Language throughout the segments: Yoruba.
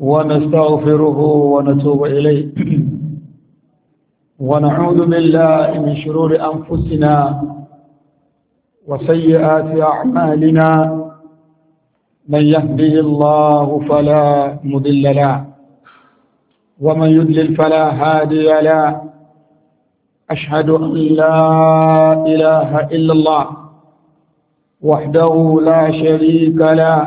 ونستغفره ونتوب إليه ونعوذ بالله من شرور أنفسنا وسيئات أعمالنا من يهده الله فلا مضل له ومن يدلل فلا هادي له أشهد أن لا إله إلا الله وحده لا شريك له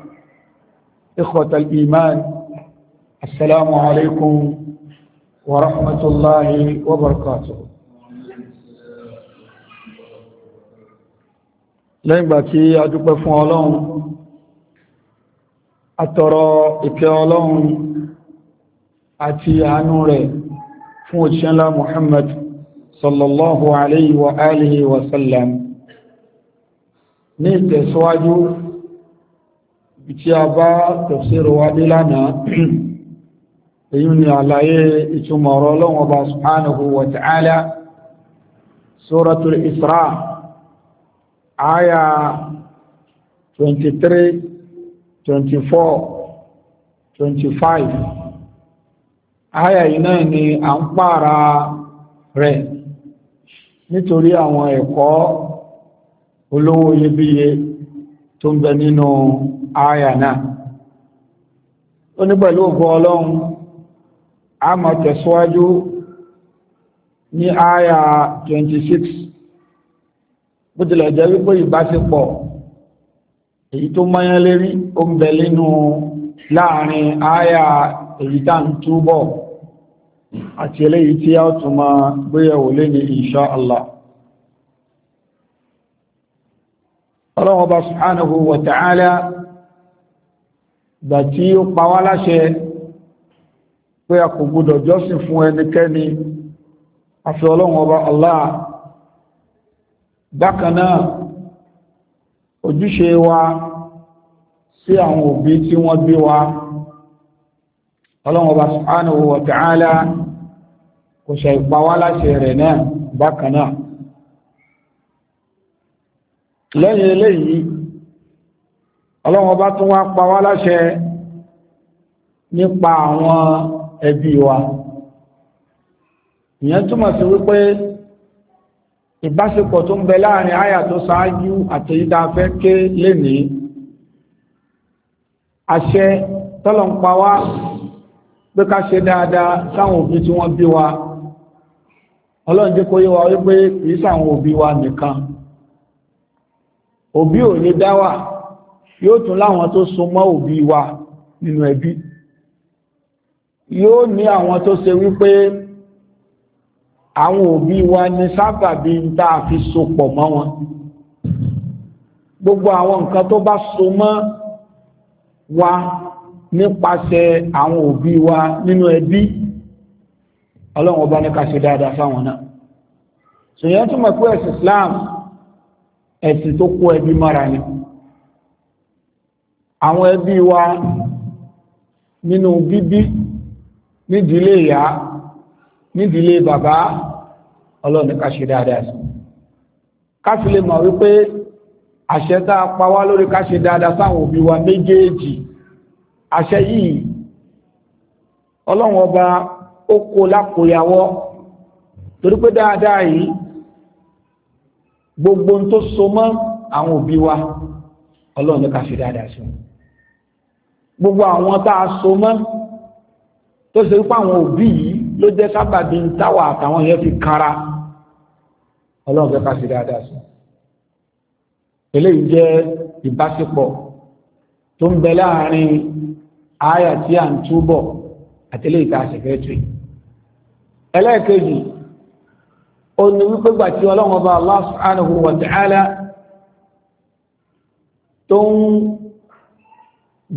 إخوة الإيمان السلام عليكم ورحمة الله وبركاته lẹ́yìn ìgbà tí a dúpẹ́ fún ọlọ́run àtọ̀rọ̀ ìkẹ́ ọlọ́run àti àánú rẹ̀ fún òṣìṣẹ́lá Muhammad sallallahu alayhi wa alihi wa sallam ní ìtẹ̀síwájú tí a bá tafsiru wa dé lánàá èyí ni àlàyé ìtumọ̀ ọ̀rọ̀ ọlọ́wọ́n bá subhanahu wa ta'ala suratul isra aya 23 24 25 aya yìí náà ni à ń pààrà rẹ̀ nítorí àwọn ẹ̀kọ́ olówó iyebíye tó ń bẹ nínú àyà náà ó ní pẹ̀lú ògbọ́ ọlọ́run a máa tẹ̀síwájú ní àyà 26 bó tilẹ̀ jẹ́ wípé ìbáṣepọ̀ èyí tó mọ́yán lérí ó ń bẹ nínú láàrin àyà èyí tá ń túbọ̀ àti eléyìí tí a tún máa gbéyẹ̀wò lé ní insha Allah ọlọ́run ọba subhanahu wa ta'ala gbà tí ó pa wá láṣẹ pé a kò gbọdọ̀ jọ́sìn fún ẹnikẹ́ni àfi ọlọ́run ọba Allah bákan náà ojúṣe wa sí àwọn òbí tí wọ́n bí wa ọlọ́run ọba subhanahu wa ta'ala kò ṣe ìpa wá láṣẹ rẹ̀ náà bákan náà lẹ́yìn eléyìí ọlọ́run bá tún wá pa wá láṣẹ nípa àwọn ẹbí wa ìyẹn túmọ̀ sí wípé ìbáṣepọ̀ tó ń bẹ láàrin àyà tó ṣáájú àtẹ̀yídá fẹ́ ké lénìí àṣẹ tọ́lọ̀ ń pa wá pé ká ṣe dáadáa sáwọn òbí tí wọ́n bí wa ọlọ́run jẹ́ kó yé wa wípé kìí sáwọn òbí wa nìkan òbí ò ní dáwà yóò tún láwọn tó so òbí wa nínú ẹbí yóò ní àwọn tó ṣe wípé àwọn òbí wa ni sábàbí ń tá a fi so pọ̀ mọ́ wọn gbogbo àwọn nǹkan tó bá so mọ́ wa nípasẹ̀ àwọn òbí wa nínú ẹbí ọlọ́run ọba ní ká ṣe dáadáa sáwọn náà ṣèyàn túmọ̀ pé ẹ̀sìn Islam ẹ̀sìn tó kó ẹbí mara ni àwọn ẹbí wa nínú bíbí nídìílé ìyá nídìílé bàbá ọlọ́run ní dáadáa sí ká lè mọ̀ wípé àṣẹ tá a pa wá lórí ká dáadáa sáwọn òbí wa méjèèjì gbogbo tó so mọ́ àwọn òbí wa ọlọ́run ló ká fi dáadáa sí wọn gbogbo àwọn tá a so mọ́ tó ṣe wípé àwọn òbí yìí ló jẹ́ sábàbí ń táwà àtàwọn yẹn fi kára ọlọ́run ló ká fi dáadáa sí wọn eléyìí jẹ́ ìbáṣepọ̀ tó ń bẹ láàrin àyà tí túbọ̀ àtẹlẹ́yìí tá a ṣẹ̀fẹ́ tù ẹlẹ́ẹ̀kejì onu ní wípé gbà tí ọlọ́run ọba Allah subhanahu wa ta'ala tó ń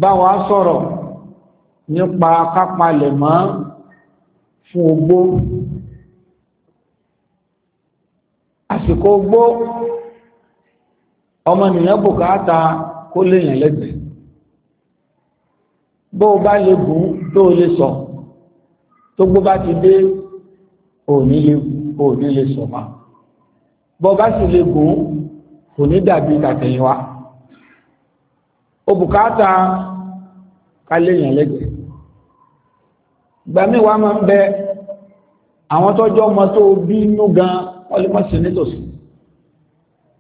bá wa sọ̀rọ̀ nípa kápalẹ̀ mọ́ fún ogbó àsìkò ogbó ọmọnìyàn bùkátà kó léèyàn lẹ́gbẹ̀ẹ́ bó bá lè gùn tó lè sọ tó gbó bá ti dé òní kò ní lè sọ̀mọ́ bọ́ọ̀bá sì lè gùn kò ní dàbí tàtẹ̀yìnwá gbàmí wa máa ń bẹ àwọn tọ́jọ́ ọmọ tó bí inú gan ọlọ́mọsí nítòsí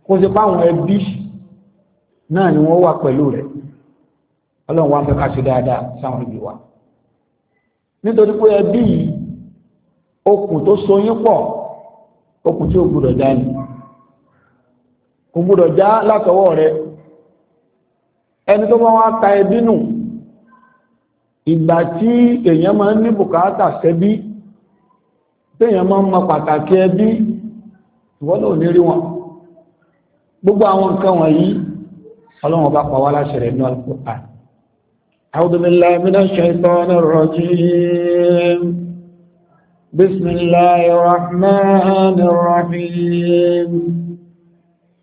kó sì páwọn ẹbí náà ni wọ́n wà pẹ̀lú rẹ wa ń fẹ́ ká ṣe dáadáa sáwọn ibi wa nítorí pé ẹbí so okùn tí ó gbúdọ̀ já ni kò gbúdọ̀ já látọwọ́ rẹ ẹni tó bá wá ka ẹbí nù ìgbà tí èèyàn máa ń ní bùkátà sẹ́bí téèyàn máa ń mọ pàtàkì ẹbí ìwọ́n náà ní rí wọn gbogbo àwọn nǹkan wọ̀nyí ọlọ́run bá pa wá láṣẹ rẹ̀ ní Al-Qur'an. A'udhu billahi minash shaitanir rajim. بسم الله الرحمن الرحيم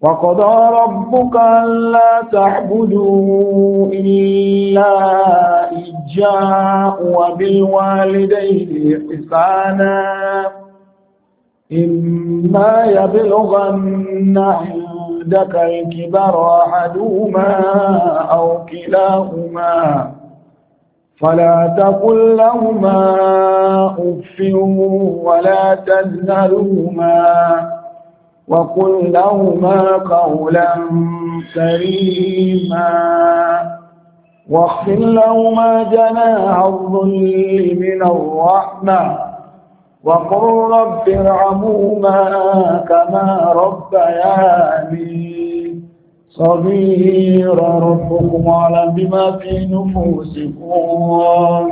وقضى ربك ألا تعبدوا إلا إجاء وبالوالدين إحسانا إما يبلغن عندك الكبر أحدهما أو كلاهما فلا تقل لهما أف ولا تنهرهما وقل لهما قولا كريما واخفر لهما جناح الظل من الرحمة وقل رب ارحمهما كما ربياني صغير ربكم على بما في نفوسكم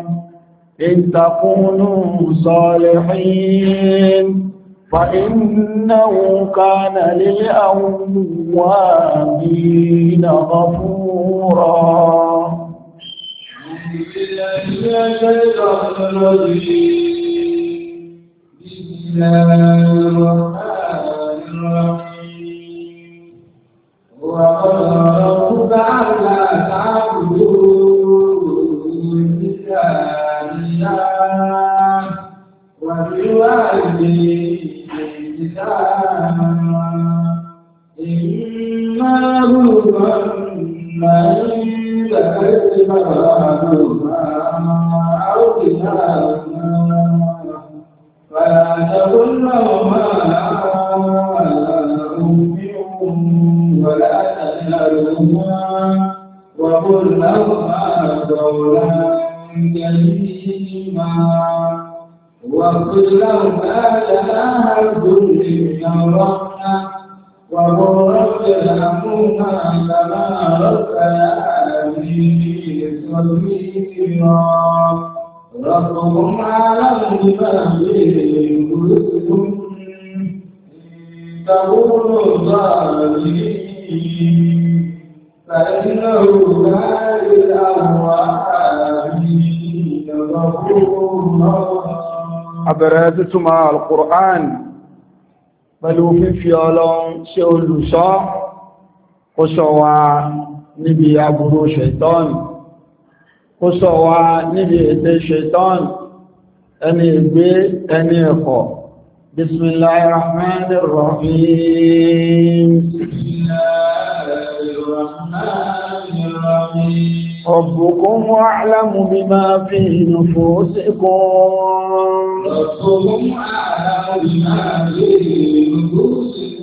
إن تكونوا صالحين فإنه كان للأوابين غفورا بسم الله الرحمن الرحيم وقضى ربك ألا تعبدوا إلا إياه وبالوالدين إحسانا إما هما من ذكر أو كتاب أمثالها وقل لهما قولا كريما واغفر لهما جناح الذل من الرحمة وقل رب ارحمهما كما ربياني صغيرا ربهم أعلم بما في قلوبكم إن تكونوا ظالمين فإنه لا للأموالين غفور مع القرآن pẹ̀lú fífi ọlọ́run ṣe olùṣọ́ kó ṣọ́ wa níbi agbúrú ṣẹ̀tọ́nì kó ṣọ́ wa níbi ètè ṣẹ̀tọ́nì ẹni ìgbé ẹni ẹ̀kọ́ bismillahirrahmanirrahim ربكم أعلم بما في نفوسكم ربكم أعلم بما في نفوسكم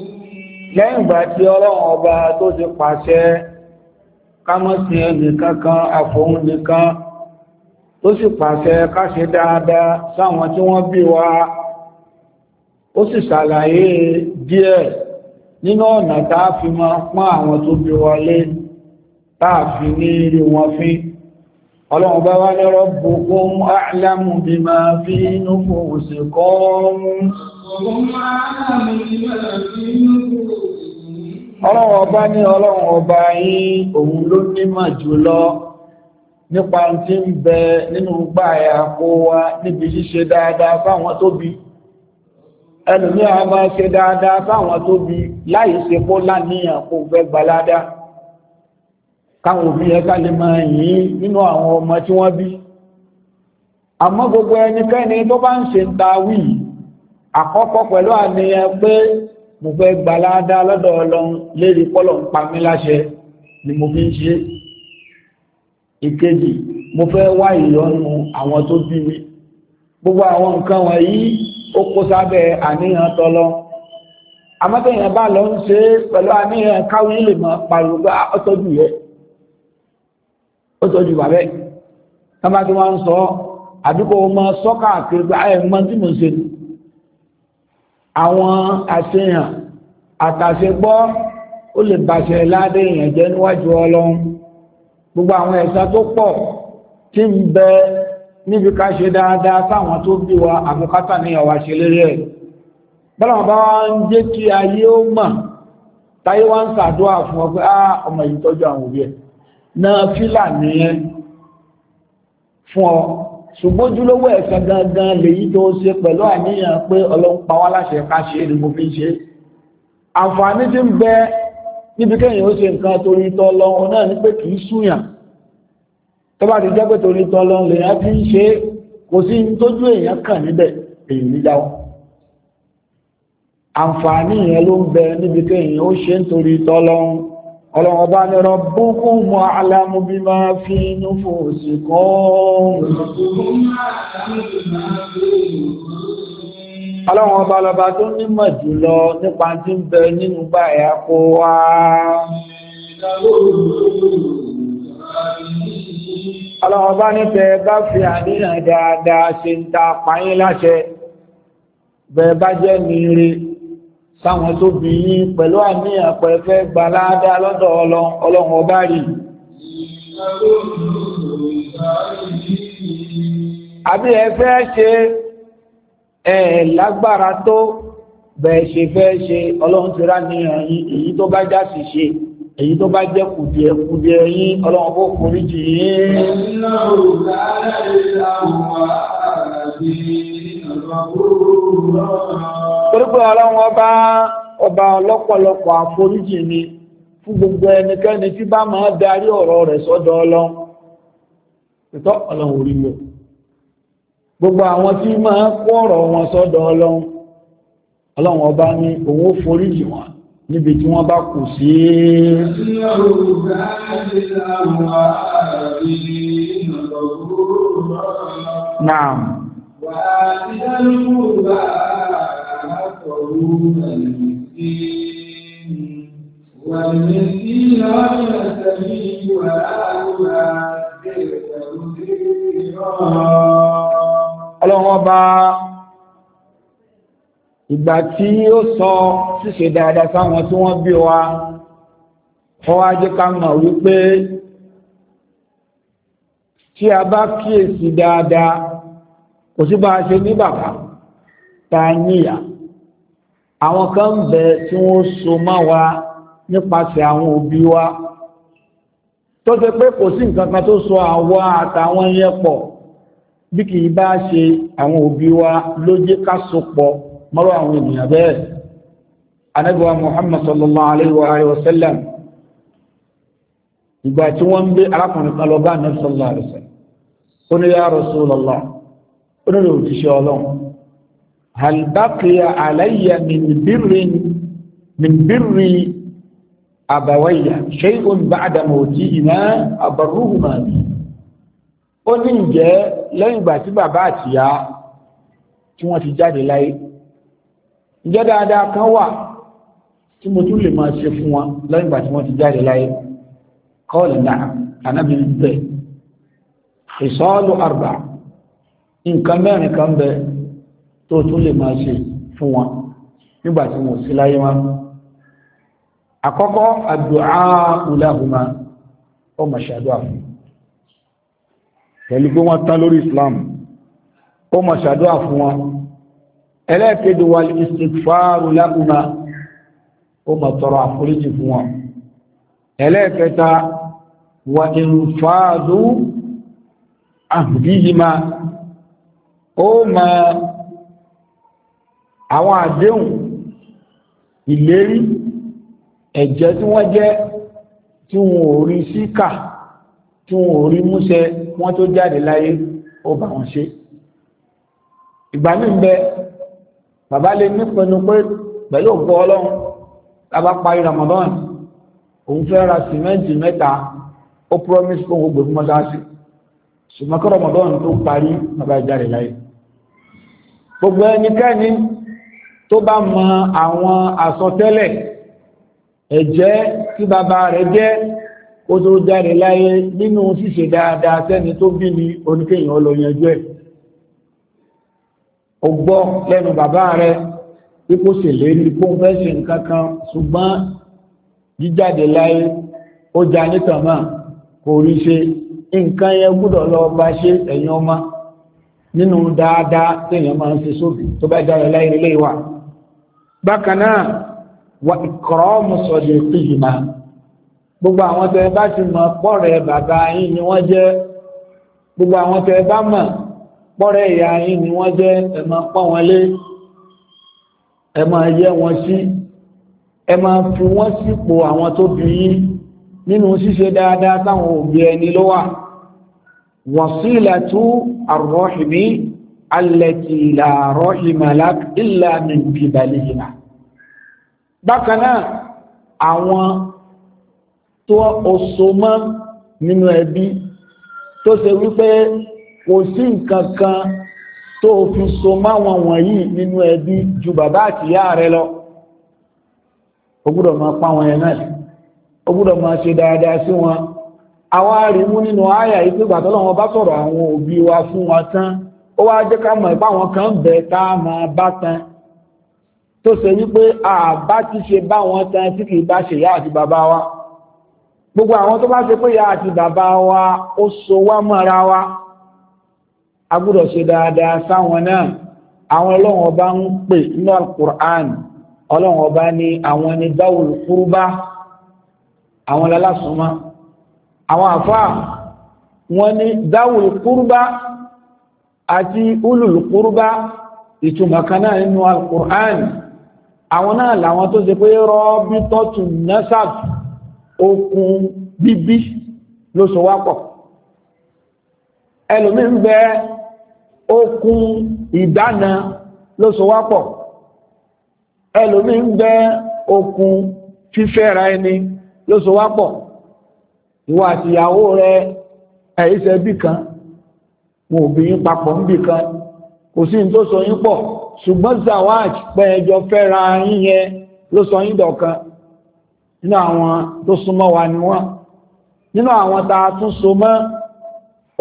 lẹ́yìn ìgbà tí ọlọ́run ọba tó ti pàṣẹ kámọ́sí ẹnìkan kan àfòun tó sì pàṣẹ káṣe dáadáa sáwọn tí wọ́n bí wa ó sì ṣàlàyé díẹ̀ nínú ọ̀nà táà fi máa pọ́n àwọn tó bí wọlé táà fi ní rí wọn fín ọlọ́run bá wá ní rabbukum a'lamu bima fi nufusikum ọlọ́run ọba ní ọlọ́run ọba yín òun ló nímọ̀ jùlọ nípa tí ń bẹ nínú gbáyà kó wa níbi ṣíṣe dáadáa fáwọn tó ẹlòmí a máa ṣe dáadáa fáwọn tó bí láì ṣe kó láníyàn kó fẹ́ gbalada káwọn òbí ẹ̀ka lè máa yìn nínú àwọn ọmọ tí wọ́n bí àmọ́ gbogbo ẹnikẹ́ni tó bá ń ṣe ń ta wí àkọ́kọ́ pẹ̀lú àníyàn pé mo fẹ́ gbalada lọ́dọ̀ ọlọ́run lérí pọ́lọ̀ ń pa mí láṣẹ ni mo fi ń ṣe ìkejì mo fẹ́ wá ìyọ́nú àwọn tó bí mi gbogbo àwọn nǹkan wọ̀nyí Oko kó sábẹ́ àníyàn tọ́lọ́ àmọ́tẹ̀yìn bá lọ ń ṣe pẹ̀lú àníyàn káwé lè mọ pariwo pé ah, ó tọ́jú yẹ ó tọ́jú bàbẹ́ tábà tí wọ́n ń sọ àdúgbò ọmọ sọ́kà kiri pé ayẹ̀ ah, mọ́ tí mo ṣe àwọn àṣeyàn àtàṣegbọ́ ó lè bàṣẹ ládé èèyàn níwájú ọlọ́run gbogbo àwọn ẹ̀san tó pọ̀ tí ń bẹ níbi ká ṣe dáadáa sáwọn tó bí wa àbúkátà ní ọwà ṣe lérí ẹ̀ bọ́lọ̀mọ̀ bá wá ń jẹ́ kí ayé ó mọ̀ táyé wá ń sàdúrà fún ọ pé á ọmọ yìí tọ́jú àwọn òbí ẹ̀ náà fílà nìyẹn fún ọ ṣùgbójúlówó ẹ̀sẹ̀ gangan lèyí tó ṣe pẹ̀lú àníyàn pé ọlọ́run pa wá láṣẹ ni mo fi tó bá ti jẹ́ pé torí tọ́lọ́ lèyàn ti ń ṣe kò sí tójú èèyàn kàn níbẹ̀ èyí ní jáwọ́ àǹfààní yẹn ló ń bẹ níbi kéèyàn ó ṣe nítorí tọ́lọ́ ọlọ́run ọba ní rabbukum a'lamu bima fi nufusikum ọlọ́run ọba lọba tó nímọ̀ jùlọ nípa tí ń bẹ nínú báyà kó wá ọlọ́wọ́ bá ní tẹ bá fi àníyàn dáadáa ṣe ń ta pààyín láṣẹ bẹ bá jẹ́ nire sáwọn tó bí yín pẹ̀lú àníyàn pẹ̀fẹ́ gba láàdá lọ́dọ̀ ọlọ́run ọba rí àbí ẹ fẹ́ ṣe ẹ lágbára tó bẹ̀ ṣe fẹ́ ṣe ọlọ́run ti rá níyàn yìí èyí tó bá já ṣe èyí tó bá jẹ́ kùdìẹ̀ kùdìẹ̀ yín ọlọ́run bó forí jì yín. torípé ọlọ́run ọba ọba ọlọ́pọ̀lọpọ̀ àforíjì ni fún gbogbo ẹnikẹ́ni tí bá máa darí ọ̀rọ̀ rẹ̀ sọ́dọ̀ ọlọ́run ìtọ́ ọlọ́run orí lọ gbogbo àwọn tí máa kó ọ̀rọ̀ wọn sọ́dọ̀ ọlọ́run ọlọ́run ọba ní òun ó foríjì wọn níbi tí wọ́n bá kù sí Ọlọ́run ọba ìgbà tí ó sọ ṣíṣe dáadáa sáwọn tí wọ́n bí wa ọ wá jẹ́ ká mọ̀ wípé tí a bá kíyèsí dáadáa kò sí bá a ṣe ní bàbá ta níyà àwọn kan ń bẹ tí wọ́n so mọ́ wa nípasẹ̀ àwọn òbí wa tó ṣe pé kò sí nǹkan kan tó so àwa àtàwọn yẹn pọ̀ bí kì í bá ṣe àwọn òbí wa ló ká so pọ̀ mọ́rọ̀ àwọn ènìyàn bẹ́ẹ̀ anábíwá muhammad sallallahu alayhi wa alayhi wa sallam ìgbà tí wọ́n ń gbé arákùnrin kan lọ bá anábí sallallahu alayhi wa sallam ó ní ya rasulallah ó ní òtíṣẹ́ ọlọ́run hal baqiya alayya min birri min birri abawayya shay'un ba'da mawtihima abarruhuma ìgbà tí bàbá àtìyá tí wọ́n ti jáde láyé ǹjẹ́ dáadáa kan wà tí mo tún lè máa ṣe fún wọn lẹ́yìn ìgbà tí wọ́n ti jáde láyé kọ́ọ̀lù náà anábì ń bẹ ìsọ́ọ̀lù àrùbà nǹkan mẹ́rin kan bẹ tó tún lè máa ṣe fún wọn nígbà tí wọ́n sí láyé wọn àkọ́kọ́ àdùá ulahuma ó mà ṣàdúà fún pẹ̀lú pé wọ́n tán lórí Islam ó mà ṣàdúà fún wọn ẹlẹ́ẹ̀kejì wà ìsìnkfàárù lágùnmá ó mà tọrọ àforíjì fún wọn ẹlẹ́ẹ̀kẹta wà ìrùfàádù àbíyìmá ó mà àwọn àdéhùn ìlérí ẹ̀jẹ́ tí wọ́n jẹ́ tí wọn ò síkà tí wọn ò múṣẹ wọn tó jáde láyé ó bá wọn ṣe ìgbà míì bẹ́ẹ̀ bàbá lè nípinnu pé pẹ̀lú ògbó ọlọ́run lábá parí Ramadan òun fẹ́ ra sìmẹ́ǹtì mẹ́ta ó promise fún gbogbo ìfúnmọ́ sáàsì ṣùgbọ́n kí Ramadan tó parí bàbá ìjà rẹ̀ láyé gbogbo ẹnikẹ́ni tó bá mọ àwọn àsọtẹ́lẹ̀ ẹ̀jẹ́ tí bàbá rẹ̀ jẹ́ kó tó jáde láyé nínú ṣíṣe dáadáa sẹ́ni tó bí ni oníkéyìn ọlọ́yanjú ẹ̀ o gbọ́ lẹ́nu bàbá rẹ ipò ṣèlérí kó ń fẹ́ ṣe nǹkan kan ṣùgbọ́n jíjáde láyé ó ja nítàn máa kò rí ṣe nǹkan yẹn gbúdọ̀ lọ bá ṣe ẹ̀yin ọmọ nínú dáadáa téèyàn máa ń ṣe sóbì tó bá jáde láyé ilé wa bákan náà wa ikramu sadiqihima gbogbo àwọn tẹ bá ti mọ̀ pọ̀ rẹ̀ bàbá yín ni wọ́n jẹ́ gbogbo àwọn tẹ bá mọ̀ pọ́rẹ́ ìyá yín ni wọ́n jẹ́ ẹ máa pọ́n wọn lé ẹ máa yẹ wọn sí ẹ máa fi wọ́n sípò àwọn tó bí yín nínú ṣíṣe dáadáa táwọn òbí ẹni ló wà wasilatu arrahimi allati la rahima lak illa min kibalihima bákan náà àwọn tó oṣomọ́ nínú ẹbí tó ṣe wípé kò sí nǹkan kan tó fi so máwọn wọ̀nyí nínú ẹbí ju bàbá àtìyá rẹ lọ o gbúdọ̀ máa pa wọn yẹn náà o gbúdọ̀ máa ṣe dáadáa sí wọn àwa rí nínú àyà yìí pé Ọlọ́run bá sọ̀rọ̀ àwọn òbí wa fún wọn tán ó wá jẹ́ ká mọ̀ ìpá wọn kan bẹ̀ tá a máa bá tan tó ṣe wípé àbá ti ṣe bá wọn tan tí kìí bá ṣe ìyá àti bàbá wa gbogbo àwọn tó bá ṣe pé ìyá àti bàbá wa ó so wá mọ́ra wa a gbọ́dọ̀ ṣe dáadáa sáwọn náà àwọn ọlọ́run ọba ń pè nínú alukur'an ọlọ́run ọba ní àwọn ẹni dáwòlù kúrúbá àwọn lálásùnmọ́ àwọn àfáà wọ́n ní dáwòlù kúrúbá àti ulùlù kúrúbá ìtumọ̀ kan náà nínú alukur'an àwọn náà làwọn tó ṣe pé rọ́ọ́bí tọ́tù nasaf okùn bíbí ló sọ wá pọ̀ ẹlòmíín bẹ́ẹ̀. okùn ìdána ló so wá pọ̀ ẹlòmí ń gbẹ́ okùn fífẹ́ra ẹni ló so wá pọ̀ ìwọ àtìyàwó rẹ ẹ̀yíṣẹ́ bí kan wọn ò bí yín papọ̀ ń bì kan kò sí ní tó so yín pọ̀ ṣùgbọ́n zawaj pẹ́ ẹjọ́ fẹ́ra yín yẹn ló sọ yín dọ̀kan nínú àwọn tó súnmọ́ wa ni wọ́n nínú àwọn ta tún so mọ́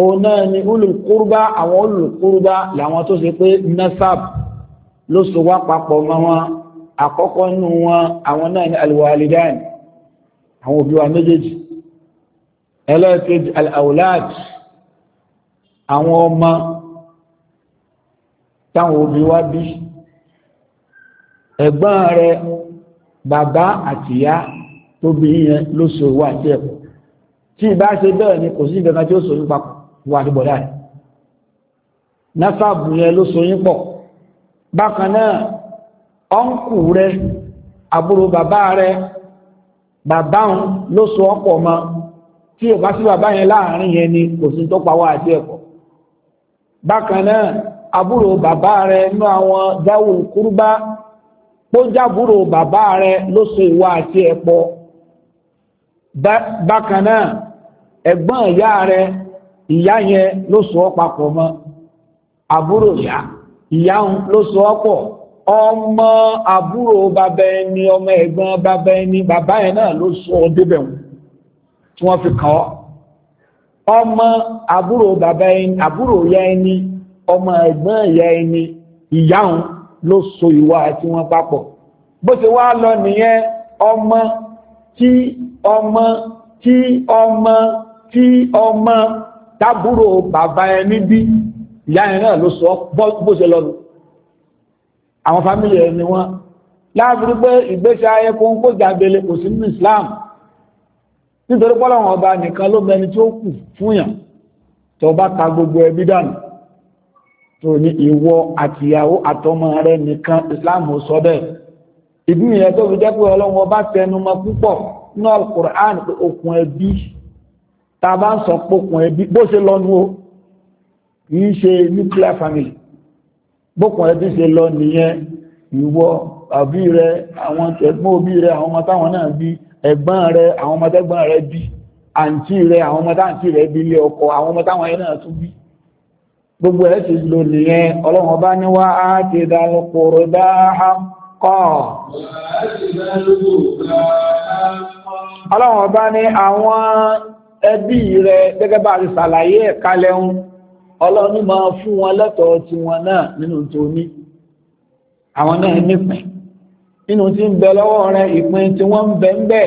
òun náà ni olùkúrúbá àwọn olùkúrúbá làwọn tó ṣe pé nasab ló so wá papọ̀ mọ́ wọn àkọ́kọ́ nù wọn àwọn náà ni alwalidan àwọn òbí wa méjèèjì ẹlẹ́ẹ̀kejì alawlad àwọn ọmọ táwọn òbí wa bí ẹ̀gbọ́n rẹ bàbá àtìyá tó yẹn ló so wá àti tí ìbá ṣe bẹ́ẹ̀ ni kò sí ìgbẹ́ka tí ó so yín papọ̀ wà ní bọ̀dá nasa náfàbù yẹn ló so yín pọ̀ bákan náà ọ́nkù rẹ̀ àbúrò bàbá rẹ̀ bàbá òun ló so ọ́pọ̀ tí ò bá sí bàbá yẹn láàrin yẹn ni kò sí tó àti ẹ̀kọ́ bákan náà àbúrò bàbá nú àwọn kúrúbá jábúrò bàbá ló so ìwà àti ìyá yẹn ló so ọ́ papọ̀ mọ́ àbúrò ìyá ìyá ló so ọ́ pọ̀ ọmọ àbúrò bàbá ẹni ọmọ ẹ̀gbọ́n bàbá ẹni bàbá ẹ̀ náà ló so ọ́ débẹ̀ wọn tí wọ́n fi kàn ọ́ ọmọ àbúrò bàbá ẹni àbúrò ìyá ẹni ọmọ ẹ̀gbọ́n ìyá ẹni ìyá ló so ìwà tí wọ́n papọ̀ bó ti wá lọ nìyẹn ọmọ tí ọmọ tí ọmọ tí ọmọ tábúrò bàbá ẹni bí ìyá ẹni náà ló sọ bó ṣe lọ́nu àwọn fámílì ẹni wọn láàbùrú pé ìgbésẹ̀ ayé kó ń kó jàbẹ̀lẹ̀ kò sí nínú Islam nítorí pọ́lọ́wọ́n ọba nìkan ló mẹni tí ó kù fúnyàn tó bá ta gbogbo ẹbí dànù tó ní ìwọ àtìyàwó àtọmọ rẹ nìkan Islam ò sọ bẹ́ẹ̀ ìdí nìyẹn tó fi jẹ́ pé ọlọ́wọ́n ọba tẹnumọ́ púpọ̀ nínú al pé okùn ẹbí ta bá ń sọ pókùn ẹbí bó ṣe lọ́nu o kìí ṣe nuclear family bókùn ẹbí ṣe lọ nìyẹn ìwọ àbí rẹ àwọn ẹ̀gbọ́n òbí rẹ àwọn ọmọ táwọn náà bí ẹ̀gbọ́n rẹ àwọn ọmọ tẹ́gbọ́n rẹ bí àǹtí rẹ àwọn ọmọ táǹtí rẹ bí ilé ọkọ àwọn ọmọ táwọn ẹ̀ náà tún bí gbogbo ẹ̀ ṣe lò nìyẹn ọlọ́run bá ní wá á ti dálókòrò bá á kọ́ ọlọ́run bá ní àwọn ẹbí rẹ gẹ́gẹ́ bá rí sàlàyé ẹ̀ka lẹ́hún ọlọ́ni máa fún wọn lẹ́tọ̀ọ́ ti wọn náà nínú tó ní àwọn náà nípìn nínú tí ń bẹ lọ́wọ́ rẹ ìpín tí wọ́n ń bẹ ń bẹ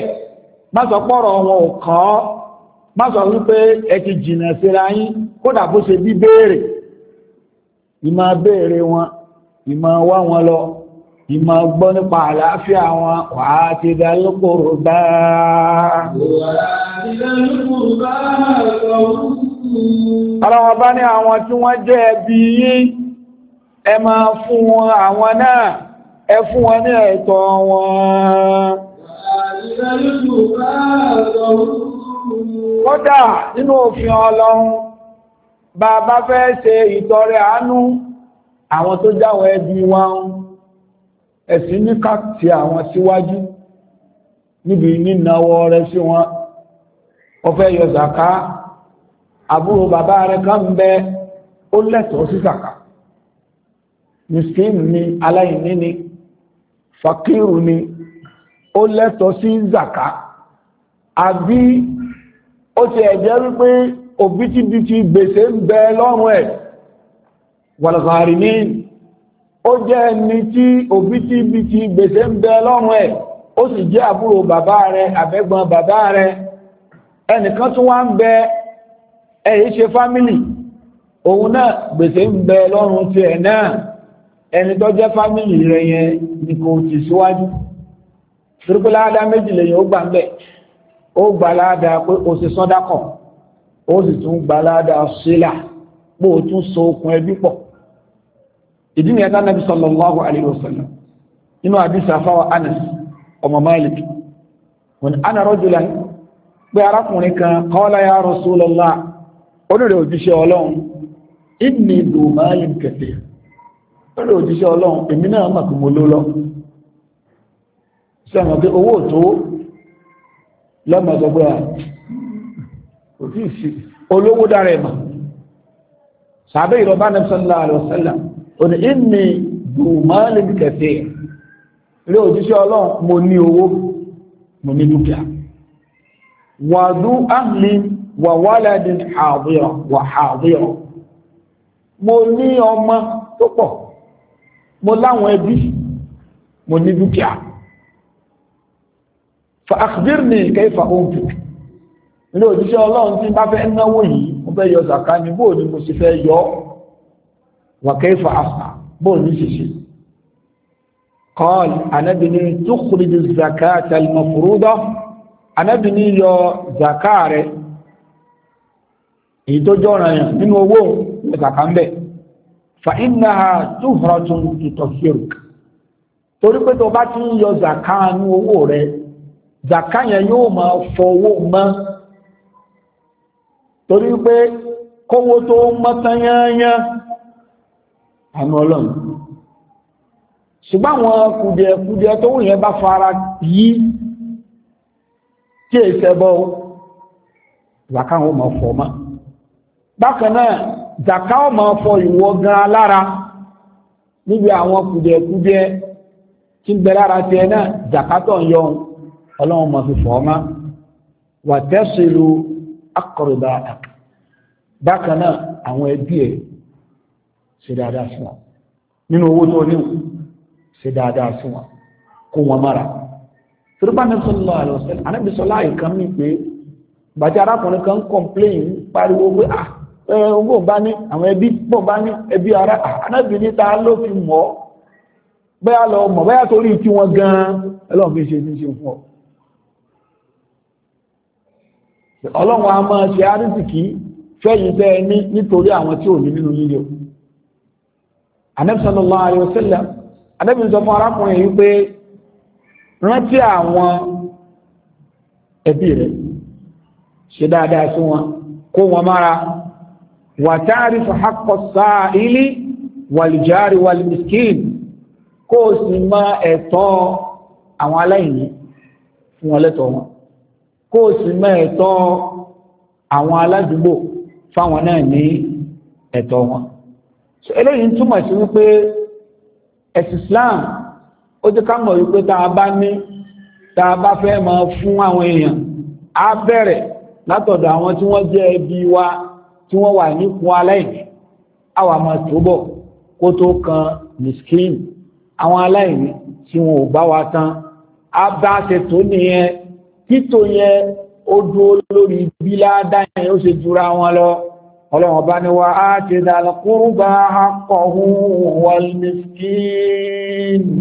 má sọ pọ̀rọ̀ wọn ò kàn ọ́ má sọ wípé ẹ ti jìnà síra yín kódà bó ṣe bí béèrè ìmọ̀ béèrè wọn ìmọ̀ wá wọn lọ ìmọ̀ gbọ́ nípa àlàáfíà wọn wàá ti dá lóko rò Ọlọ́wọ́ bá ní àwọn tí wọ́n jẹ́ ẹbí yín, ẹ máa fún wọn àwọn náà, ẹ fún wọn ní ẹ̀tọ́ wọn. Kódà nínú òfin Ọlọ́run, bàbá fẹ́ ṣe ìtọrẹ àánú àwọn tó jáwọ ẹbí wọn, ẹ̀sìn ní ká àwọn síwájú níbi nínáwọ́ rẹ̀ sí wọn ọfẹ́ yọ zaka àbúrò bàbá rẹ̀ kan bẹ ó lẹ́tọ̀ọ́ sí zaka miskin ni aláìní ni fakiru ni ó lẹ́tọ̀ọ́ sí zaka àbí ó ti ẹ̀jẹ́ wípé òbítíbitì gbèsè ń bẹ lọ́rùn ẹ̀ wàlàkàrí ní ó jẹ́ ẹni tí òbítíbitì gbèsè ń bẹ lọ́rùn ó sì àbúrò bàbá bàbá ẹnìkan tún wá ń bẹ ẹ̀yí ṣe fámílì òun náà gbèsè ń bẹ lọ́rùn ti ẹ̀ náà ẹni tó jẹ́ fámílì rẹ̀ yẹn ni kò síwájú méjì lèyìn ó gbà ń o sì sọ́dákọ̀ ó sì tún gbà sílà pé o tún so okun ẹbí pọ̀ ìdí nìyẹn nàbí Anas ọmọ pé arákùnrin kan qala ya Rasulullah onírẹ̀ òjíṣẹ́ ọlọ́run inni dhu malin kathir onírẹ̀ òjíṣẹ́ ọlọ́run èmi náà mà kí mo ló lọ sọ̀rọ̀ pé owó tó lọ́mọ sọ pé kò tí ì sí olówó dára ẹ̀mà sàbẹ̀ ìrọ̀bá Nabi mo ní dúkìá wàdú áhìlì wà wálàdì àbíọ̀ wà àbíọ̀ mo ní ọmọ tó pọ̀ mo láwọn ẹbí mo ní dúkìá fa akhbirni kayfa unfik ilé òjíṣẹ́ ọlọ́run tí bá fẹ́ náwó yìí mo fẹ́ yọ zàká ni bóò ni mo sì fẹ́ yọ wà kayfa àfà bóò ní ṣiṣe qal anábìnrin tukhriju zakata al-mafruda anábì ni yọ zaka a èyí tó jọ ọ̀ràn yàn owó zaka ń fa iná túnfọ̀rọ̀ tún tutọ̀ fíorù torí pé tó yọ zaka nínú owó rẹ zaka yẹn yóò máa fọ owó mọ́ torí pé kówó tó mọ́ tán àmì ọlọ́run ṣùgbọ́n àwọn kùdìẹ̀kùdìẹ̀ tó tí èsẹ̀ bọ́ zaka wọn máa ma bákan náà máa fọ ìwọ gan lára níbi àwọn kùdìẹ̀kùdìẹ tí ń bẹ lára tiẹ̀ náà zaka ń yọ ọlọ́run máa fi ma wà bákan náà àwọn ẹbí ẹ ṣe dáadáa fún wọn nínú owó tó ní ṣe dáadáa fún kó wọn mára. torípa ní sọlọ àlọsẹ ànábi sọlá ìkan mi pé bàtí arákùnrin kan kọ̀ǹpléyìn pariwo pé à ah, ẹ owó bá ní àwọn ẹbí pọ̀ bá ní ẹbí ara ah, ànábi ní ta ló fi mọ̀ ọ́ bẹ́ẹ̀ lọ mọ̀ bẹ́ẹ̀ torí tí wọ́n gan-an ẹlọ́run fi ṣe ní ṣe fún ọ. ọlọ́run a máa ṣe àrísìkí fẹ́yìn tẹ́ ẹ ní nítorí àwọn tí ò ní nínú yíyọ. ànábi sọlọ lọ àríwọ̀sẹ́lẹ̀ ànábi sọ fún arákùnrin yìí pé rántí àwọn ẹbí rẹ̀ ṣe dáadáa sí wọn kó wọn mára wàtáàrí fàákọ̀ sáà ilé wàlìjáàrí wàlìmìskín kó o sì mọ ẹ̀tọ́ àwọn aláìní fún wọn lẹ́tọ̀ọ́ wọn kó o sì mọ ẹ̀tọ́ àwọn aládùúgbò fáwọn náà ní ẹ̀tọ́ wọn eléyìí túmọ̀ sí wípé ẹ̀sìn Islam jẹ́ ká mọ̀ wípé tá a bá ní tá a bá fẹ́ máa fún àwọn èèyàn á bẹ̀rẹ̀ látọ̀dọ̀ àwọn tí wọ́n jẹ́ ẹbí wa tí wọ́n wà nípò aláìní àwa máa tó kó tó kan miskin àwọn aláìní tí wọn ò bá wa tán á bá ṣe nìyẹn títò yẹn ó dúró lórí bí ládá yẹn ó ṣe jura wọn lọ ọlọ́run bá ní wa á ti dàlùkúrú bá a kọ̀ hu wal miskin.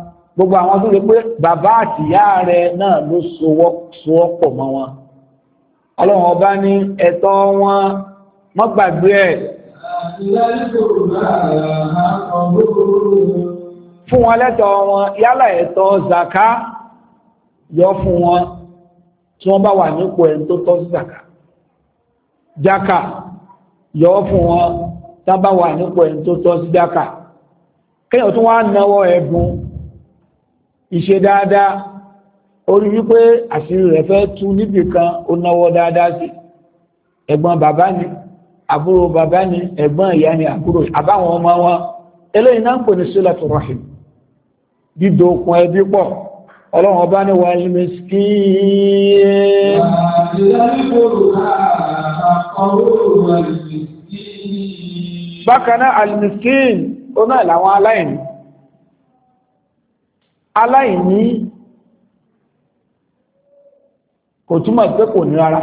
gbogbo àwọn tó lè pé bàbá àtìyá rẹ náà ló sowọ́pọ̀ mọ́ wọn ọlọ́run ọba ní ẹ̀tọ́ wọn mọ́ gbàgbé ẹ̀ fún wọn lẹ́tọ̀ wọn yálà ẹ̀tọ́ zaka yọ fún wọn tí wọ́n bá wà nípò ẹ̀ tó tọ́ sí zaka jaka yọ fún wọn tá bá wà nípò ẹ̀ tó tọ́ sí jaka kéèyàn tún wá náwó ẹ̀bùn ìṣe dáadáa orí wípé àṣírí rẹ̀ fẹ́ tú níbì kan ó náwó dáadáa sí ẹ̀gbọ́n bàbá ni àbúrò bàbá ni ẹ̀gbọ́n ìyá ni àbúrò àbáwọn ọmọ wọn eléyìí náà ń pè ní sílẹ̀tù rahim dídò okùn ẹbí pọ̀ ọlọ́run ọba ní wàhálì mẹ́sìkì bákan náà alìmìsíkì ó náà làwọn aláìní aláìní kò túmọ̀ pé kò ní rárá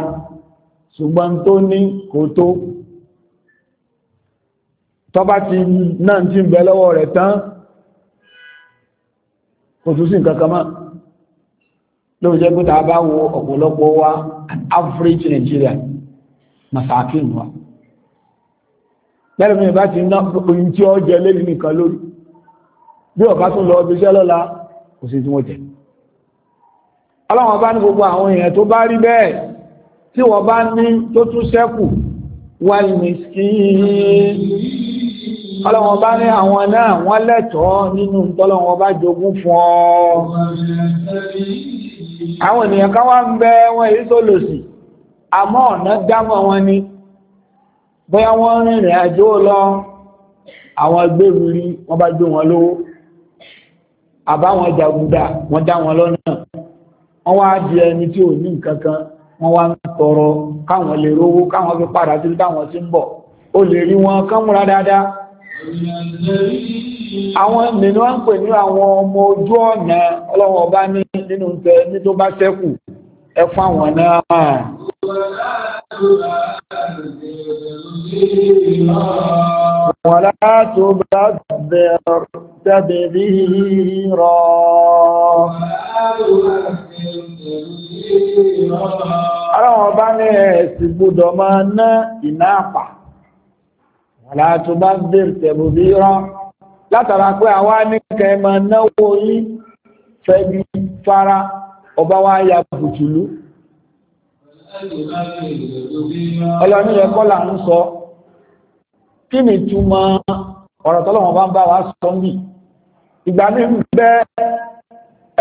ṣùgbọ́n tó ní kò tó tọ́bá ti náà tí ń bẹ lọ́wọ́ rẹ̀ tán kò tún sí nǹkan ló jẹ́ pé tàbá wo ọ̀pọ̀lọpọ̀ wa average Nigeria masakin wa lẹ́rìnmí bá ti ná oyin tí ó jẹ lẹ́yìn nìkan lórí bí ọ̀ká tún lọ ọdún iṣẹ́ lọ́la kò sí tí wọ́n jẹ ọlọ́wọ́n bá ní gbogbo àwọn èèyàn tó bá rí bẹ́ẹ̀ tí wọ́n bá ní tó tún ṣẹ́kù wal miskin ọlọ́wọ́n bá ní àwọn náà wọ́n lẹ́tọ̀ọ́ nínú tọ́lọ́wọ́n bá jogún fún ọ àwọn ènìyàn rí wọ́n bá gbé wọn lówó àbáwọn jàgùdà wọ́n dá wọn lọ́nà wọ́n wá di ẹni tí ò ní nǹkan kan wọ́n wá ń tọrọ káwọn lè rówó káwọn fi padà sí táwọn ti ń bọ̀ ó lè rí wọn kán dáadáa àwọn mìíràn wọ́n ń pè ní àwọn ọmọ ojú ọ̀nà ọlọ́wọ́n ọba ní nínú tẹ ní tó bá ṣẹ́kù ẹ fún àwọn náà ولا تبذر تبذيرا Àwọn ọba ní ẹ̀sì gbọ́dọ̀ máa ná ìná àpà, wàlá tó bá bèèrè tẹ̀bù bí rán látara fara ọba ya bùtùlú ọlọ́ni rẹ̀ kọ́ là ń sọ kí ni túmọ̀ ọ̀rọ̀ tọ́lọ́wọ́n bá ń bá wa sọ níbi ìgbà mi ń bẹ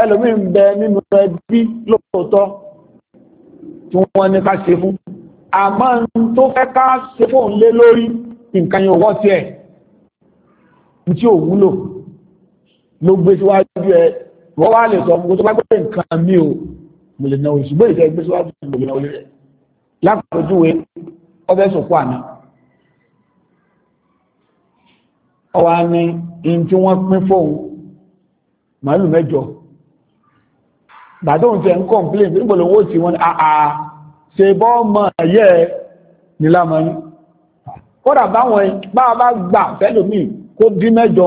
ẹlòmí ń bẹ nínú ẹbí lóòótọ́ tí wọ́n ní ká ṣe fún àmọ́ tó fẹ́ ká ṣe fóun lé lórí nǹkan yóò wọ́ sí ẹ̀ tí ò wúlò ló gbé síwájú ẹ wọ́n wá lè sọ fún tó bá gbé nǹkan mi ò mo lè náwó ṣùgbọ́n ìjọ ẹgbẹ́ síwájú mo lè náwó lérẹ̀ lápòjúwe ọbẹ̀ sọ̀kọ́ àná ọwọ́ á ní in tí wọ́n pín fóun màálù mẹ́jọ bàtà òun tẹ̀ ń kọ̀ǹpléǹ nígbà lówó tí wọ́n ní àà ṣe bọ́ ọmọ ẹ̀yẹ́ nílámọ́yìn kódà báwọn bá bá gbà fẹ́lòmíì kó dín mẹ́jọ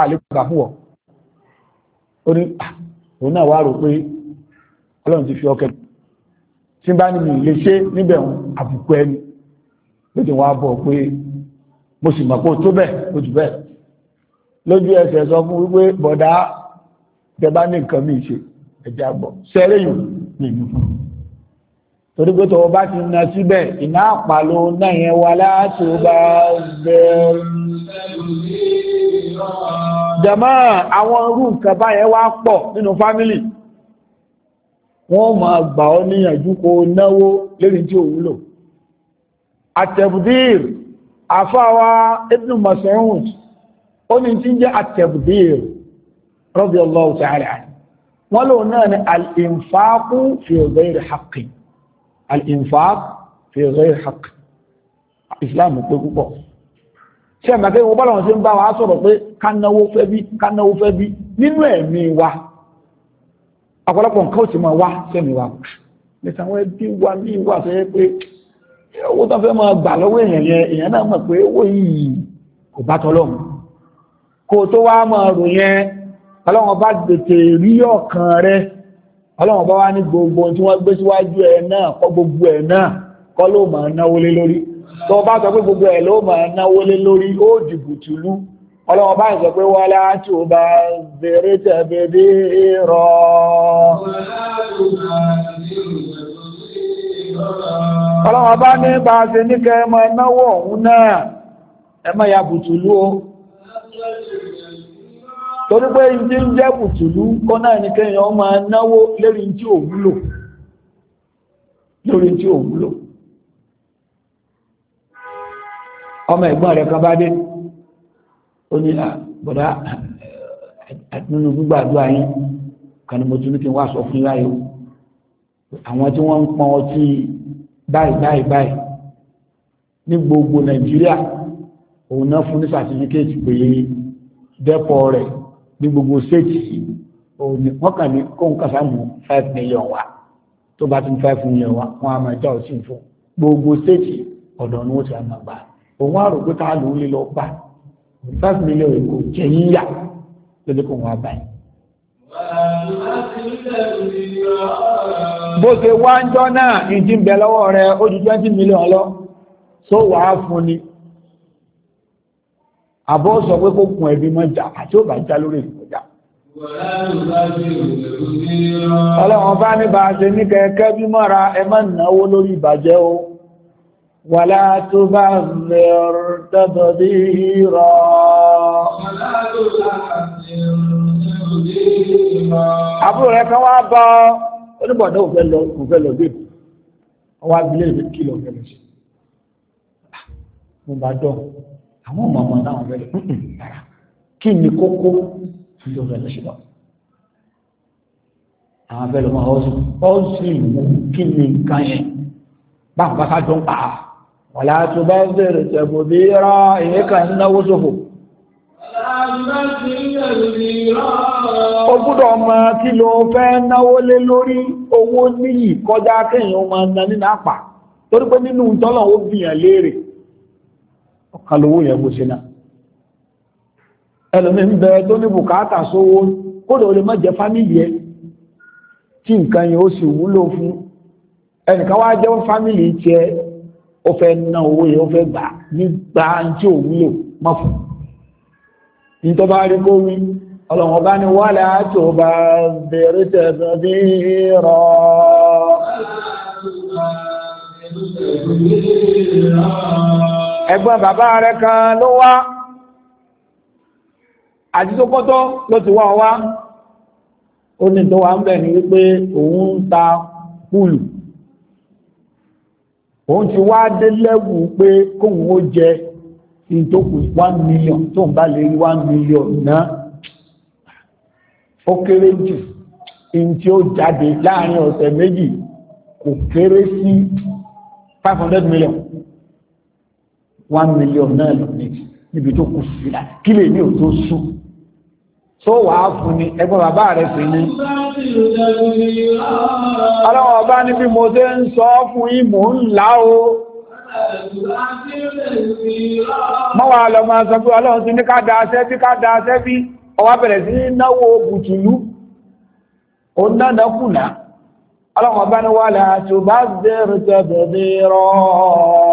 àlékún àfúwọ̀ ó ní ah, òun náà rò pé ọlọ́run ti fi ọkẹ́ tí bá ní mi lè ṣe níbẹ̀ wọn àbùkù ẹni ló ti wá bọ̀ pé mo sì mọ̀ pé ó tó bẹ́ẹ̀ ó jù bẹ́ẹ̀ lójú ẹsẹ̀ sọ fún wípé bọ̀dá tẹ bá ní nǹkan míì ṣe ẹ̀jẹ̀ àgbọ̀ sẹ́rẹ̀ yìí ní ìlú fún torí pé tọwọ́ bá ti na síbẹ̀ iná àpàlò náà yẹn wà láti bá bẹ̀rẹ̀ jàmáà àwọn irú nǹkan báyẹn wá pọ̀ nínú fámílì wọ́n máa gbà ọ́ níyànjú kó náwó lérí tí ò wúlò àtẹ̀bùdír àfáwa ibn Mas'ud ó ní tí ń jẹ́ àtẹ̀bùdír radiyallahu ta'ala anhu wọ́n lò náà ni al-infaq fi ghayri haqqi al-infaq fi ghayri haqqi islam pé púpọ̀ ṣe mẹ́kẹ́ wọ́n bá lọ́wọ́ sí ń bá wa sọ̀rọ̀ pé kánáwó fẹ́ bí kánáwó fẹ́ bí nínú ẹ̀mí wa ọ̀pọ̀lọpọ̀ nǹkan ò sì máa wá sẹ́mi wa nítorí àwọn ẹbí wa ní ìwà sọ yẹ pé owó tó fẹ́ máa gbà lọ́wọ́ èèyàn yẹn èèyàn náà mọ̀ pé owó yìí kò bá tọ́lọ́run kó tó wá máa rò yẹn ọlọ́run bá tètè rí ọkàn rẹ ọlọ́run bá wá ní gbogbo tí wọ́n gbé síwájú ẹ náà kọ́ gbogbo ẹ náà kọ́ ló máa náwó lé lórí tó bá sọ pé gbogbo ẹ ló máa náwó lé lórí ó dìbò tìlú ọlọ́wọ́ bá ń sọ pé wọ́n láti ó bá bèèrè tẹ̀bẹ̀ bí ọlọ́wọ́ bá ní bá ṣe ní ẹmọ náà ẹmọ ya bùtùlú o torí pé ń jẹ́ bùtùlú kọ́ náà ní kẹyàn ọmọ ẹnáwó lórí tí ò wúlò lórí tí ò wúlò ọmọ ẹ̀gbọ́n rẹ̀ ó ní ah, bọ̀dá nínú gbígbàdúrà yín kan ní mo tún ní kí n wá sọ fún yín ayò àwọn tí wọ́n ń pọn ọtí báyìí báyìí báyìí ní gbogbo nàìjíríà òun náà fún ní sàtífíkẹ́tì pé dẹ́pọ̀ rẹ̀ ní gbogbo séètì òní wọ́n kàn ní kóun kàfà mú five million wa tó bá tún five million wa wọ́n á máa já òsì fún gbogbo séètì ọ̀dọ̀ ni wọ́n ti máa gbà òun á rò pé káàlù ń lè lọ gbà five million èkó jẹ yíyà lójú kó wọn bá yìí. bó ṣe wá ń jọ náà ìdí ń bẹ lọ́wọ́ rẹ ó ju twenty million lọ tó wàá fún ni àbọ̀ sọ pé kó kun ẹbí mọ́ jà àti ó bá já lórí ìkọjá. ọlọ́run bá ní bá a ṣe ní kẹ̀kẹ́ bí mọ́ra ẹ má náwó lórí ìbàjẹ́ o. ولا تبذر تبذيرا àbúrò rẹ̀ kan wá bá onígbọ̀dọ̀ òfẹ́ lọ òfẹ́ lọ dé ọwọ́ abilé rẹ̀ kìlọ̀ ọ̀fẹ́ lọ sí mo bá dọ̀ àwọn ọmọ ọmọ náà rẹ̀ rárá kí ni kókó ìlú rẹ̀ lọ sí lọ àwọn abẹ́lẹ̀ ọmọ ọ̀sùn ọ̀sùn ìlú kí ni nǹkan yẹn báwọn bá ká jọ ń pa á wàlá tó bá bẹ̀rẹ̀ tẹ̀bù bí rá èyí kan náwó ṣòfò fẹ́ náwó lé lórí owó níyì kọjá na nínú àpà torí pé nínú ìtọ́lọ̀ ó bìyàn léèrè ọ̀kan lówó yẹn bó ṣe náà ẹlòmí ń bẹ tó ní bùkátà sówó kódò lè jẹ fámìlì ẹ tí nǹkan ó sì wúlò fún ó fẹ́ ná owó yẹn ó fẹ́ gbà nígbà tí ò wúlò mọ́ fún ní tó bá rí kó wí ọlọ́wọ́n bá ní wàhálà tó bá bẹ̀rẹ̀ tẹ̀sán bí rọ. ẹ̀gbọ́n bàbá rẹ̀ kan ló wá àti ló ti wá wá ó ní tó wà ń bẹ̀ ní wípé òun ń ta púùlù òun ti wá dé lẹ́wù pé kóhun ó jẹ in tó kù one million tó ń bá lè rí one million náà ó kéré jù in tí ó jáde láàrin ọ̀sẹ̀ méjì kò kéré sí five hundred million one million náà lọ níbi tó kù sí kí lè ní òtó sùn. tó wàá fún ni ẹgbẹ́ bàbá rẹ̀ ní. ọba ní bí mo ṣe ń sọ fún yín mò ń là o. mọ́ wa lọ máa sọ pé ọlọ́run ti ní ká da aṣẹ́ ká da bí bẹ̀rẹ̀ sí ọba tó bá bẹ̀rẹ̀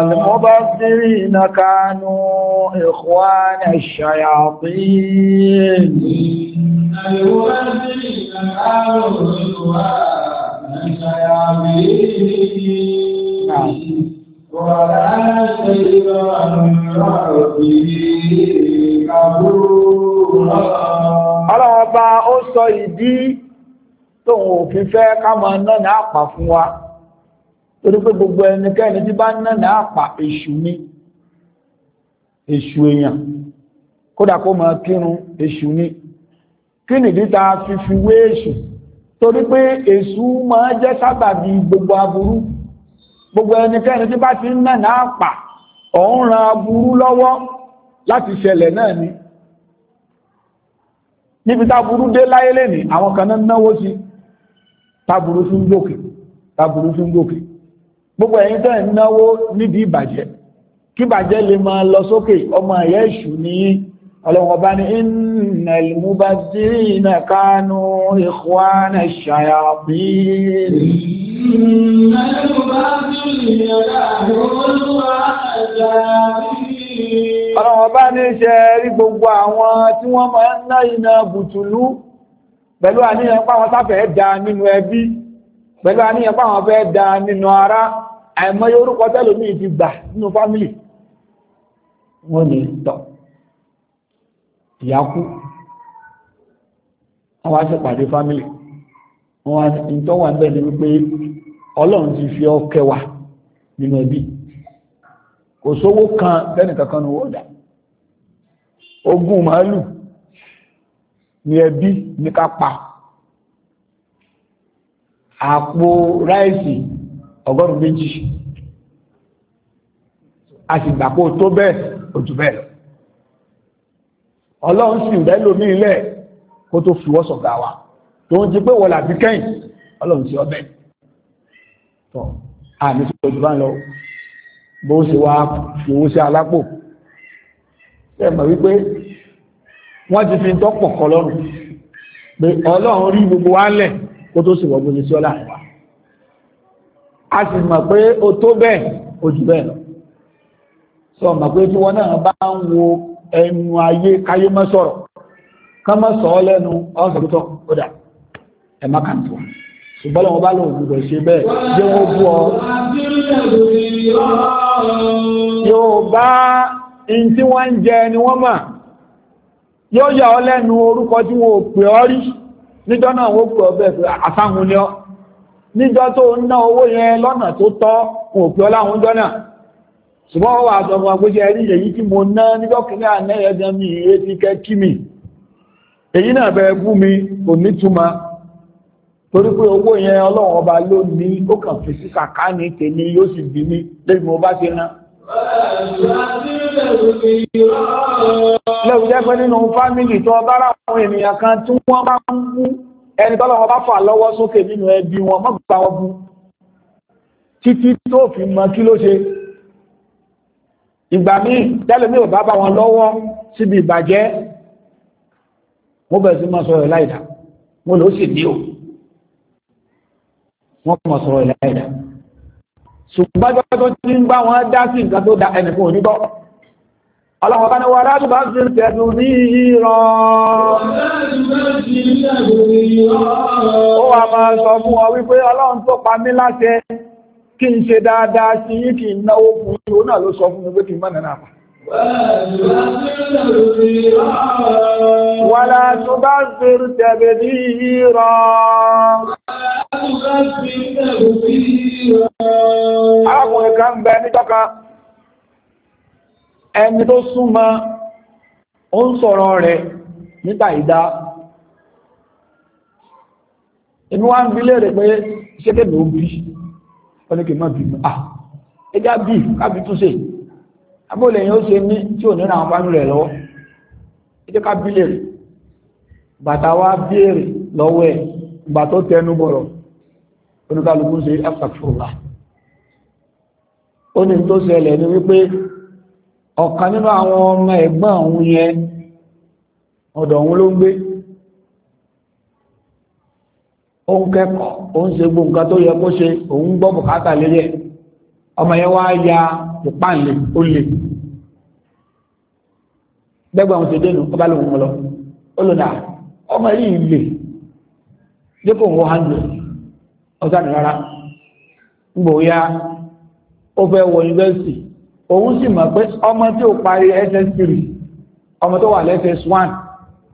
المبصرين كانوا إخوان الشياطين إن المبصرين كانوا إخوان الشياطين نعم ولا ó sọ ìdí tóun òfin fẹ́ ká máa nánà àpà fún wa torí pé gbogbo ẹnikẹ́ni tí bá nánà àpà èṣù ni èṣù èèyàn kódà kó máa kírun èṣù ni kí nìdí ta fi fi wé èṣù torí pé èṣù máa jẹ́ sábàbí gbogbo aburú gbogbo ẹnikẹ́ni tí bá ti ń nánà àpà ọ̀hún ran aburú lọ́wọ́ láti ṣẹlẹ̀ náà ni níbi tá aburú dé láyé lẹ́nìí àwọn kan náà náwó sí i táburú fi ń gòkè táburú fi ń gòkè gbogbo ẹ̀yin tẹ́ ń náwó nídìí ìbàjẹ́ kí ìbàjẹ́ lè máa lọ sókè ọmọ ẹ̀yà èṣù ní ọlọ́wọ́n bá ní ìnà ìmúbá sí ìnà kánú ikhwana shayatin. ìnà ìmúbá ọlọ́wọ́n bá ní ṣe rí gbogbo àwọn tí wọ́n máa ń ná ìnà bùtùlú pẹ̀lú àníyàn páwọn sáfẹ́ da nínú ẹbí pẹ̀lú àníyàn páwọn fẹ́ da nínú ará àìmọye orúkọ tẹ́lómi ti gbà nínú fámílì wọ́n tọ̀ pàdé wọ́n ni wípé ọlọ́run ti fi ọ́ kẹwà nínú ẹbí kò sówó kan tẹ́nìkankan ogún màálù ní ẹbí ní ká pa àpò ráìsì ọgọ́rùn méjì a sì gbà kó tó bẹ́ẹ̀ òjò bẹ́ẹ̀ lọ ọlọ́run sì rẹ́ lómi ilẹ̀ kó tó fi wọ́sọ̀ gà wa tó ń jí pé wọ́n làbí kẹ́yìn ọlọ́run sí ọbẹ̀ tọ́ àmì tó jù bá ń lọ bó ṣe wá fi owó sí alápò ṣe wípé wọ́n ti fi tọ́pọ̀ kọ lọ́rùn pé ọlọ́run rí gbogbo wa lẹ̀ kó tó sì wọ́gbọ́n ní sí ọlá àwa a sì mọ̀ pé o tó bẹ́ẹ̀ o jù bẹ́ẹ̀ lọ sọ mọ̀ pé tí wọ́n náà bá ń wo ẹnu ayé káyé mọ́ sọ̀rọ̀ ká mọ́ sọ ọ́ lẹ́nu ọ̀sẹ̀ ó dà ẹ̀ má kàn tó ṣùgbọ́n lọ́wọ́ bá lòun gbọdọ̀ ṣe bẹ́ẹ̀ jẹ́ wọ́n bú ọ. yóò bá in tí wọ́n ń jẹ ni wọ́n mọ̀ yóò yà ọ lẹ́nu orúkọ tí wọn ò pè ọ rí níjọ́ náà wọ́n pè ọ bẹ́ẹ̀ pé àsáhun ni ọ níjọ́ tó ń ná owó yẹn lọ́nà tó tọ́ wọn ò pè ọ láwọn ọjọ́ náà ṣùgbọ́n wọ́n wà sọ fún mo ná níjọ́ kìíní àná ẹ̀dán mi ìyé ti kẹ́ kí mi èyí mi kò ní túmọ̀ torí pé owó yẹn ọlọ́run ọba ló ní ó yóò sì bí mi lẹ́yìn mo bá lẹ́wù jẹ́ pé nínú fámìlì tó bára àwọn ènìyàn kan tí wọ́n bá ń mú ẹni tọ́lọ̀ wọn bá fà lọ́wọ́ sókè nínú ẹbí wọn mọ́gbà wọn bú títí tó fi mọ kí ló ṣe ìgbà míì tẹ́lẹ̀ mi ò bá bá wọn lọ́wọ́ síbi ìbàjẹ́ mo bẹ̀rẹ̀ sí máa sọ̀rọ̀ láìdá mo lò ó sì ní o wọ́n mọ̀ sọ̀rọ̀ láìdá ṣùgbọ́n tó ti ń bá wọn dá sí nǹkan tó da ẹnìkan òní bọ́ ọlọ́wọ́ bá ní wọ́n rá ṣùgbọ́n sí tẹ̀dù ní ìran ó wà máa sọ fún ọ wípé ọlọ́run tó pa mí láṣẹ kí n ṣe dáadáa sí yí kí n náwó fún yí náà ló sọ fún mi kí n nínú àpá wàlá ṣùgbọ́n sí tẹ̀dù ní ìran Arákùnrin kan ń bẹ nítọ́ka, ẹni tó súnmọ́, ó ń sọ̀rọ̀ rẹ̀ níta ìdá. Inú wá ń bí lè rẹ̀ pé iṣẹ́ tẹ́lẹ̀ ó bí, ó ní kì máa ah, bí. Ah, ẹjá bí, kábí tún ṣe. ó ṣe tí ò nínú àwọn rẹ̀ lọ́wọ́. Ẹjẹ́ oníkálukú ṣe afẹ́fúrúwá ó ní tó ṣẹlẹ̀ ní wípé ọ̀kan nínú àwọn ọmọ ẹ̀gbọ́n òun yẹn ọ̀dọ̀ òun ló ń gbé ó ń kẹ́kọ̀ọ́ ó ń ṣe gbogbo nǹkan tó yẹ kó ṣe òun gbọ́ bùkátà lérí ẹ̀ ọmọ yẹn wá ya ìpáǹlẹ̀ ó lè gbẹ́gbẹ́ àwọn ṣèdè nù ọba lòun lọ ó lò náà ọmọ yìí lè dípò òun hundred ọ̀sá ni rárá gbò ya ó fẹ́ wọ yunifásitì òun sì mọ̀ pé ọmọ tí ó parí ss3 ọmọ tó wà lss1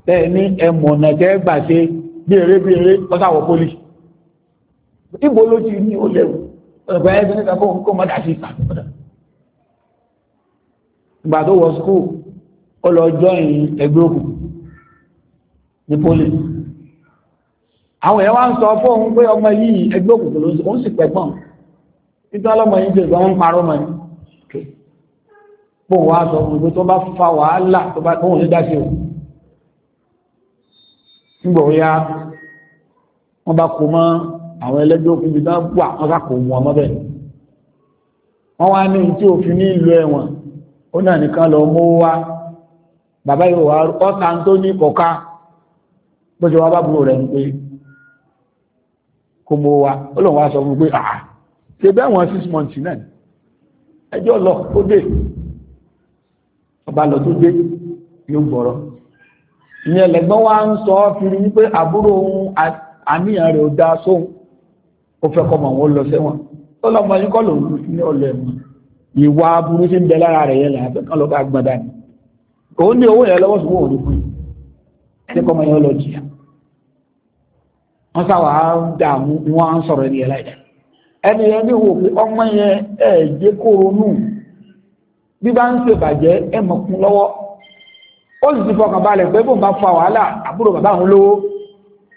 tẹ́ ní ẹmọ̀nà tẹ́ gbà ṣe bèèrè bèèrè ọ̀sáwọ̀ pólì ibo ló ti ní ó léwu ọ̀pọ̀ ẹgbẹ́ níta kó ń kó mọ́dà sí ìta ìgbà tó wọ skul ó lọ jọyìn ẹgbẹ́ òkùnkùn ní pólì àwọn èèyàn wá ń sọ fóun pé ọmọ yìí ẹgbẹ́ òkùnkùn ló ń sì pẹ̀gbọ́n títọ́ ọlọ́mọ yìí jẹ́ ìgbà wọn ń parọ́ mọ́ ni bóun wá sọ fún ìgbé tó bá fa wàhálà tó bá tóun lè dá sí o nígbà ó yá wọ́n bá kó mọ́ àwọn ẹlẹ́gbẹ́ òkùnkùn bí wọ́n wà wọ́n sá kó mú ọmọ bẹ́ẹ̀ wọ́n wá ní tí òfin ní ìlú ẹ̀wọ̀n ó náà nìkan lọ mú wá bàbá yìí wà ọ́ta tó ní kọ̀ọ̀ká bó ṣe wá bá búrò rẹ̀ ń pé kó mọ́ wa ó lọ́n wá sọ fún pé àà ah, ah, ṣe bẹ́ẹ̀ wọ́n six months náà ẹjọ́ lọ ó dé ọba lọ tó dé yóò gbọ́rọ̀ ìyẹn lẹ́gbọ́n wa ń sọ firi wípé àbúrò ohun àníyàn rẹ̀ ò dáa sóhun ó fẹ́ kọmọ òun lọ sẹ́wọ̀n ó lọ́mọ yín kọ́ lòun ní ọlọ́ ẹ̀mọ́ ìwà aburú sí ń bẹ lára rẹ̀ yẹn làá fẹ́ kán lọ bá òun ní owó yẹn lọ́wọ́ sùn ní fún yín ẹni kọ́mọ yẹn lọ jìyà wọ́n sáwà á dààmú ni wọ́n á ń sọ̀rọ̀ ẹni ẹ̀láìdá ẹni ẹni wò pé ọmọ yẹn ẹ̀ jẹ́ kó ronú bí bá ń ṣe bàjẹ́ ẹ̀ mọ̀kún lọ́wọ́ ó sì ti fọkàn balẹ̀ pé bóun bá fa wàhálà àbúrò bàbá àwọn olówó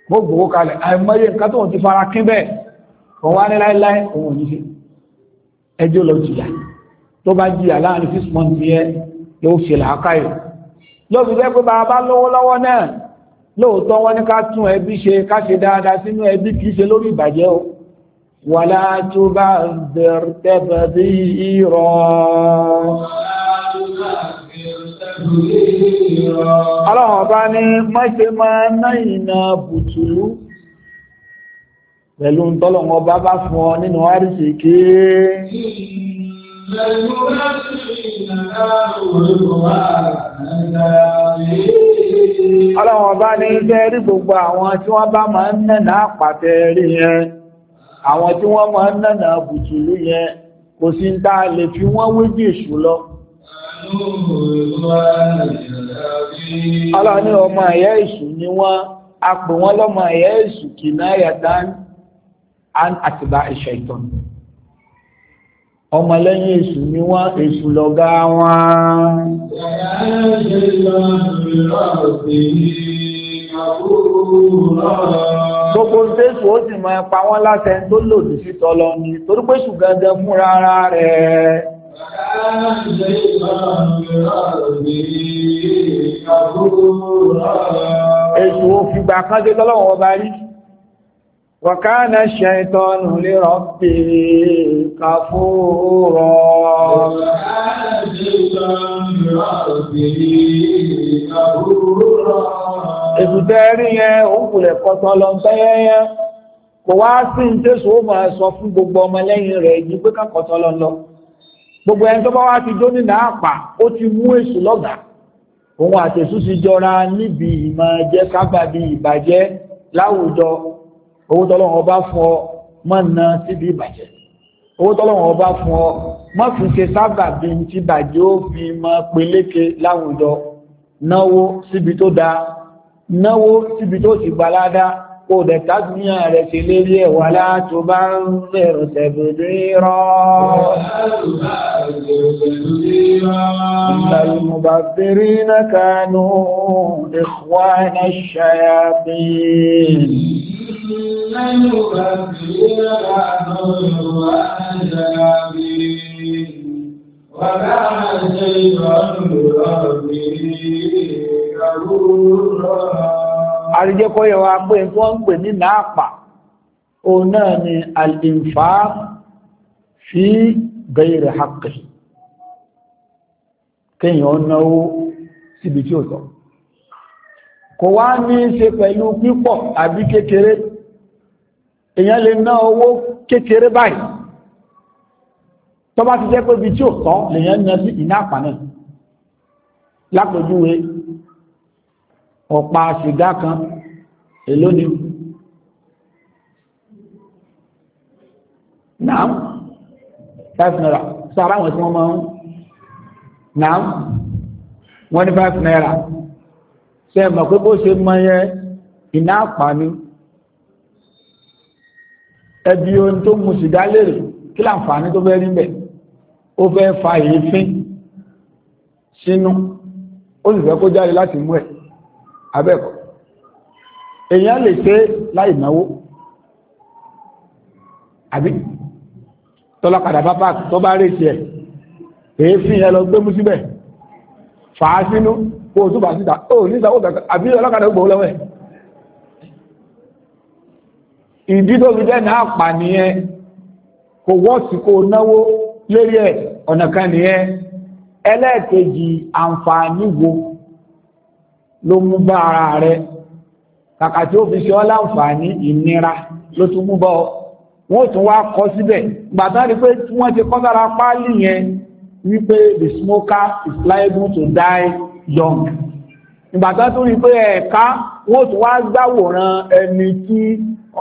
mo gbowó kalẹ̀ àìmọye nǹkan tó ń ti fara kín bẹ́ẹ̀ òun wá ní láéláé òun ò ní ṣe ẹjọ́ lọ jìyà tó bá jìyà láàrin six months yẹn yóò fi làákàyò lóbi jẹ́ pé bàbá lówó náà lóòótọ́ wọ́n ní ká tún ẹbí ṣe ká ṣe dáadáa sínú ẹbí kìí ṣe lórí ìbàjẹ́ o wàlá tó bá bẹ̀rẹ̀ bí irọ́ ọlọ́run ọba ní mọ́ṣe máa ná ìnà bùtùlú pẹ̀lú ń tọ́lọ̀ wọn bá bá fún ọ nínú àríṣèké Ọlọ́run ọba ní iṣẹ́ rí gbogbo àwọn tí wọ́n bá máa ń àpàtẹ rí yẹn, àwọn tí wọ́n máa ń yẹn, kò sí ń dá lè lọ. Ọlọ́run ní ọmọ ni wọ́n, a pè wọ́n lọ́mọ kì náà ọmọlẹ́yìn èṣù ni wọ́n èṣù lọ́gá wọn. Gbogbo Jésù ó sì máa pa wọ́n láṣẹ tó lòdì sí tọlọ ni torí pé èṣù gangan fúnra ara rẹ̀. Èṣù ò fìgbà kan dé tọ́lọ́wọ́ ọba rí. وكان الشيطان لربه كفورا Èbùtẹ́rí yẹn fo kùlẹ̀ kọ́tọ́ lọ tẹ́yẹ́yẹ́, kò wá sí ní ó máa sọ fún gbogbo ọmọ rẹ̀ yìí pé ká kọ́tọ́ lọ lọ. Gbogbo ẹni tó bá wá ti jó nínú àpà, ó ti mú èṣù lọ́gàá. Òun àtẹ̀sù ti jọra níbi ìmọ̀ kábàbí ìbàjẹ́ láwùjọ owó tọ́lọ́wọ́ bá fún ọ má na síbi ìbàjẹ́ owó tọ́lọ́wọ́ bá fún ọ má fi ṣe sábà bí n ti bàjẹ́ ó fi mọ peléke láwùjọ náwó síbi tó dáa náwó síbi tó ti gbaládá kó dẹ̀ tásùmíà rẹ̀ ṣe lérí ẹ̀ wà látò bá ń bẹ̀rù tẹ̀bùdú rọ́. Ìlàlù mùbàbírí náà kánú ìkwá náà ṣayàbí. وكان الشيطان لربه غرورا àríjẹ́kọ́ yẹ wa pé tí wọ́n ń pè ní náàpà o náà ni al fi ghayri haqqi kéèyàn náwó síbi tí ó sọ. kò wá ní ṣe pẹ̀lú pípọ̀ àbí kékeré èyàn lè ná owó kékeré báyìí tó bá ti jẹ́ ibi tí ó ná sí ìnáàpà ọ̀pá sìgá kan èló ni náà five naira sára àwọn tí wọ́n máa ń náà wọ́n ní five naira ṣe mọ̀ pé bó ṣe mọ yẹ iná àpàní ẹbí ohun tó mu sìgá lérè kí láǹfààní tó fẹ́ rí bẹ̀ ó fẹ́ fa èéfín sínú ó sì fẹ́ kó jáde láti mú ẹ̀ abẹ́kọ̀ èèyàn lè ṣe láì náwó àbí tọ́lọ́kadà bá páàkì tó bá rèsì ẹ̀ èé fi ẹ lọ gbé síbẹ̀ fàá sínú kó o túbà síta ó ní ìsàwó kankan àbí ọlọ́kadà gbòó lọ́wọ́ ìdí tó fi dẹ́nà àpà nìyẹn kò wọ́ọ̀sì kó náwó lérí ẹ̀ ọ̀nà kan nìyẹn ẹlẹ́ẹ̀kejì ló mú bá ara rẹ̀ kàkà tí ó fi ṣe ọ́ láǹfààní ìnira ló tún mú bọ́ ọ wọ́n tún wá kọ síbẹ̀ gbàtà rí pé tí wọ́n ti kọ́ sára páálí yẹn wípé the smoker is liable to die young ìgbàtà tún rí pé ẹ̀ka wọ́n tún wá gbàwòrán ẹni tí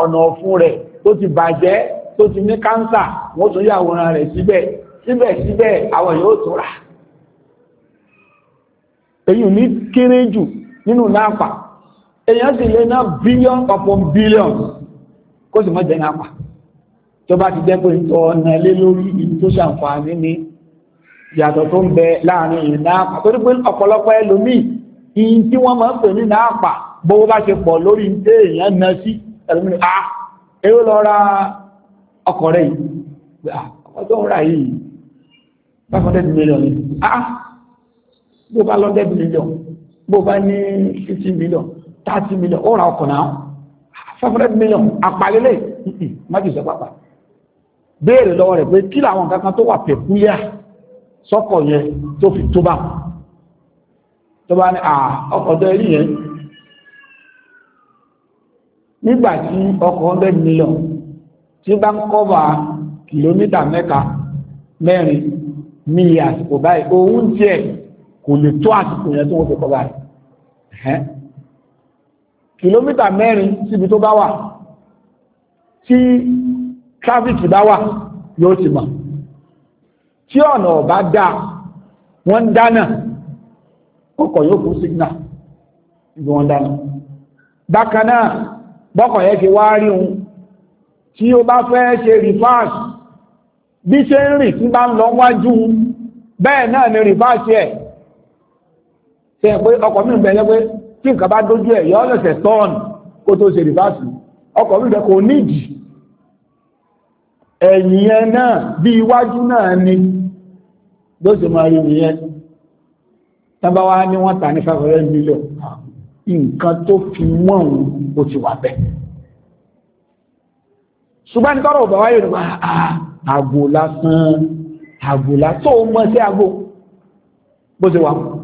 ọ̀nà ọ̀fun rẹ̀ tó ti bàjẹ́ tó ti ní káńsà wọ́n tún yàwòrán rẹ̀ síbẹ̀ síbẹ̀síbẹ̀ àwọn yóò tún rà èyí ní kéré jù nínú náàpà èèyàn sì lè ná billion upon billion kó sì mọ́ jẹ́ náàpà tó bá ti jẹ́ pé ìtọ́ ọ̀nà lé lórí ibi tó ṣàǹfààní ni yàtọ̀ tó ń bẹ láàrin ìlú náàpà torí pé ọ̀pọ̀lọpọ̀ ẹlòmíì ìyìn tí wọ́n máa ń pè ní náàpà bówó bá ṣe pọ̀ lórí èèyàn na sí ẹlòmíì à ah, èyí lọ ra ọkọ̀ rẹ̀ yìí ah, ọkọ̀ tó ń rà yìí five hundred million ah ló bá lọ́dẹ̀ million bó bá ní 50 million 30 million ó ra ọkọ̀ náà 500 million àpàlélẹ̀ májèsọ pápá béèrè lọ́wọ́ rẹ̀ pé kí làwọn kankan tó wà pẹ̀kúyà sọ́kọ̀ yẹn tó fi tó bá tó bá ní ọkọ̀ tó yẹn nígbà ọkọ̀ 100 million tí bá ń kọ́bà kìlómítà mẹ́ta mẹ́rin mílíà àsìkò báyìí òun tiẹ̀ kò lè tó àsìkò yẹn tó wọ́n fi kọ́bà rẹ̀ kìlómítà mẹ́rin síbi tó bá wà tí tráfíkì bá wà yóò ti mọ̀ tí ọ̀nà ọ̀bá dá wọ́n dáná ọkọ̀ yóò fún sígínà ibi wọ́n dáná bákan náà bọ́kọ̀ yẹ́ fi wá rí ohun tí ó bá fẹ́ ṣe rìfáàsì bí ṣe ń rìn tí bá ń lọ wájú bẹ́ẹ̀ náà ni rìfáàsì ẹ̀ ṣe é pé ọkọ̀ mi bẹ̀rẹ̀ pé tí nǹkan bá dójú ẹ̀ yọ lọ́sẹ̀ tọ́ọ̀nù kó tó ṣe rìfáàsì ọkọ̀ mi bẹ̀rẹ̀ kò nídìí ẹ̀yìn ẹ náà bí iwájú náà ni ló sì máa rí nìyẹn tábà wá ní wọ́n ta ní five hundred nǹkan tó fi wọ́n òun ó ti wà bẹ́ẹ̀ ṣùgbọ́n ní tọ́rọ̀ ọ̀bàwáyé rẹ̀ wá ah, ah, àgò lásán àgò lásán tó mọ́ sí àgò bó ṣe wà mọ́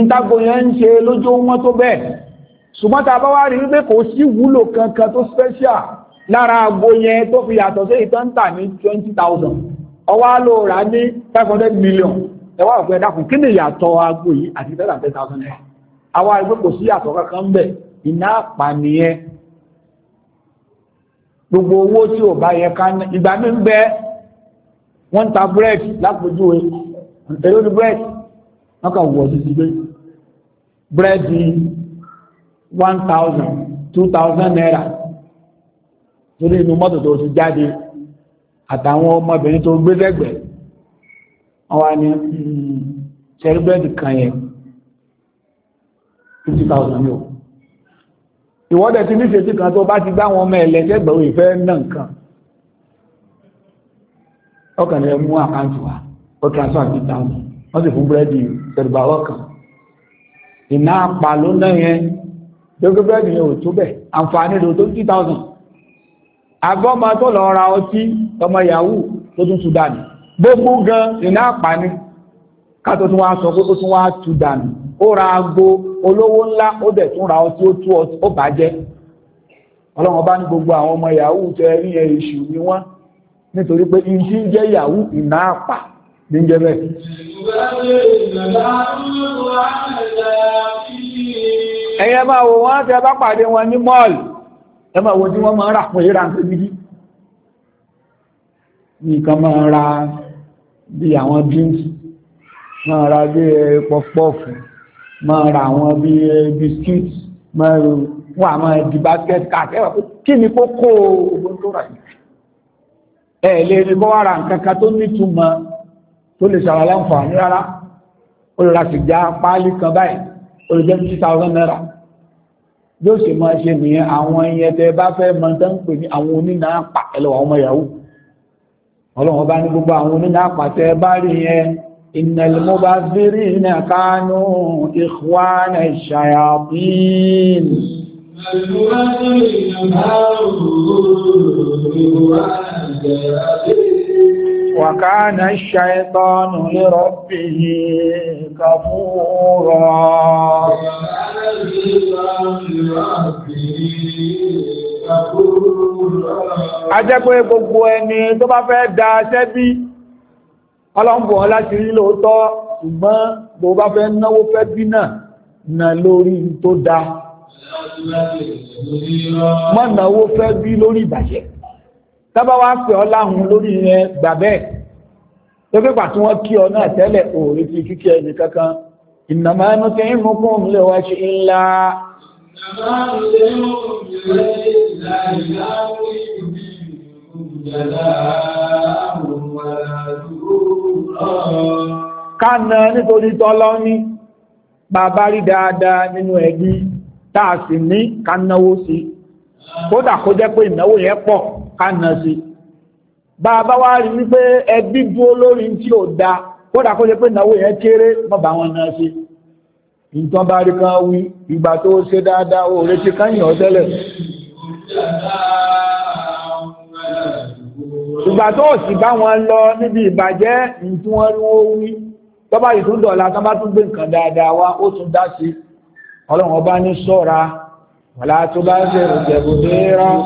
ìtagbò yẹn ń ṣe lójó wọn tó bẹ́ẹ̀ ṣùgbọ́n tá a bá wá rí wípé kò sí wúlò kankan tó special lára àgbo yẹn tó fi yàtọ̀ sí ìtọ́ǹtà ní twenty thousand ọwọ́ á lò rà ní five hundred million ẹwà ọ̀pẹ dákun kí ni ìyàtọ̀ àgbo yìí àti three hundred thousand naira àwa rí pé kò sí ìyàtọ̀ kankan ń bẹ̀ iná àpànìyẹn gbogbo owó tí ò bá yẹ ká ìgbà mi ń bẹ wọ́n ń ta búrẹ́dì lápòjúwe èlò ní búrẹ́dì wọ́n kàn wọ̀ sí ti gbé búrẹ́dì one thousand two thousand naira torí inú mọ́tò tó ti jáde àtàwọn ọmọbìnrin tó gbé lẹ́gbẹ̀ẹ́ wọ́n wá ní hmm, ṣẹ́rí búrẹ́dì kan yẹn fifty thousand yóò ìwọ́dẹ̀ tí ní ṣètì kan tó bá ti gbá wọn ọmọ ẹ̀lẹ́gbẹ̀ẹ́ ìfẹ́ náà nǹkan ọkàn rẹ̀ mú àkáǹtì wa ó transfer fifty thousand wọ́n sì fún búrẹ́dì ṣẹ̀rùbà ọkàn iná apá ló ná yẹn dókítà nìyẹn ò tó bẹ̀ àǹfààní ló tó two thousand agbọ́mọ tó lọ ra ọtí ọmọ yahoo tó tún tún dànù gbogbo gan iná apá ni ká tó tún wá sọ pé ó tún wá tún dànù ó ra agbo olówó ńlá ó dẹ̀ tún ra ọtí ó tú ọtí ó bàjẹ́ ọlọ́run ọba ní gbogbo àwọn ọmọ yahoo tẹ ẹ̀rí ẹ̀ èṣù ni wọ́n nítorí pé ìdí jẹ́ yahoo iná apá ní jẹ́ bẹ́ẹ̀. ẹ̀yẹ máa wò wọ́n tẹ́ bá pàdé wọn ní mọ́ọ̀lù ẹ máa wo tí wọ́n máa rà fún ìrà ń pè níbi nìkan máa ra bí àwọn bíńtì máa ra bí pọfupọfù máa ra àwọn bí bisikíìtì máa wà máa di báskẹ́tì káàkiri kí ni kókó ogun tó rà yìí ẹ̀ lè rí bọ́wára nǹkan kan tó nítumọ̀ tó lè ṣàrà láǹfààní rárá ó lè ra sìgá páálí kan báyìí ó lè jẹ́ two thousand naira yóò ṣe máa ṣe nìyẹn àwọn ẹyẹ tẹ bá fẹ́ mọ tẹ́ ń pè ní àwọn onínàá pa ẹlẹ́wọ̀n ọmọ yahoo ọlọ́run bá ní gbogbo àwọn onínàá pa tẹ bá rí yẹn innal mubadhirina kanu ikhwana shayatin. المبذرين كانوا إخوان الشياطين وَكَانَ الشَّيْطَانُ لِرَبِّهِ كَفُورًا ajẹ́ pé gbogbo ẹni tó bá fẹ́ da sẹ́bí ọlọ́mbùn láti rí lóòótọ́ ṣùgbọ́n bó bá fẹ́ náwó fẹ́ bí náà nà lórí tó dá mọ́ náwó fẹ́ bí lórí ìbàjẹ́ tábà wá pè ọ́ láhùn lórí yẹn gbà bẹ́ẹ̀ tó pé pàtó wọn kí ọ náà tẹ́lẹ̀ òòrí ti kíkí ẹni kankan ìnàmà ẹnu tí ń fún lè wá ṣe ńlá kánà nítorí tọ́lọ́ ní bàbá rí dáadáa nínú ẹ̀bí táà sì ní kánáwó sí kódà kó jẹ́ pé ìnáwó yẹn pọ̀ ká nà sí bá a bá wá rí wípé ẹbí dúó lórí tí ò da kódà kó jẹ́ pé ìnáwó yẹn kéré mọ́ bá wọn nà sí nǹkan bá rí kan wí ìgbà tó ṣe dáadáa ó retí kan yàn ọ́ tẹ́lẹ̀ ìgbà tó sì bá wọn lọ níbi ìbàjẹ́ tí wọ́n rí wọ́n wí tọ́bá ìtúndọ̀lá tọ́bá tún gbé nǹkan dáadáa wá ó tún dá sí ọlọ́run ọba ní ṣọ́ra wàlá tó bá ṣe ìjẹ̀bù ní rán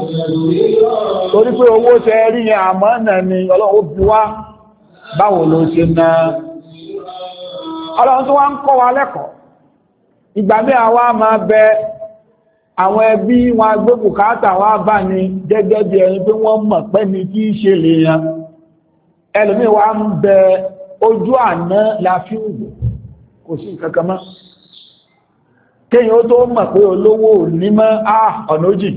torí pé owó ṣe rí ni àmọ́ nà ni ọlọ́run bí wá báwo ló ṣe na ọlọ́run tó wá ń kọ́ wa lẹ́kọ̀ọ́ ìgbà mí àwa máa bẹ àwọn ẹbí wọn agbóbùkátà wa bá ní gẹ́gẹ́ bí ẹni pé wọ́n mọ̀ pé ní kí ṣe lè yan ẹlòmíì ń bẹ ojú àná la fi ń wò kò sí nǹkan mọ́ kéyìn ó tó mọ̀ pé olówó nímọ́ ọ̀nà òjì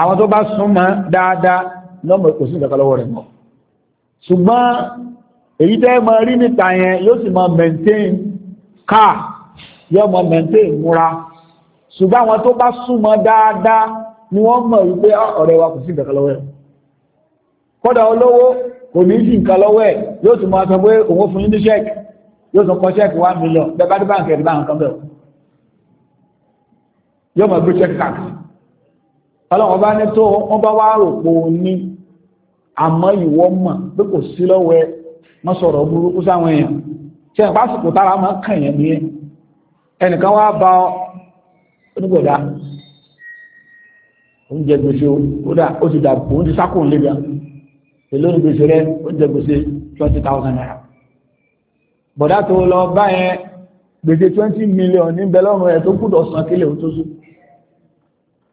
àwọn tó bá súnmọ́ dáadáa lọ́mọ̀ kò sí ìjọba lọ́wọ́ rẹ̀ mọ̀ ṣùgbọ́n èyí tẹ́ mọ rí níta yẹn yóò sì mọ maintain car yóò mọ maintain múra ṣùgbọ́n àwọn tó bá súnmọ́ dáadáa ni wọ́n mọ̀ wípé ah, ọ̀rẹ́ wa kò sí ìjọba lọ́wọ́ rẹ̀ kódà olówó kò ní sí nǹkan lọ́wọ́ ẹ̀ yóò sì mọ sọ pé òun fún yín ní ṣẹ́ẹ̀kì yóò sọ kọ́ ṣẹ́ẹ̀kì one million bẹ́ẹ̀ bá dé báǹkì ẹ̀ yóò máa gbé check tax ọlọ́run bá ní tó wọ́n bá wá rò pò ní àmọ́ ìwọ mọ̀ pé kò sí lọ́wọ́ ẹ mọ́ sọ̀rọ̀ burúkú sáwọn èèyàn tí ẹ̀ pásìkò tára máa kàn yẹn ní ẹnìkan wá bá onígbọ̀dá oúnjẹ gbèsè kódà ó ti dàbò ó sákò ń lébi èló ní rẹ oúnjẹ gbèsè twenty thousand naira bọ̀dá tó lọ bá yẹn gbèsè twenty million níbẹ̀ lọ́rùn ẹ̀ tó kúdọ̀ san kílẹ̀ ó tó sùn.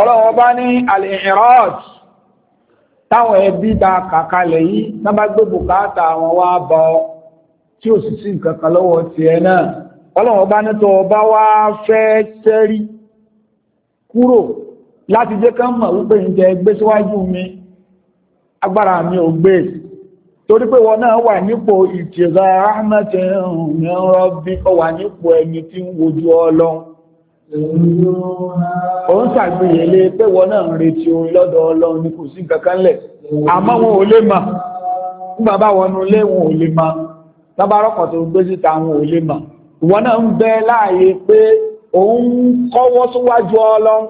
Ọlọ́run bá ní Al-Iraj táwọn ẹbí ta kàkalẹ̀ yìí náà bá gbé bùkátà àwọn wá bọ́ tí ò sì sí nǹkan kan lọ́wọ́ ti ẹ náà. Ọlọ́run bá ní tó bá wá fẹ́ tẹ́rí kúrò láti jẹ́ ká mọ̀ wípé ìjẹ gbé síwájú mi agbára mi ò gbé torí pé wọn náà wà nípò ìtìrà ahmed ń rọ bí ọ wà nípò ẹni tí ń wojú Ọlọ́run ó ń ṣàgbéyẹlé pé wọ́n náà ń retí orin lọ́dọ̀ ọlọ́run ní kò sí kankanlẹ̀ àmọ́ wọn ò lè ma nígbà bá wọnú ilé wọn ò lè ma lábárọ́kọ̀ tó gbé síta wọn ò lè ma wọ́n náà ń bẹ láàyè pé òun kọ́wọ́ síwájú ọlọ́run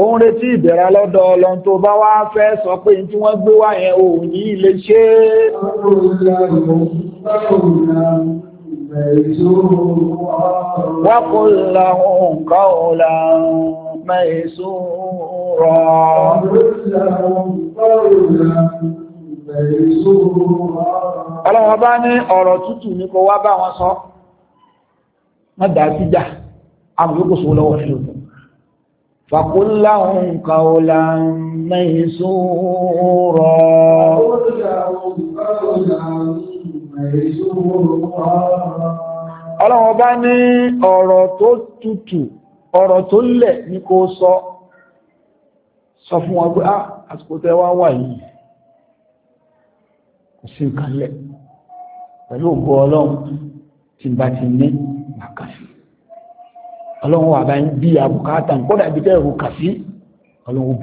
òun retí ìbẹ̀rẹ̀ lọ́dọ̀ ọlọ́run tó bá wá fẹ́ sọ pé ní tí wọ́n gbé wá yẹn òun yìí lè ṣe é وقل لهم قولا ميسورا Ọlọ́wọ́ bá ní ọ̀rọ̀ tútù ní kó wá bá wọn sọ, má sí jà, àmì lọ́wọ́ sí òtù. فقل لهم قولا Ọlọ́wọ́ Ọlọ́run bá ní ọ̀rọ̀ tó tutù, ọ̀rọ̀ tó lẹ̀ ní kó sọ, sọ fún wọn pé, "Ah, àsìkò tẹ́ wá wà yìí, kò sí nǹkan lẹ̀, pẹ̀lú ògbó ọlọ́run ti bá ti ní màkàfí." Ọlọ́run wà bá ń bí àbùkátà, kódà bí tẹ́ ìrùkàfí, ọlọ́run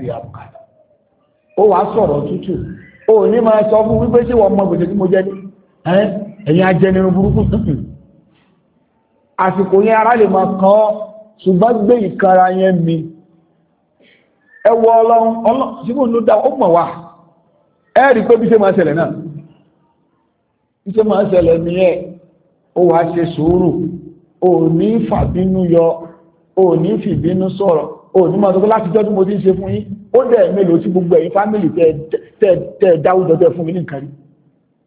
ẹ̀yìn ajẹnirin burúkú àsìkò yẹn ara lè máa kàn ọ́ ṣùgbọ́n gbé yẹn mi ẹwọ ọlọ́run ọlọ́run ló dá ó mọ̀ wá pé bí ṣe máa ṣẹlẹ̀ náà bí ṣe máa ṣẹlẹ̀ ní ẹ̀ ó wá ṣe sùúrù ò ní fàbínú yọ ò ní fìbínú sọ̀rọ̀ ò ní máa tọ́kọ́ láti jọ́dún mo ti ń ṣe fún yín ó dẹ̀ gbogbo fámìlì tẹ́ fún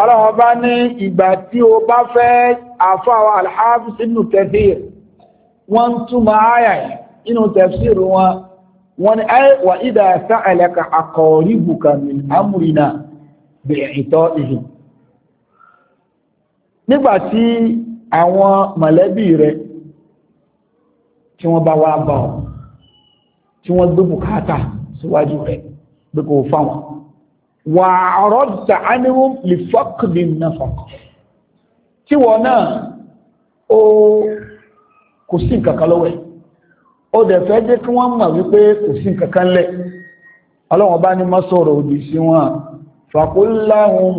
Ọlọ́run bá ní ìgbà tí o bá fẹ́ àfáwà Al-Hafiz Ibn Kathir, wọ́n túnmọ̀ ayà inú tafsir wọn, wọ́n ni ayé wà ìdá sa'alaka aqaribuka min amrina bi ita'ihi. Nígbàtí àwọn mọ̀lẹ́bí rẹ̀ tí wọ́n bá wá bá ọ, tí wọ́n gbé bùkátà síwájú rẹ̀, bí fáwọn. wà àrọ́dà ánìwọ̀n lè tí wọ́n náà ó kò sí nǹkankan lọ́wọ́ ó dẹ̀ fẹ́ jẹ́ kí wọ́n mọ̀ wípé kò sí nǹkankan lẹ̀ ọlọ́wọ́n bá ní má sọ̀rọ̀ òdì sí wọn fàkúláhùn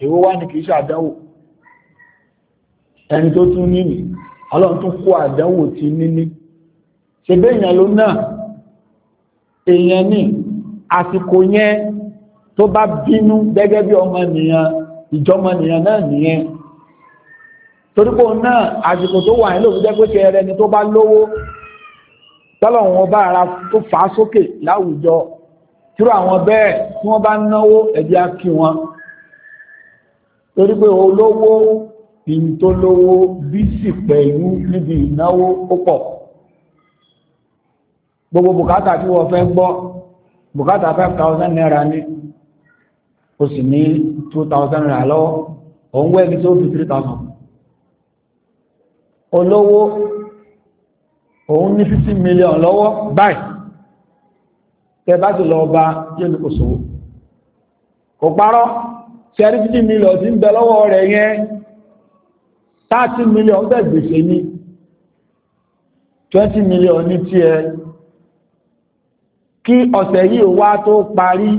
èwo wá ní kìí ṣàdánwò ẹni tó tún níní ọlọ́run tún kó àdánwò ti níní ṣe bẹ́ èèyàn ló náà èèyàn ní àsìkò yẹn tó bá bínú gẹ́gẹ́ bí ọmọnìyàn ìjọmọnìyàn náà nìyẹn torípò náà àsìkò tó wà nílò jẹ́ pé ṣe ẹni tó bá lówó tọ́lọ̀wọ̀n ọba ara tó fà á sókè láwùjọ tíró àwọn bẹ́ẹ̀ tí wọ́n bá náwó ẹ̀dí á wọn torí pé olówó ìntólówó bí sì pẹ̀lú níbi ìnáwó ó pọ̀ gbogbo bùkátà tí wọ́n fẹ́ gbọ́ bùkátà five thousand naira ní o sì ní two thousand naira lọ́wọ́ òun wẹ́ ibi tí fi three thousand olówó òun ní fifty million lọ́wọ́ báyìí tẹ bá ti lọ bá yẹnu kò sówó kò parọ́ ṣẹ́rí fifty million ń bẹ lọ́wọ́ rẹ̀ yẹn thirty million ń bẹ gbèsè ní twenty million ní kí ọ̀sẹ̀ yìí wá tó parí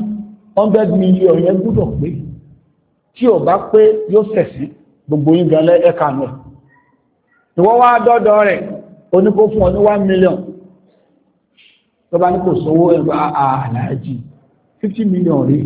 hundred million yẹn gbúdọ̀ pé tí ò bá pé yóò gbogbo yín gan ẹ̀ka náà ìwọ wá dọ́dọ̀ rẹ̀ fún ọ ní one million tó bá ní kò ah, ah, àlàájì fifty million rèé.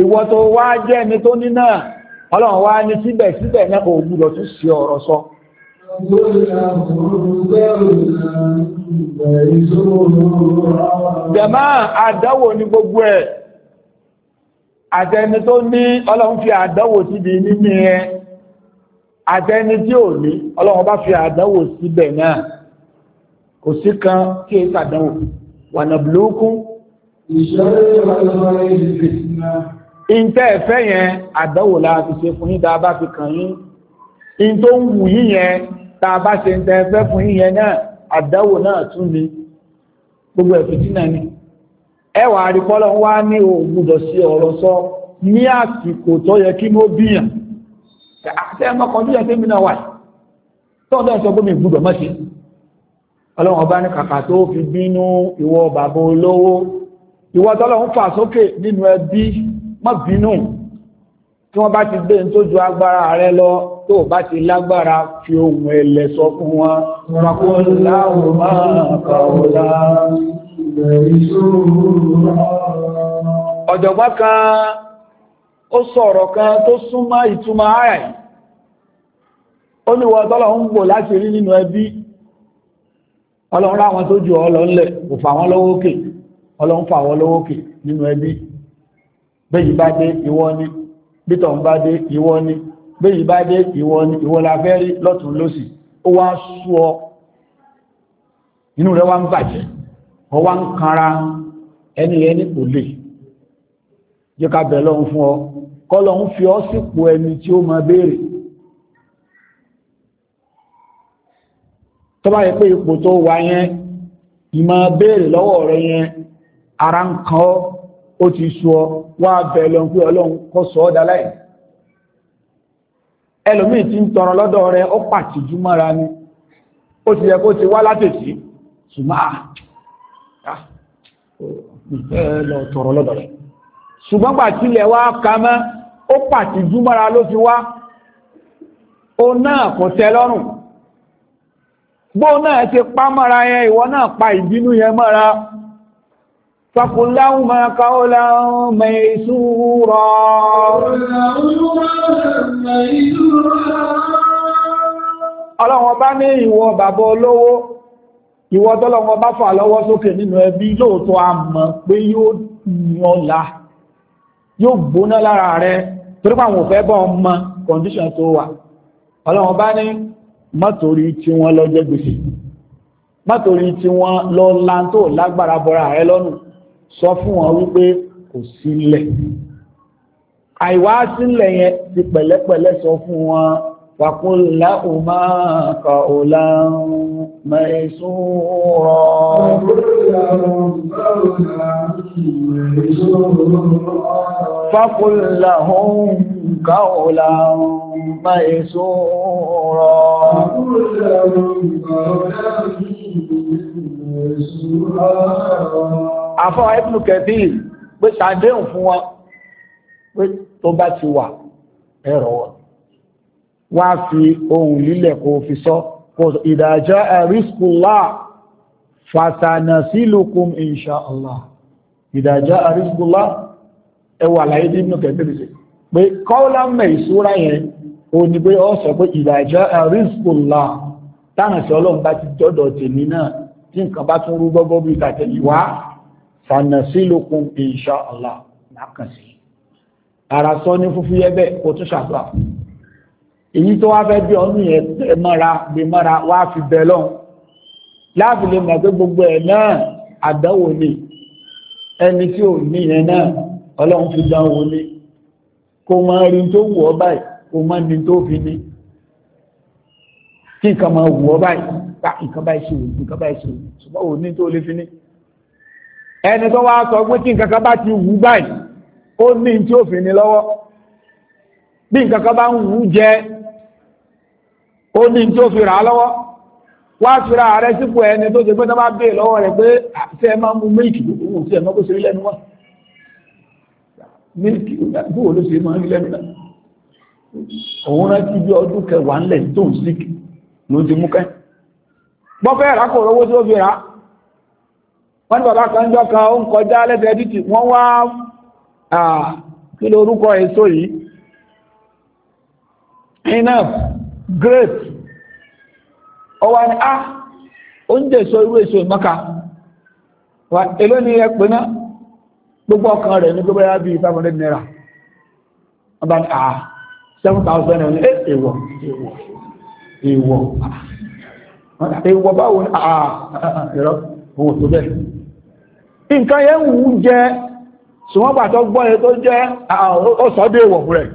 ìwọ tó wá jẹ́ ẹni tó ní náà ọlọ́run wá ní síbẹ̀síbẹ̀ náà ò gbúdọ̀ tún sí ọ̀rọ̀ sọ. jẹ̀mọ́ àdánwò ní gbogbo ẹ̀ àtẹni tó ní ọlọ́run fi àdánwò síbi níní ẹ àtẹni tí ò ní ọlọ́run bá fi àdánwò síbẹ̀ náà kò sí kan kí é sàdánwò wà nàbùlókún ìṣẹ́lẹ̀ ìwà ìwà ìfẹ̀sìnà ìntẹ́ ẹ̀fẹ́ yẹn àdánwò la fi ṣe fún yín tá a bá fi kàn yín in tó ń wù yín yẹn bá ṣe ń ẹ̀fẹ́ fún yín náà àdánwò náà tún ni gbogbo ẹ̀fìtínà ni ẹwà àríkọ́lọ́ wá ní ògbùdọ̀ sí ọ̀rọ̀ sọ ní àsìkò tó yẹ kí mo bíyàn àti ẹmọ kan tó yẹ kí mi náà wà tọ́ọ̀dọ̀ sọ pé mi gbùdọ̀ mọ́ sí ọlọ́run ọba ní kàkà tó fi bínú ìwọ bàbá olówó ìwọ tọ́lọ́run fà sókè nínú ẹbí má bínú tí wọ́n bá ti gbé tó ju agbára rẹ lọ tó bá ti lágbára fi ohun ẹ̀lẹ̀ sọ fún wọn wàkúnláwò máa kàwọ́lá ọ̀jọ̀gbọ́n kan ó sọ̀rọ̀ kan tó súnmọ́ ìtumọ̀ ara yìí ó ní wọ́n tọ́lọ̀ ń gbò láti rí nínú ẹbí ọlọ́run ráwọn tó ju ọlọ́ ńlẹ̀ kò fà wọ́n lọ́wọ́ òkè ọlọ́run fà wọ́n lọ́wọ́ òkè nínú ẹbí bẹ́yìí bá dé ìwọ ni bítọ̀ ń bá dé ìwọ ni bẹ́yìí bá dé ìwọ ni ìwọ la fẹ́ rí lọ́tún lọ́sì ó wá sú ọ inú rẹ̀ wá ń bàjẹ́ ọ wá ń kanra ẹni ẹni kò lè jẹ́ ká bẹ̀ lọ́hun fún ọ kọ́ lọ́hun fi ọ sípò ẹni tí ó máa béèrè tó bá yẹ pé ipò tó wà yẹn ìmọ̀ béèrè lọ́wọ́ rẹ̀ yẹn ara ń kan ọ́ ó ti sọ wá bẹ̀rẹ̀ lọ pé ọlọ́run kọ́ sọ ọ́ dá láì ẹlòmíì ti ń tọrọ lọ́dọ̀ rẹ ó pàtìjú mọ́ra ni ó ti yẹ kó ti wá látẹ̀sí ṣùgbọ́n ah, ah, lọ tọrọ lọ́dọ̀ rẹ ṣùgbọ́n pàtílẹ̀ wá ka mọ́ ó pàtìjú mọ́ra ló fi wá ó náà kò tẹ́ lọ́rùn bó náà ti pa mọ́ra yẹn ìwọ náà pa ìbínú yẹn mọ́ra فقل لهما قولا ميسورا ọlọ́run ọba ní ìwọ bàbá olówó ìwọ tọ́lọ́run ọba fà lọ́wọ́ sókè nínú ẹbí lóòótọ́ a mọ̀ pé yóò yànlá yóò gbóná lára rẹ torí pàwọn òfẹ́ bọ́ ọmọ condition tó wà ọlọ́run ọba ní mọ́tòrí tí wọ́n lọ jẹ́ gbèsè mọ́tòrí tí wọ́n lọ láńtò lágbára bọ́ra rẹ lọ́nù sọ fún wọn wípé kò sílẹ̀ àìwá sílẹ̀ yẹn ti pẹ̀lẹ́pẹ̀lẹ́ sọ fún wọn wàkúnlá òmá kà ó láhùn mẹ́sùn rọ. fàkúnlá òun kà ó láhùn mẹ́sùn mẹ́sùn rọ àfọ́ ẹ̀bùn kẹfì pé ṣàdéhùn fún wọn pé tó bá ti wà ẹ̀rọ wọn wá fi ohun lílẹ̀ kó fi sọ kò ìdájọ́ àrísìkúlá fatanasilukum inṣàlá ìdájọ́ àrísìkúlá ẹwà láyé nínú kẹfì pé kọ́ọ́lá mẹ́ ìṣúra tí nǹkan bá tún rú gbọ́gbọ́ bí ìtàtẹ̀yíwá fànà sílòkun insha Allah lákànsí ara sọ ní fúfú yẹ bẹ́ẹ̀ kó tún ṣàdúrà èyí tó wá fẹ́ bí ọ̀nù yẹn tẹ̀ mọ́ra gbé mọ́ra wá fi bẹ́ẹ̀ lọ́hùn láàfin lè mọ̀ pé gbogbo ẹ̀ náà àdánwò ni ẹni tí ò ní yẹn náà ọlọ́run fi dánwò ni kó mọ rí tó wù ọ báyìí kó mọ ní tó fi ní kí nǹkan máa wù ọ báyìí gba ah, nǹkan báyìí ṣe òògùn nǹkan báyìí ṣe òògùn ṣùgbọ́n òní tó lè fi ní. ẹni tó wá sọ pé tí nǹkan kan bá ti wù báyìí ó ní tí ó fi ní lọ́wọ́ bí nǹkan kan bá ń wù jẹ ó ní tí ó fi rà á lọ́wọ́ wá fi ra ààrẹ sípò ẹni tó ṣe pé tó bá bè lọ́wọ́ rẹ̀ pé àti ah, ẹ máa mu mílìkì gbogbo òun sí ẹ̀ mọ́ kó ṣe rí lẹ́nu wá mílìkì gbogbo ló ṣe máa rí lẹ́nu náà òun rántí bí ọdún kẹwàá ńlẹ̀ tó ń síkì ló ti mú kẹ́yìn bọ́fẹ́ rà kò rówó tí ó fi rà wọ́n ní bàbá kan jọ kan ó ń kọjá lẹ́sẹ̀ wá kí ló orúkọ èso yìí enough ọwọ́ ni a ó ń jẹ́ irú èso ìmọ́ka èló ni ẹ pè náà gbogbo ọkàn naira a seven thousand naira ìwọ báwo ní ààrẹ owó tó bẹ́ẹ̀ nǹkan yẹn ń wú jẹ ṣùgbọ́n pàtó gbọ́ yẹn tó jẹ́ ọ̀sọ́dẹ̀ ah, ìwọ̀ rẹ̀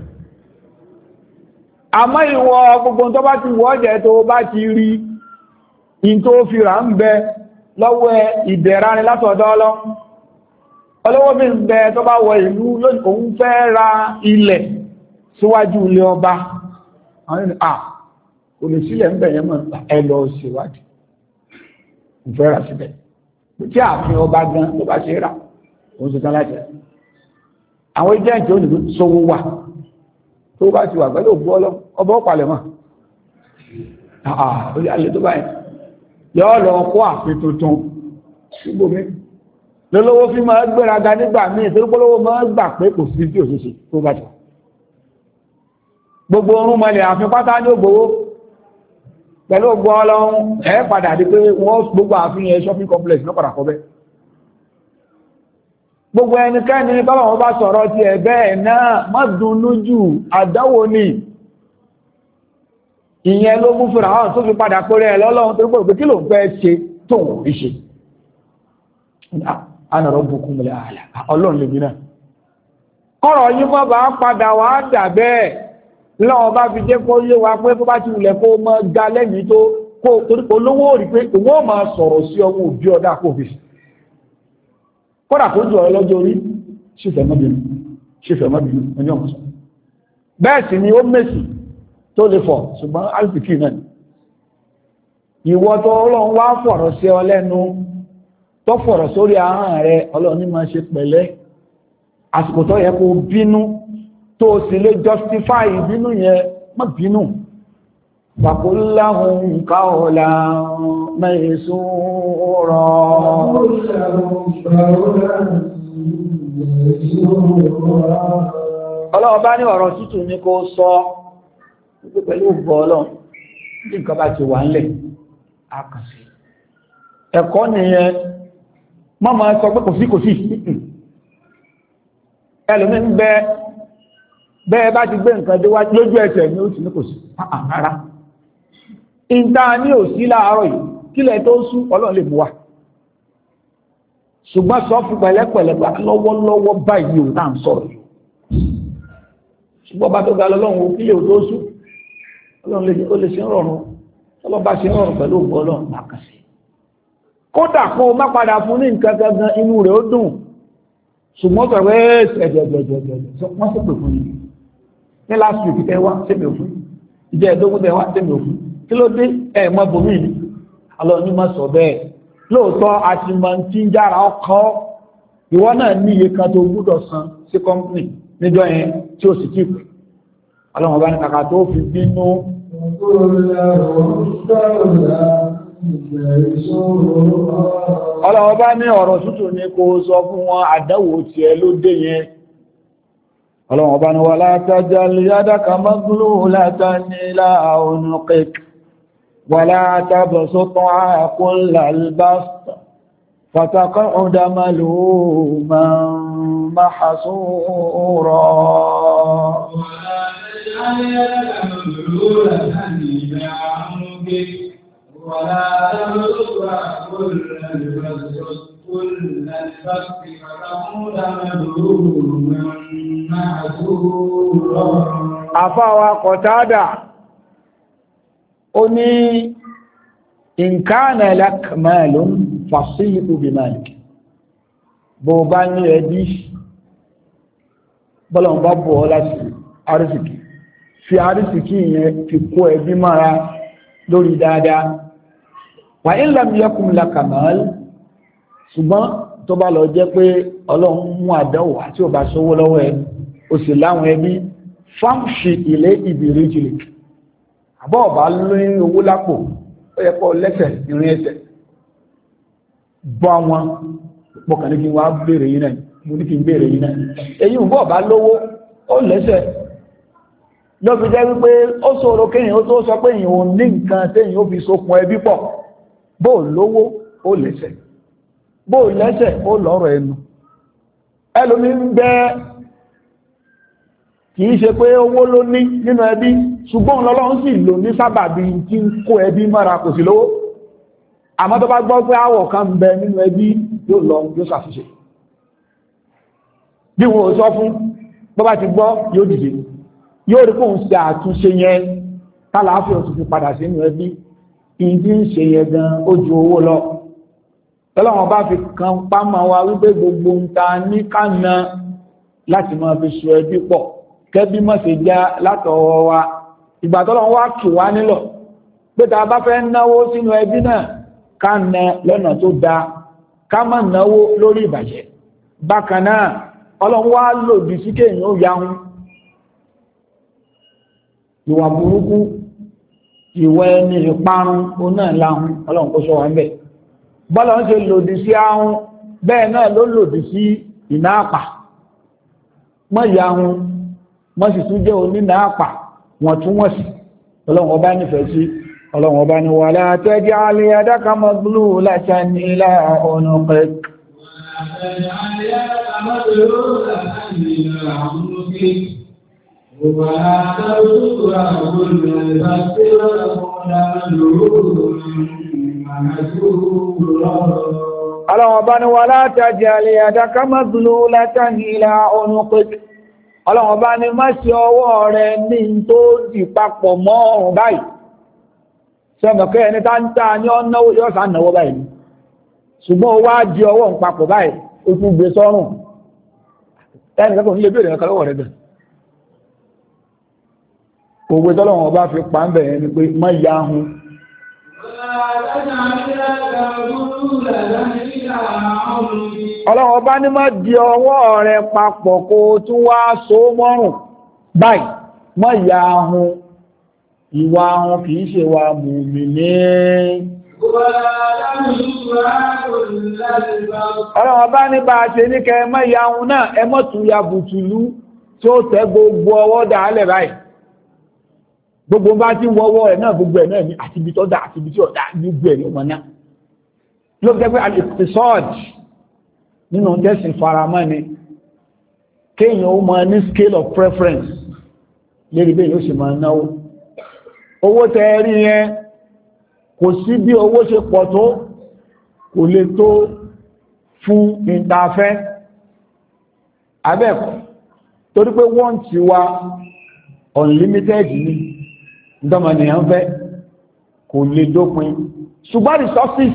àmọ́ ìwọ gbogbo tó bá ti wọ́ jẹ tó bá ti rí in tó fi rà ń bẹ lọ́wọ́ ìdẹ̀ra ni látọ̀dọ̀ ọlọ́ ọlọ́wọ́ fi ń bẹ tó bá wọ ìlú òun fẹ́ ra ilẹ̀ síwájú ilé ọba kò lè sílẹ̀ ń bẹ̀ yẹn mọ̀ ah, ẹ lọ ṣèwádìí ń fẹ́ ra síbẹ̀ tí ààfin ọba gan ló bá ṣe rà òun ṣe tán láti rà àwọn agent ò ní sọ́wọ́ wà tó bá ti wà pẹ̀lú òbú ọlọ́ ọba ọ̀pàlẹ̀ mọ̀ àà alẹ́ ah, ah, tó báyìí yọ́ lọ kó ààfin tuntun síbò mi lọ́lọ́wọ́ fi máa gbéraga nígbà míì torí pọ́lọ́wọ́ máa gbà pé kò sí bí òṣìṣẹ́ tó bá ti gbogbo orun mọ́lẹ̀ ààfin pátá ní ògbówó pẹ̀lú ọgbọ́ ọlọ́run ẹ padà di pé wọ́n gbogbo àfihàn shopping complex ló padà kọ́ gbogbo ẹnikẹ́ni bábà wọn bá sọ̀rọ̀ ti ẹ̀ bẹ́ẹ̀ náà má dunnú jù ni ìyẹn ló mú fúnra hàn tó fi padà lọ́lọ́run tó kí ló fẹ́ ṣe tó rí ṣe anàrọ̀ mi lọ́wọ́ bá fi jẹ́ kó yé wa pé bó bá ti wulẹ̀ kó mọ ga lẹ́yìn tó kó torí olówó rí pé òun ò máa sọ̀rọ̀ sí ọmọ òbí ọ̀dà kò fi kódà kó jù ọ lọ́jọ́ orí ṣìfẹ̀mọ́bìnrin ṣìfẹ̀mọ́bìnrin ẹni ọ̀hún sọ bẹ́ẹ̀ sì ni ó mèsì tó lè fọ̀ ṣùgbọ́n alìpìkì náà ni ìwọ tó ọlọ́run wá fọ̀rọ̀ sí ọ lẹ́nu tó fọ̀rọ̀ sórí ahọ́n rẹ ọlọ́run ní máa ṣe pẹ̀lẹ́ àsìkò tó yẹ kó bínú tó sì lè justify ìbínú yẹn má bínú fàkúláhùn káọ̀lá mẹ́sùúrọ̀ ọlọ́ọ̀bá ní ọ̀rọ̀ tútù ní kó sọ wípé pẹ̀lú ògbọ́ ọlọ́run ní nǹkan bá ti wà ńlẹ̀ àkànṣe ẹ̀kọ́ nìyẹn mọ́mọ́ sọ pé kò sí kò sí ẹlòmí ń bẹ bẹ́ẹ̀ bá ti gbé nǹkan dé wá lójú ẹsẹ̀ ní oṣù ní kò sí àkàrà ìta ní òsí láàárọ̀ yìí kílẹ̀ tó sú ọlọ́run lè mú wa ṣùgbọ́n sọ fún pẹ̀lẹ́pẹ̀lẹ́ bá lọ́wọ́lọ́wọ́ báyìí ò náà ń sọ̀rọ̀ ṣùgbọ́n bá tó ga lọ́lọ́run ó kílẹ̀ tó sú ọlọ́run ó lè ṣe ń rọrùn ọlọ́run bá ṣe ń rọrùn pẹ̀lú ògbọ́ ọlọ́run bá kà sí kódà kó o má padà fún ní nǹkan gangan inú rẹ̀ ó dùn ṣùgbọ́n sọ̀rọ̀ ẹ́ẹ̀ṣẹ̀ jẹjẹjẹjẹ wọ́n sì pè fún yìí ní last week tẹ wá sẹ́mi òfin ìjẹ́ ẹ̀dógún tẹ wá sẹ́mi òfin kí ló dé ẹ̀ mọ́ bomi ni alọ́ọ̀ni má sọ bẹ́ẹ̀ lóòótọ́ àtìmọ̀ntì ń jára ọkọ̀ ìwọ náà ní iye kan tó gbúdọ̀ san sí kọ́mpìnì níjọ́ yẹn tí ó sì kíkù ọlọ́run bá ní kàkà tó fi bínú. ọlọ́run bá ní ọ̀rọ̀ tútù ni kò sọ fún wọn àdánwò tiẹ̀ ló dé yẹn ọlọ́run ọba ni wà látàjá lèyádàkà mọ́gúlù látà nílá ònùkẹ́k wà látàbọ̀ sótán àkólà albásta fàtàkọ́ ọ̀dàmàlò mahasúrọ̀ Wàlá tàbí ó wà kó lè lọ́dún. كل الفقر فتموت مدروما معذورا àfáwà Qatada ó ní ìǹkánà lákmàlù fàṣílù bí máàlì bó bá ní ẹbí bọ́lọ̀n bá bọ̀ láti arísìkì fi arísìkì yẹn fi kó ẹbí mara lórí dáadáa wà ń lámìyàkùn lákmàlù ṣùgbọ́n tó bá lọ jẹ́ pé ọlọ́run mú àdánwò àti ò bá sówó lọ́wọ́ ẹ o sì láwọn ẹbí fáǹṣì ilé ìbìrí jìlì àbọ̀ ọ̀bá lóyún owó lápò ó yẹ kọ́ lẹ́sẹ̀ ìrìn ẹsẹ̀ bọ́ wọn pọkàn ní kí wọ́n á béèrè yìí náà mo ní kí n béèrè yìí náà èyí ń bọ̀ ọ̀bá lówó ó lẹ́sẹ̀ ló fi jẹ́ wípé ó ṣòro kéèyàn ó tó sọ pé èèyàn ní nǹkan téèyàn ó fi sokùn ẹbí pọ̀ bó lówó ó lẹ́sẹ̀ bó lẹ́sẹ̀ ó lọ́rọ̀ ẹnu ẹlòmí ń bẹ kìí ṣe pé owó ló ní nínú ẹbí ṣùgbọ́n lọ́lọ́run sì lò ní sábàbí tí ń kó ẹbí mọ́ra kò sí lówó àmọ́ tó bá gbọ́ pé àwọ̀ kan ń bẹ nínú ẹbí yóò lọ yóò ṣàṣìṣe bí wọn ò sọ fún bó bá ti gbọ́ yóò dìde yóò rí kóun ṣe àtúnṣe yẹn tálàáfíà tuntun padà sínú ẹbí ìdí ń ṣe yẹn gan ó ju owó lọ tọ́lọ́wọ́n bá fi kan pámọ́ wa wípé gbogbo ń ta ní kánà láti máa fi so ẹbí pọ̀ kẹ́bí mọ̀ sí já látọwọ́ wa ìgbà tọ́lọ́wọ́n wá kì wá nílọ̀ pé ta bá fẹ́ náwó sínú ẹbí náà kánà lọ́nà tó dáa ká má náwó lórí ìbàjẹ́ bákan náà ọlọ́run wá lòdì sí kéèyàn ó yahun ìwà burúkú ìwà ẹni ìparun ó náà lahun ọlọ́run kó sọ wa bẹ́ẹ̀ bọ́lá ń ṣe lòdì sí ahun bẹ́ẹ̀ náà ló lòdì sí ìnáàpà mọ́ ìyá ahun mọ́ sì tún jẹ́ onínáàpà wọ́n tún wọ́n sí ọlọ́run ọba nífẹ̀ẹ́ sí ọlọ́run ọba ní wà látẹ́jẹ́ alẹ́ adákàmọ́ láṣà ní ilá ọ̀nà pẹ̀ Àwọn ọmọ Ọlọ́run ọba ni wà látàjì àlèyàdá ká má zùlú látàrí ọ̀nà pẹ̀lú. Ọlọ́run ọba ni ṣe ọwọ́ rẹ ní tó dì papọ̀ mọ́ ọ̀rùn báyìí. Ṣẹ́mọ̀kẹ́ ẹni tá ń tà ní báyìí. Ṣùgbọ́n ó ọwọ́ papọ̀ báyìí, ó gbé òwe tọ́lọ̀wọ̀n bá fi pa ń bẹ̀rẹ̀ ni pé mọ́ ya hun ọlọ́wọ̀n bá ní má di ọwọ́ rẹ papọ̀ kó tún wá so mọ́rùn báyìí mọ́ ya hun ìwà kìí ṣe wà mùmí ní ọlọ́wọ̀n bá ní bá ṣe ní kẹ mọ́ gbogbo bá ti wọ́wọ́ ẹ̀ náà gbogbo ẹ̀ náà ní àtibí tó dá àtibí tí ó dá gbogbo ẹ̀ ní ọmọ náà ló jẹ́ pé àlèkùsọ́ọ̀dì nínú tẹ́sìn faramọ́ ni kéèyàn ó máa ní scale of preference lérí bẹ́ẹ̀ yóò sì máa náwó owó tẹ rí yẹn kò sí bí owó ṣe pọ̀ tó kò lè tó fún ìtafẹ́ abẹ́ẹ̀kọ́ torí pé wọ́n ti wa unlimited ni ìdọ́mọ̀nìyàn fẹ́ kò lè dópin ṣùgbọ́n resources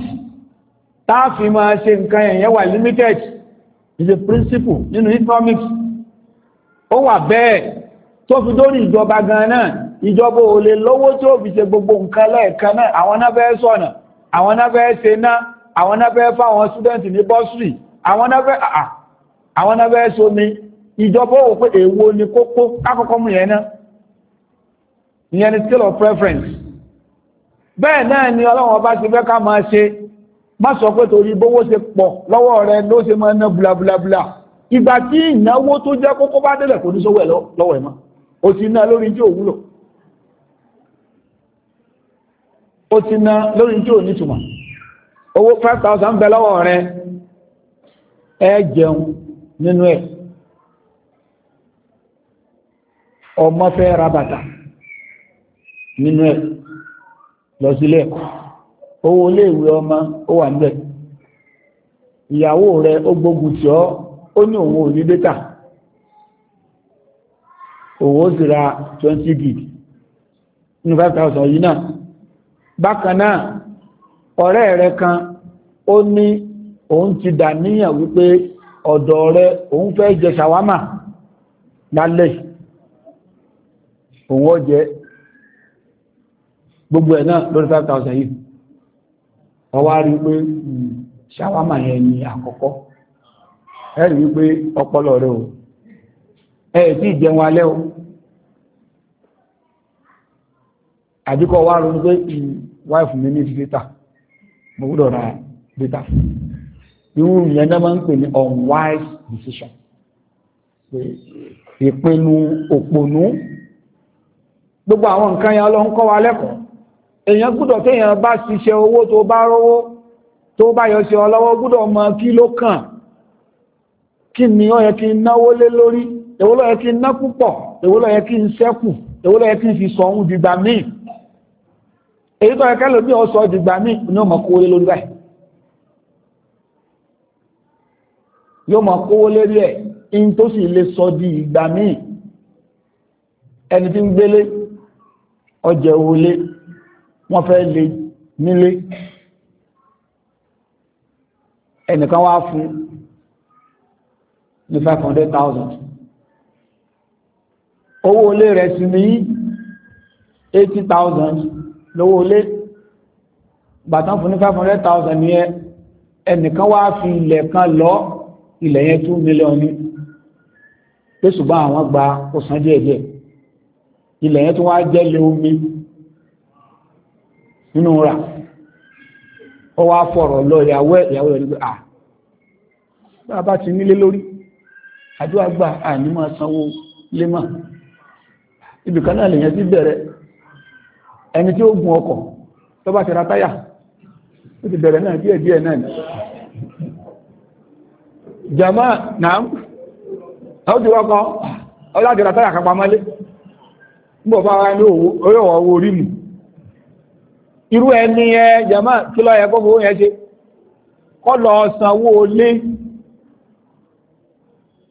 táàfin máa ṣe nǹkan ẹ̀yẹn wà limited is a principle nínú economics ó wà bẹ́ẹ̀ tó fi dórí ìjọba gan náà ìjọba ò lè lówó tí ó fi ṣe gbogbo nǹkan lẹ́ẹ̀kan náà àwọn náà fẹ́ sọ̀nà àwọn náà fẹ́ ṣe àwọn náà fẹ́ fáwọn student ní bursary ni kókó kákọ́kọ́ mú ìyẹn ni scale of preference bẹ́ẹ̀ náà ni ọlọ́run ọba ti fẹ́ ká máa ṣe má sọ pé torí bówó ṣe pọ̀ lọ́wọ́ rẹ ló ṣe máa ná blablabla ìgbà tí ìnáwó tó jẹ́ kókó bá délẹ̀ kò ní sówó ẹ̀ lọ́wọ́ ẹ̀ mọ́ ó ti ná lórí tí ò wúlò ó ti ná lórí tí ò nítumọ̀ owó five thousand bẹ lọ́wọ́ rẹ ẹ jẹun nínú ẹ̀ ọmọ fẹ́ ra bàtà nínú ẹ̀ lọ sílé ẹ̀kọ́ owó iléèwé ọmọ ó wà níbẹ̀ ìyàwó rẹ̀ ó gbógun tí ọ́ ó ní òun ò ní dátà òwò sì ra twenty gig ní five thousand yìí náà bákan náà ọ̀rẹ́ rẹ̀ kan ó ní òun ti dà níyàn wípé ọ̀dọ̀ rẹ̀ òun fẹ́ jẹ ṣàwámà lálẹ́ òun ó gbogbo ẹ̀ náà lórí five thousand yìí wọ́n wá rí pé hmm, ṣàwámà yẹn ni àkọ́kọ́ ẹ rí pé ọpọlọ rẹ o ẹ tí ì jẹun alẹ́ o àdíkọ̀ wá ronú pé hmm, wáìfù mi ní data mo gbọ́dọ̀ ra data irú yẹn náà máa ń pè ní unwise decision ìpinnu òpònú gbogbo àwọn nǹkan yẹn ló wa lẹ́kọ̀ọ́ èèyàn gbúdọ̀ téèyàn bá ṣiṣẹ́ owó tó bá rówó tó bá yọ sí ọlọ́wọ́ gbúdọ̀ mọ kí ló kàn kí ni ó yẹ kí n náwó lé lórí èwo ló yẹ kí n ná púpọ̀ èwo ló yẹ kí n ṣẹ́kù èwo ló yẹ kí n fi sọ ohun dìgbà míì èyí tó yẹ kẹ́lò bí ọ sọ dìgbà míì ni ó mọ̀ kówó lé lórí báyìí yóò mọ̀ kówó lérí ẹ̀ in tó sì lè sọ di ìgbà míì ẹni tí ń gbélé ọjà òwúlé wọ́n fẹ́ lè nílé ẹnìkan wá fún ní five hundred thousand owó ilé rẹ̀ sì ní eighty thousand lówó ilé gbàtán fún ní five hundred thousand ní ẹnìkan wá fi ilẹ̀ kan lọ ilẹ̀ yẹn two million ní pé ṣùgbọ́n àwọn gba ó san díẹ̀díẹ̀ ilẹ̀ yẹn tó wá jẹ́ lé omi nínú ra ó wá fọ̀rọ̀ lọ ìyàwó ìyàwó bá bá ti nílé lórí àdúrà gbà àní máa sanwó lé mọ́ náà lèyàn sí bẹ̀rẹ̀ ẹni tí ó gùn ọkọ̀ tó bá ti ra táyà ó ti bẹ̀rẹ̀ náà díẹ̀ díẹ̀ náà ni jama náà ó ti wọ́kọ́ ọlá ti ra táyà bá irú ẹni ẹ jama kí ló yẹ kó fowó yẹn ṣe kó lọ sanwó lé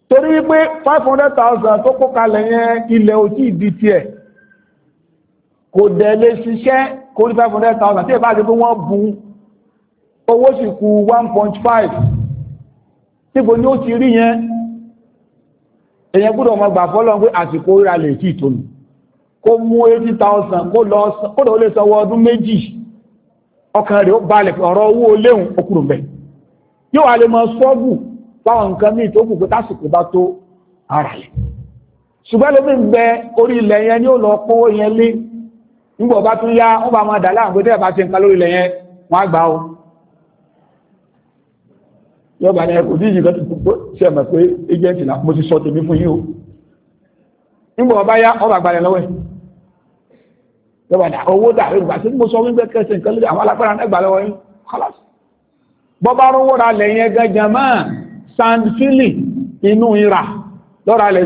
torí wípé five hundred thousand tó kó kalẹ̀ yẹn ilẹ̀ ò tí ì di tiẹ̀ kò dẹ̀ lè ṣiṣẹ́ kó ní five hundred thousand tí ì bá ti pé wọ́n bu owó sì kù one point five síbo ni ó ti rí yẹn èèyàn gbọ́dọ̀ mọ gbà fọ́lọ́ pé àsìkò rírà lè tí kó mú 80,000 kó lọ kódà ó lè ọdún méjì ọkàn rẹ̀ ó balẹ̀ ọ̀rọ̀ owó léhùn okùnrùn bẹ̀ yóò wà lè mọ sọ́gù báwọn nǹkan ní ìtókù pé tásìkò bá tó ara rẹ̀ ṣùgbọ́n ló fi ń gbẹ orí ilẹ̀ yẹn ó lọ yẹn lé nígbà tún yá bá máa dà láàrín pé ti ń ka lórí ilẹ̀ yẹn á gbà ó o nígbà ọba yá ọba àgbàlẹ̀ lọ́wọ́ ẹ̀ lọ́wọ́dà owó dà ìgbà tí mo sọ wípé kẹsẹ̀ nǹkan lórí àwọn alágbára ẹgbà lọ́wọ́ yín kọ́lás bọ́bá rówó ra lẹ̀ yẹn gẹ́gẹ́ sand fili inú ìrà lọ́ra lẹ̀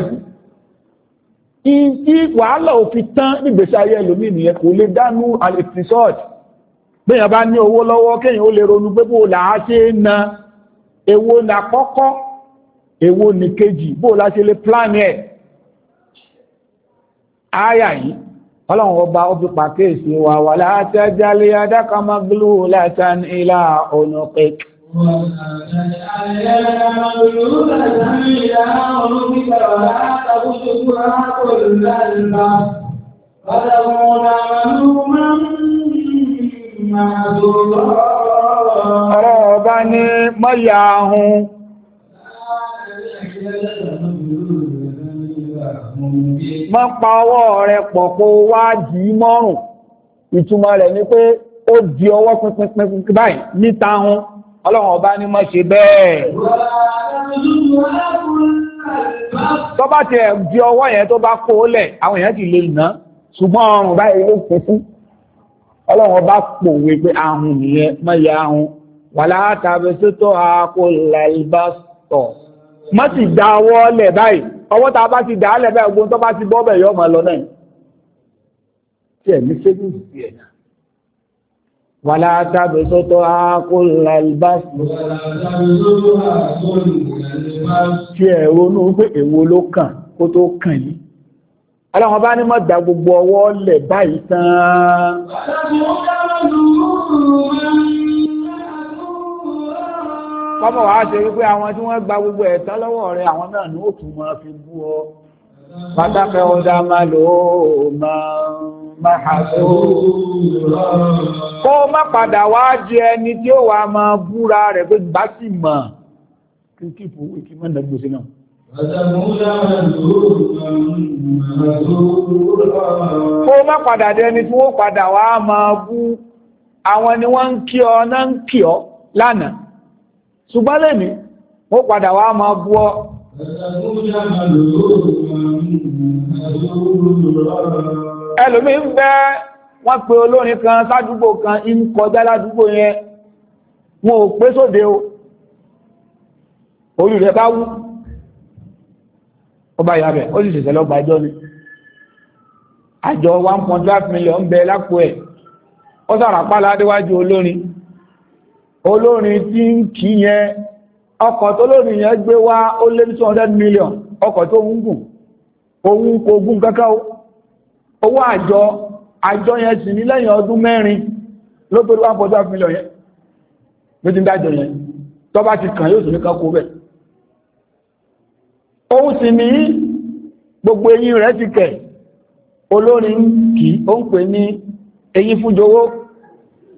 sí ìdí wàhálà òfin tán nígbèsí ayé ẹlòmíì nìyẹn kò lè dánú àlèfisọ́ọ̀tì bẹ́yàn bá ní owó lọ́wọ́ kéyàn ó lè ronú pé bó la ṣe ń na èwo la kọ́kọ́ èwo ni kejì bó la ṣe lè pláàni ẹ̀ ááyà yìí ọlọ́run ọba ó fi pàkíyèsí wa wà látẹ́jálé adákàmágbélú látàn ilá ònàpẹ́. Ọ̀rọ̀ ọba ní mọ́yà ahun. Láàárín ẹgbẹ́ ẹgbẹ́ má pa ọwọ́ rẹ pọ̀ kó wá dì í mọ́rùn ìtumọ̀ rẹ̀ ni pé ó di ọwọ́ pínpínpín báyìí níta hun ọlọ́run ọba ní má ṣe bẹ́ẹ̀. tó bá ti ẹ̀ di ọwọ́ yẹn tó bá kó lẹ̀ àwọn èèyàn ti lè nà ṣùgbọ́n ọrùn báyìí ló fi fún ọlọ́run ọba pòwe pé ahun nìyẹn má yẹ ahun wàlá tàbí sótó àkọlà ìbá sọ̀rọ̀ má sì dá ọwọ́ lẹ̀ báyìí ọwọ́ ta bá ti dá lẹ̀ báyìí ogun tó bá ti bọ́ bẹ̀ yọ ọmọ lọ náà tí ẹ̀mí ṣẹ́gun sí ẹ̀ náà wà látàbí sọ́tọ́ àkọlà ìbáṣù tí ẹ̀ ronú pé èwo ló kàn kó tó kàn yìí aláwọn bá ní mọ́ dá gbogbo ọwọ́ lẹ̀ báyìí tán kọ́mọ̀ wàá ṣe wípé àwọn tí wọ́n gba gbogbo ẹ̀tọ́ lọ́wọ́ rẹ̀ àwọn náà ní òkú máa fi bú ọ pátákẹ́ ọ̀dà máa lò ó máa hà tó. kó má padà wá jẹ ẹni tí ó wàá máa búra rẹ̀ pé gbá sì mọ̀ kí kí ìfò kí má nà gbèsè náà. Kó má padà dé ẹni tí wọ́n padà wá máa bú àwọn ni wọ́n ń kí ọ náà ń kí ọ lánàá ṣùgbọ́n lèmi mo padà wá máa bú ọ ẹlòmí ń bẹ wọ́n pe olórin kan sádúgbò kan ń kọjá ládúgbò yẹn wọn ò pé sóde o orí rẹ̀ bá wú ọba ìyàbẹ̀ ó sì ṣẹ̀ṣẹ̀ lọ́gbà ẹjọ́ ni àjọ 1.5 million bẹ lápò ẹ̀ ó sàràpá ládéwájú olórin olórin tí ń kí yẹn ọkọ̀ tó lórin yẹn gbé wá ó lé ní 200 million ọkọ̀ tó ń gùn òun kò gùn kankan owó àjọ àjọ yẹn sì ní lẹ́yìn ọdún mẹ́rin ló pẹ̀lú 1.5 million yẹn ló ti ń dájọ yẹn tó bá ti kàn yóò sì ní kan bẹ́ẹ̀ òun sì ní gbogbo eyín rẹ̀ ti kẹ̀ olórin kì ó ń pè ní eyín fúnjowó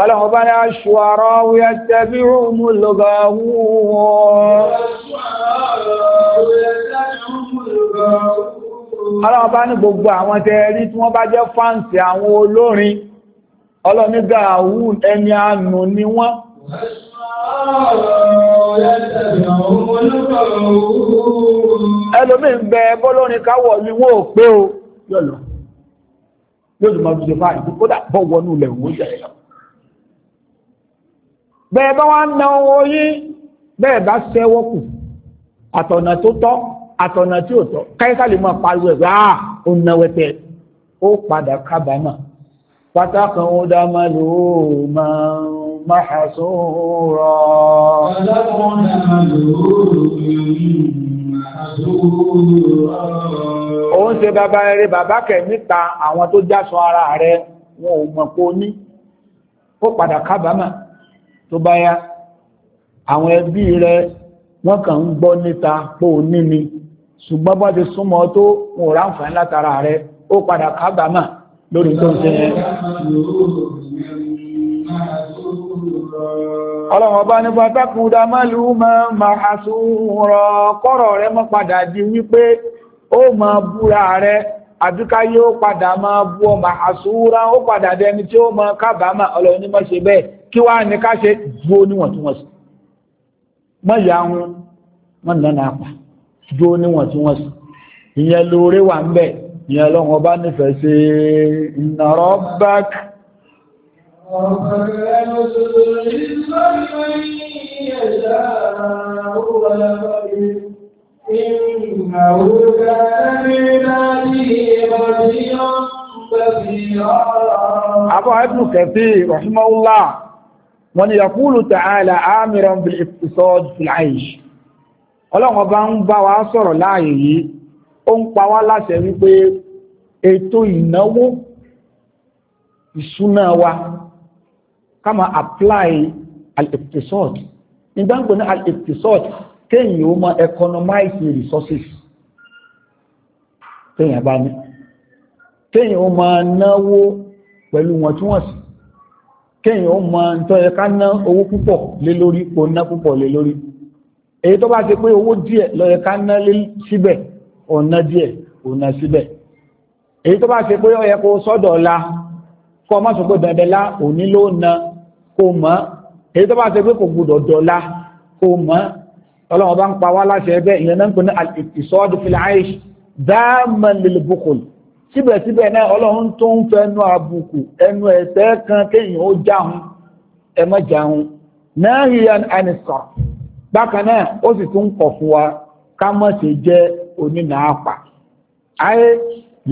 ọlọ́run bá ní aṣọ ara wíyá tẹ́bí rúmù lọ́gá wúwọ́ ọlọ́run bá ní gbogbo àwọn tẹ́rí tí wọ́n bá jẹ́ fáǹsì àwọn olórin ọlọ́ni gàáwù ẹni àánú ni wọ́n ẹlòmí ń bẹ bọ́lórin káwọ̀ ní wọ́n ò pé o yọ́lọ́ yóò bẹ́ẹ̀ bá wá na owó yín bẹ́ẹ̀ bá ṣẹ́wọ́ kù àtọ̀nà tó tọ́ àtọ̀nà tí ò tọ́ káyíká lè máa pariwo ẹ̀ gbáà ó na wẹ́tẹ́ ó padà kábàámà pátákó ó dá máa lò ó máa máa hà sóòrọ̀. pátákó ó dá máa lò ó òun ṣe bàbá rere bàbá kẹ̀míta àwọn tó jáṣọ ara rẹ̀ wọn ò mọ̀ pé ní ó padà kábàámà. tó bá yá àwọn ẹbí rẹ wọn kàn ń gbọ́ níta pé ò ní ni ṣùgbọ́n bá ti súnmọ́ tó wọn ò ráǹfààní látara rẹ ó padà kábàámà lórí tó ń ṣe yẹn. ọlọ́run ọba máa máa kọ́rọ̀ rẹ mọ́ padà di wípé ó máa búra rẹ àbíkáyé o padà máa bú ọmọ àṣùwọ̀rọ̀ ó padà dẹni tí ó máa kábàámà ọlọ́run ní mọ́ ṣe bẹ́ẹ̀. kí wá ní ká ṣe dúó níwọ̀ntúnwọ̀nsì mọ́ ìyá wọn mọ́ nánà apà dúó níwọ̀ntúnwọ̀nsì ìyẹn lóore wà ń bẹ̀ ìyẹn lọ́wọ́ bá nífẹ̀ẹ́ sí inna rabbak Ìnáwó ẹ̀bùn kẹfì, wọ́n ni yaqulu ta'ala amiran bil iqtisad fil aish ọlọ́run bá ń bá wa sọ̀rọ̀ láàyè yìí ó ń pa wá láṣẹ wípé ètò ìnáwó ìṣúná wa ká máa apply al-iqtisad ìdáǹgbò ní al-iqtisad kéèyàn ó máa economize resources kéèyàn ó máa náwó pẹ̀lú wọn tí wọ́n sì kéèyàn ó mọ ǹtọ́ yẹ ká ná owó púpọ̀ lé lórí kò ná púpọ̀ lé lórí èyí tó bá ti pé owó díẹ̀ ló yẹ ká ná lé síbẹ̀ ọ̀nà díẹ̀ ọ̀nà síbẹ̀ èyí tó bá ti pé ó kó sọ́dọ̀ ọ̀la kọ́ má sọ pé dandan lá òní ló na kó mọ́ èyí tó bá ti pé kò gbọdọ̀ dọ̀la kó mọ́ ọlọ́run bá ń pa wá láṣẹ ẹgbẹ́ ìyẹn náà ń pè ní al-iqtisad síbẹ̀síbẹ̀ náà ọlọ́run tó ń fẹnu àbùkù ẹnu ẹ̀sẹ̀ kan kéèyàn ó jáhun ẹ má jáhun náà yíyan ànìsà bákan náà ó sì tún kọ̀ fún wa ká má ṣe jẹ́ onínàápa ayé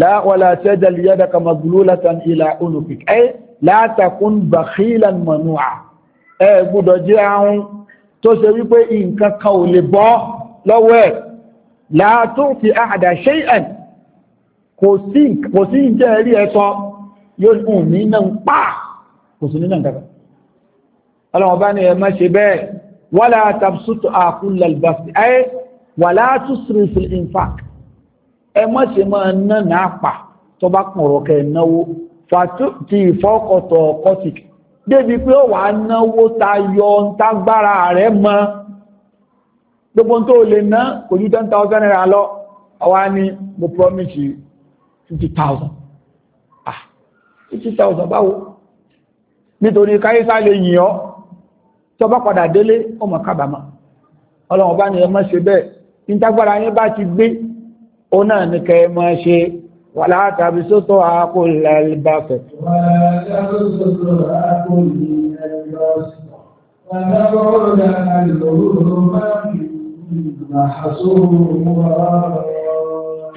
láwọlá tẹ́jẹ̀lì yẹ́dà kama gúlúlátàn ilà olùfik ayé látàkún bàkílan manua ẹ gbọ́dọ̀ jẹ́ ahun tó ṣe wípé nǹkan kan ò lè bọ́ lọ́wọ́ ẹ̀ látún fi àhàdà ṣe ẹ̀ kò sí jẹ́ rí ẹ̀tọ́ yóò fún ní náà ń pa kò sí nínú ǹkan ọlọ́wọ́ bá ní ẹ má ṣe bẹ́ẹ̀ wala tabsutu kulla al-basti ay wala tusrifu fil infaq ẹ má ṣe máa ná náà pa tó bá pọ̀rọ̀ kẹ́ náwó fàtú ti ìfọ́kọ̀tọ̀ kọ́tìk débi pé ó wàá náwó ta yọ ntágbára rẹ̀ mọ́ gbogbo tó lè ná kò ju ten thousand naira lọ àwa ni mo promise you fifty ah fifty thousand báwo nítorí káyísá lè yìn ọ́ tí ọba padà délé ọmọ kábàámọ̀ ọlọ́run ọba ni ẹ má ṣe bẹ́ẹ̀ nítagbára yín bá ti gbé òun náà ní kẹ́ ẹ máa ṣe wàlá tàbí sótò àkọlẹ̀ ẹlẹ́bàfẹ́. wàlá tàbí sótò àkọlẹ̀ ẹlẹ́bàfẹ́. ونبعد عن الغرور ما حصوه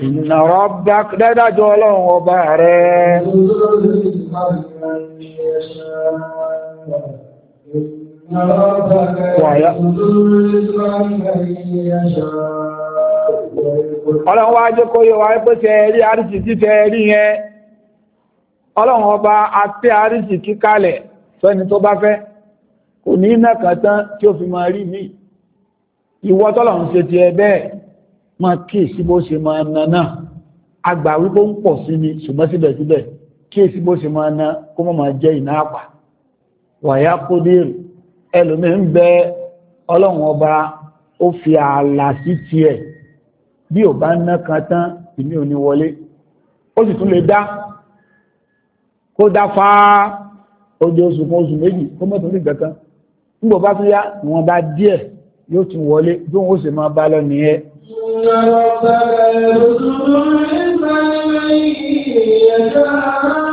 Inna rabbak dájájọ́ ọlọ́run ọba rẹ̀. Ọlọ́run wá jẹ́ kó yóò wá pé tẹ́ẹ̀rí àríṣì tí tẹ́ẹ̀rí yẹn. Ọlọ́run ọba a tí àríṣì kalẹ̀ fẹ́ni tó bá fẹ́. Kò ní mẹ́kàtán tí ó fi máa rí mi. Ìwọ tọ́lọ̀ ṣe ti ẹ bẹ́ẹ̀. Ma kíyèsí bó ṣe máa na náà àgbà wípé ń pọ̀ sí ni ṣùgbọ́n síbẹ̀síbẹ̀ kíyèsí bó ṣe máa na kó mọ́ máa jẹ́ ìná àpà wàyá kó dérò ẹlòmí ń bẹ ọlọ́run ọba ó fi ààlà sí tiẹ̀ bí ò bá ná kan tán ìmí ò ní wọlé ó sì tún lè dá kó dá fáá ojú oṣù kan oṣù méjì kó mọ́tò ní ìgbẹ̀kan nígbà bá tún yá ìwọ̀nba díẹ̀ yóò tún wọlé bí wọ́n ó sì máa bá lọ nìyẹn إن ربك يبسط الرزق لمن يشاء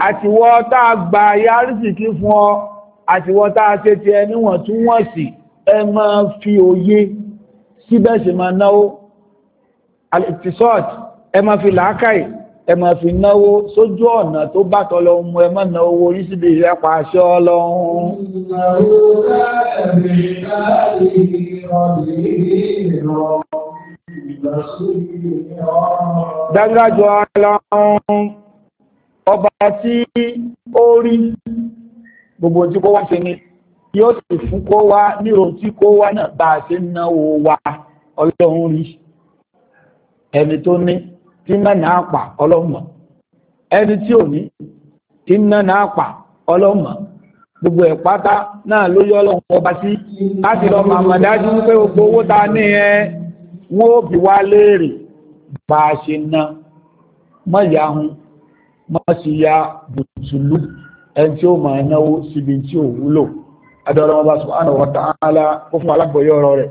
Àtiwọ́ tá a gba ayá rísìkí fún ọ, àtiwọ́ tá a ṣe ti ẹni wọ̀n tún wọ̀n sí, ẹ máa fi òye síbẹ̀ sì máa náwó. Al-Iqtisad, ẹ máa fi làákàyè, ẹ máa fi náwó sójú ọ̀nà tó bá tọ́lọ mú ẹ máa na owó yí síbi ìrẹ́pa aṣọ ọlọ́run. dágájọ aláhùn ọba tí ó rí gbogbo tí kó wá ṣe ni yóò sì fún kó wá nírò tí kó wá náà bá a ṣe ń náwó wa ọlọ́run rí ẹni tó ní tí ń na pa ọlọ́mọ ẹni tí ò ní tí ń náà pa ọlọ́mọ gbogbo ẹ̀ pátá náà ló yọ ọba sí láti lọ màmá dájú pé gbogbo owó ta ní ẹ wọ́n ó wá léèrè bá a ṣe ná ya bùtùlù ẹni tí ó máa náwó síbi tí ò wúlò ó fún alágbọ̀yọ́ ọ̀rọ̀ rẹ̀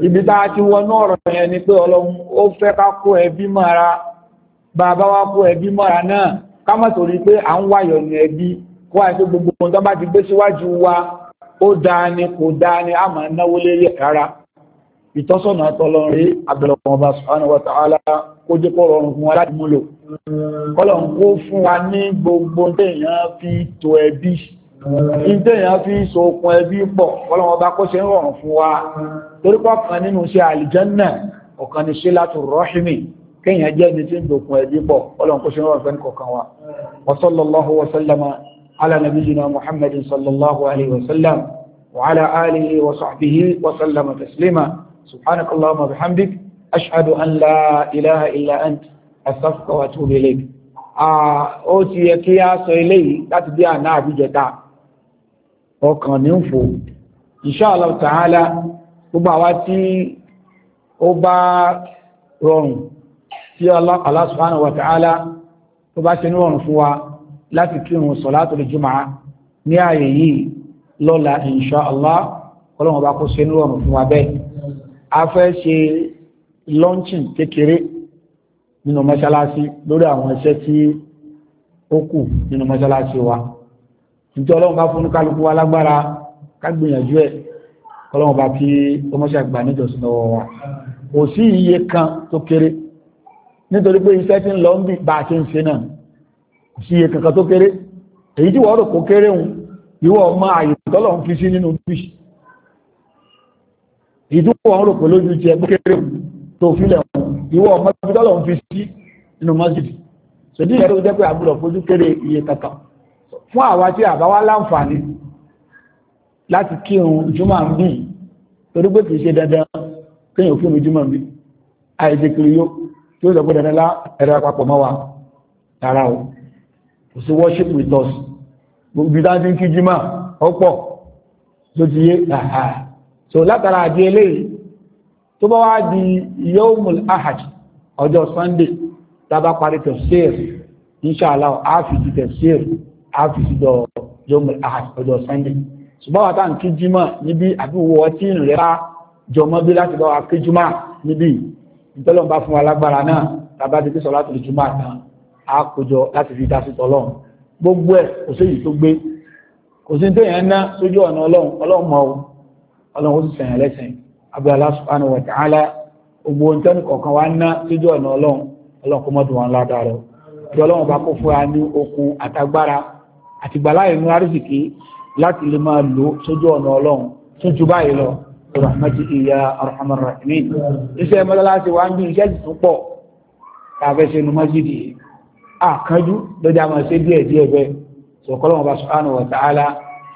ibi tá a ti wọnú ọ̀rọ̀ yẹn ni pé ọlọ́run ó fẹ́ ká kó ẹbí mọ́ra bàbá wa kó ẹbí mọ́ra náà ká má torí pé à ń wáyọ̀ ní ẹbí kó wáyé pé gbogbo ohun tó bá ti gbé síwájú wa ó dáa ni kò dáa ni a máa náwó lérí rárá ìtọ́sọ̀nà tọlọrin abẹ̀lọ̀pọ̀ ọba subhanahu wa ta'ala kó jẹ́ kó fún wa láti múlò kọ́lọ̀ kó fún wa ní gbogbo téèyàn fi tó ẹbí ìtẹ̀yàn fi sokun ẹbí pọ̀ ọlọ́wọ́n bá kó ṣe ń rọrùn fún wa torí pọ̀ kan nínú iṣẹ́ àlìjẹ́nà ọ̀kan ní ṣe láti rọ́ṣìmì kéèyàn jẹ́ ní tí ń dokun ẹbí pọ̀ ọlọ́wọ́n kó ṣe ń rọrùn fún kọ̀ọ̀kan wa wasallallahu wasallama ọkàn ní ń fò insha Allah ta'ala gbogbo àwa tí ó bá rọrùn tí Allah subhanahu wa ta'ala tó bá ṣe ní rọrùn fún wa láti kírun salatul Jumu'ah ní ààyè yìí lọ́la insha Allah ọlọ́run bá kó ṣe ní rọrùn fún wa bẹ́ẹ̀ a fẹ́ ṣe wa nítorí ọlọ́run bá fún kálukú wa lágbára ká gbìyànjú ẹ̀ ọlọ́run bá kí ọmọṣẹ́ àgbà níjọsìn lọ́wọ́ wa kò sí iye kan tó kéré nítorí pé iṣẹ́ tí ń lọ ń bì bá a ṣe ń ṣe náà kò sí iye kankan tó kéré èyí tí wọ́n rò kó kéré hùn ìwọ ọmọ àyè tọ́lọ̀ ń fi sí nínú bí èyí tí wọ́n rò pé lójú ti ẹgbẹ́ kéré hùn tó filẹ̀ hùn ìwọ ọmọ tọ́lọ̀ ń fi sí nínú mọ́sídì ṣèdí ìyẹn tó jẹ́ pé àbúrò fojú kéré iye kankan fún àwa tí àbá láǹfààní láti kí ohun ìjúmọ̀ ń bí torí pé kìí dandan kéèyàn fún ìjúmọ̀ ń bí àìsè tí ó dandan lá ẹ̀rọ àpapọ̀ mọ́ wa o kò sí worship with us gbogbo ìdá tí ń kí jímọ̀ ọ̀pọ̀ tó so látara àdí eléyìí tó bá wá di yomul ahad ọjọ́ sunday tá a parí inshallah á fi di àfìsídọ̀ yọmọ ọjọ́ sunday ṣùgbọ́n wàtà ń kí jímọ̀ níbi àbíwọ̀ ọtí rẹ̀ bá jọmọ́ bí láti bá wa kí jímọ̀ níbi ìtọ́lọ́n bá fún wa lágbára náà tàbá ti kí sọ láti lè jímọ̀ àtàn á kójọ láti fi dásí tọ́lọ́n gbogbo ẹ̀ kò sí èyí tó gbé kò sí téèyàn ná sójú ọ̀nà ọlọ́run ọlọ́run mọ́ ọlọ́run ó sì sẹ̀yìn lẹ́sìn abúlé subhanahu wa ta'ala gbogbo ohun tẹ́nu kọ̀ọ̀kan wá ná sójú ọ̀nà ọlọ́run ọlọ́run kó mọ́dún wọn àti gbàláyé ní arísìkí láti lè máa lò sójú ọ̀nà ọlọ́run tó ju báyìí lọ rahmatu iya arhamar rahimin iṣẹ́ mọ́lálásí wa ń bí iṣẹ́ jù tún pọ̀ tàbẹ́ sínú masjidi àkájú lọ́jà máa ṣe díẹ̀ díẹ̀ bẹ́ẹ̀ sọ̀kọ́lọ́ ọba subhanahu wa ta'ala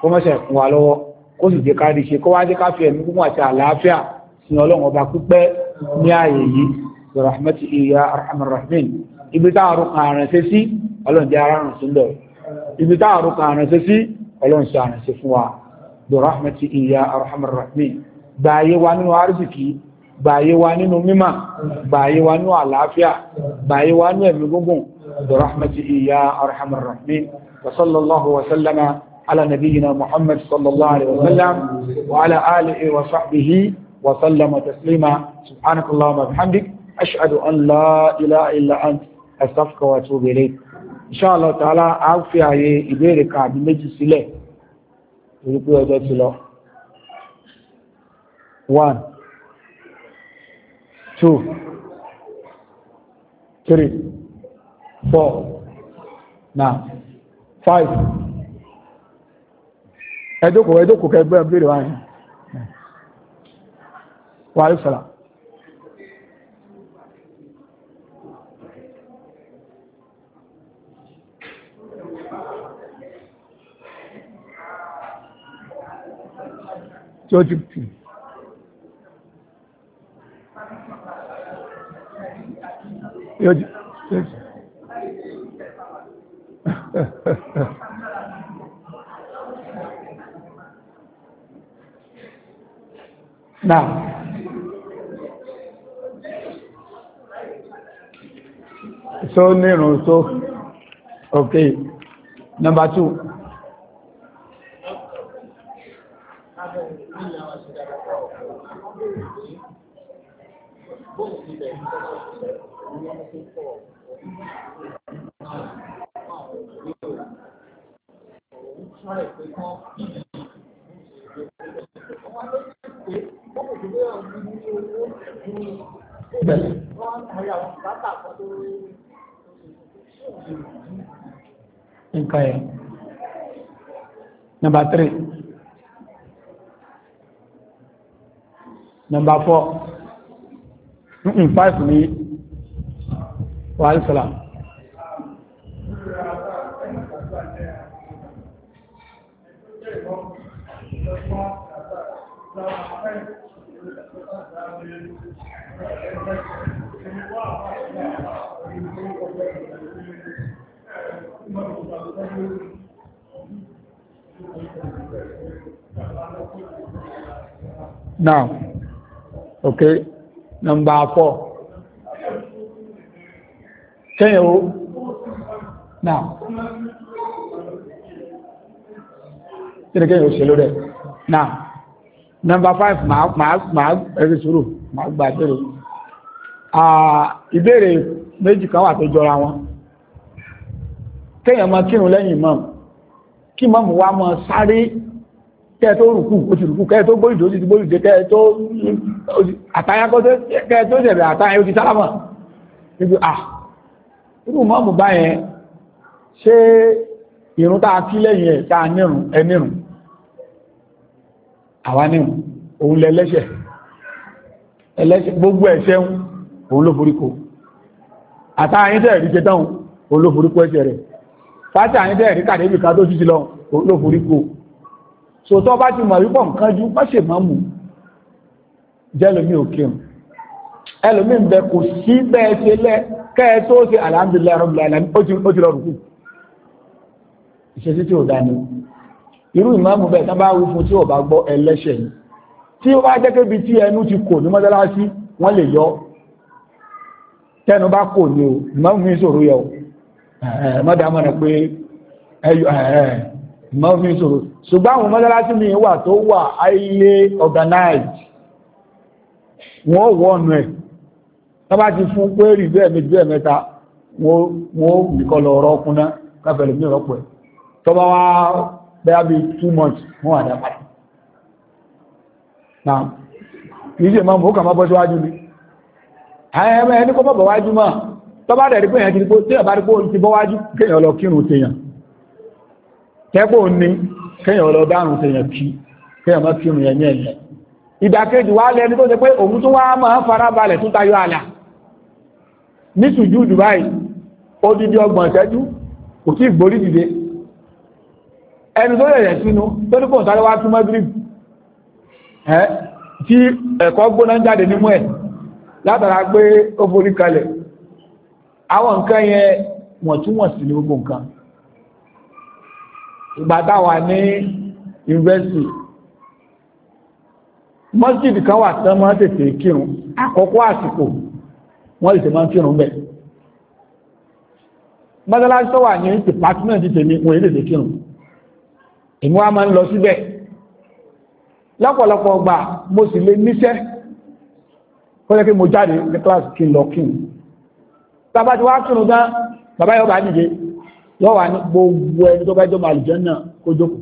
kó mọ́ṣẹ̀ kún wa lọ́wọ́ kó sì jẹ́ ká rí ṣe kó wá jẹ́ ká ẹ̀mí gúnmọ̀ àti àlàáfíà sí ọlọ́run ọba pípẹ́ ní ààyè yìí rahmatu iya arhamar rahimin ibi táwọn arúgbó àrùn ṣe sí ọlọ́run jẹ́ arárùn sí lọ́wọ́ ibi tá àrùkà àrẹ̀sẹ̀ sí ọlọ́nṣe àrẹ̀sẹ̀ fún wa dọ̀rọ̀hàmẹ́tì ìyá arhamar rahim gbàyé wa nínú arziki gbàyé wa nínú mímọ̀ gbàyé wa nínú àlàáfíà gbàyé wa nínú ẹ̀mí gúngùn dọ̀rọ̀hàmẹ́tì ìyá arhamar rahim وصلى الله وسلم على نبينا محمد صلى الله عليه وسلم وعلى آله وصحبه وسلم تسليما سبحانك اللهم وبحمدك أشهد أن لا إله إلا أنت أستغفرك وأتوب إليك inshallah ta'ala á fi ààyè ìbéèrè kan àbí méjì sílẹ̀ torí pé ọjọ́ ti lọ. one two three four now five ẹ̀dókòó ẹ̀dókòó kẹgbẹ́ béèrè wáyé wàhálà. tí ó ti tì. Now, so nírun so, okay, number two. Nǹkan ẹ̀. Number three. nọmbà fọ́ nǹkan five ní wàhálì sọ́là Now okay number four kẹ́yìn o now kí ni kẹ́yìn o ṣe lórí ẹ̀ now number five màá màá màá ẹ̀rí sùúrù màá gba ìbéèrè ìbéèrè méjì kan wà tó jọra wọn kẹ́yìn ọmọ kírun lẹ́yìn mọ́ kí mọ́mù wa mọ́ sáré kẹ́ẹ̀ tó rùkù oṣù rùkù kẹ́ẹ̀ tó gbóyìdó oṣù gbóyìdó kẹ́ẹ̀ tó àtayakọ́sẹ́ kẹ́ẹ̀ tó ṣẹ̀rẹ̀ àtayẹ oṣù sálámà níbi à irú mọ́mù báyẹn ṣé ìrún tá a kí lẹ́yìn ẹ̀ tá a nírun ẹ nírun àwa nírun òun lẹ́lẹ́ṣẹ̀ ẹlẹ́ṣẹ̀ gbogbo ẹ̀ṣẹ̀ òun ló foríko àtayẹ́sẹ̀ rí jẹ tán òun ló foríko ẹ̀ṣẹ̀ rẹ̀ fásitì àyẹ́sẹ̀ rí kàdébì ká tó ṣíṣe lọ sòtọ́ bá ti mọ̀ wípọ̀ nǹkan jú bá ṣe máa mú jẹ́lómi òkèrùn ẹlòmí ń bẹ kò sí bẹ́ẹ̀ ṣe lẹ́ kẹ́ẹ̀ tó ṣe alhamdulillah rabbil alamin ó ti rọrùn kù ìṣesí tí ò dání irú ìmáàmù bẹ́ẹ̀ tán bá wí fún tí ò bá gbọ́ ẹlẹ́ṣẹ̀ yìí tí ó bá jẹ́ kébi tí ẹnu ti kò ní mọ́sálásí wọ́n lè yọ tẹnu bá kò ní o ìmáàmù mi sòrò yẹ o ẹ̀ẹ́ mọ́dàmọ́ra pé ẹ̀ẹ́ mọ́ fi ṣòro ṣùgbọ́n àwọn mọ́sálásí mi wà tó wà ayé organized wọ́n wọ́nu ẹ̀ tó bá ti fún pé rí bẹ́ẹ̀ méjì bẹ́ẹ̀ mẹ́ta wọ́n nìkan lọ ọ̀rọ̀ ọkùn náà káfẹ̀lẹ̀ ní ọ̀rọ̀pọ̀ ẹ̀ tó bá wá bẹ́ẹ̀ bí two months wọ́n wà dápàá náà kìí ṣe máa tẹ́bò ní kéèyàn lọ dárùn tèèyàn kí kéèyàn mọ́ kírun yẹn yẹn yẹn ìdàkejì wá lẹ́ni tó ṣe pé òun tún wá máa farabalẹ̀ tún tayọ àlà ní sùjú dubai ó dídí ọgbọ̀n ìṣẹ́jú kò tí ìgbórí dìde ẹni tó rẹ̀ sínú tó ní kòǹtà lọ́wọ́ tún madrid ẹ́ tí ẹ̀kọ́ gbóná jáde nímú ẹ̀ látara pé ó forí kalẹ̀ àwọn nǹkan yẹn wọ̀ntúnwọ̀nsì ní gbogbo nǹkan ìgbà táwa ní yunifásitì mọ́sídìí kan wà tán máa tètè kírun àkọ́kọ́ àsìkò wọ́n lè tè máa kírun bẹ́ẹ̀ mọ́sálásí tó wà ní department tèmi wọ́n lè tètè kírun èmi wá máa ń lọ síbẹ̀ lọ́pọ̀lọpọ̀ ọgbà mo sì lè níṣẹ́ kó jẹ́ kí mo jáde ní kíláàsì kí n lọ kírun tàbá ti kírun tán bàbá yóò bá dìde yọ wà ní gbogbo ẹni tó bá jọ bá àlùjọ náà kó jókòó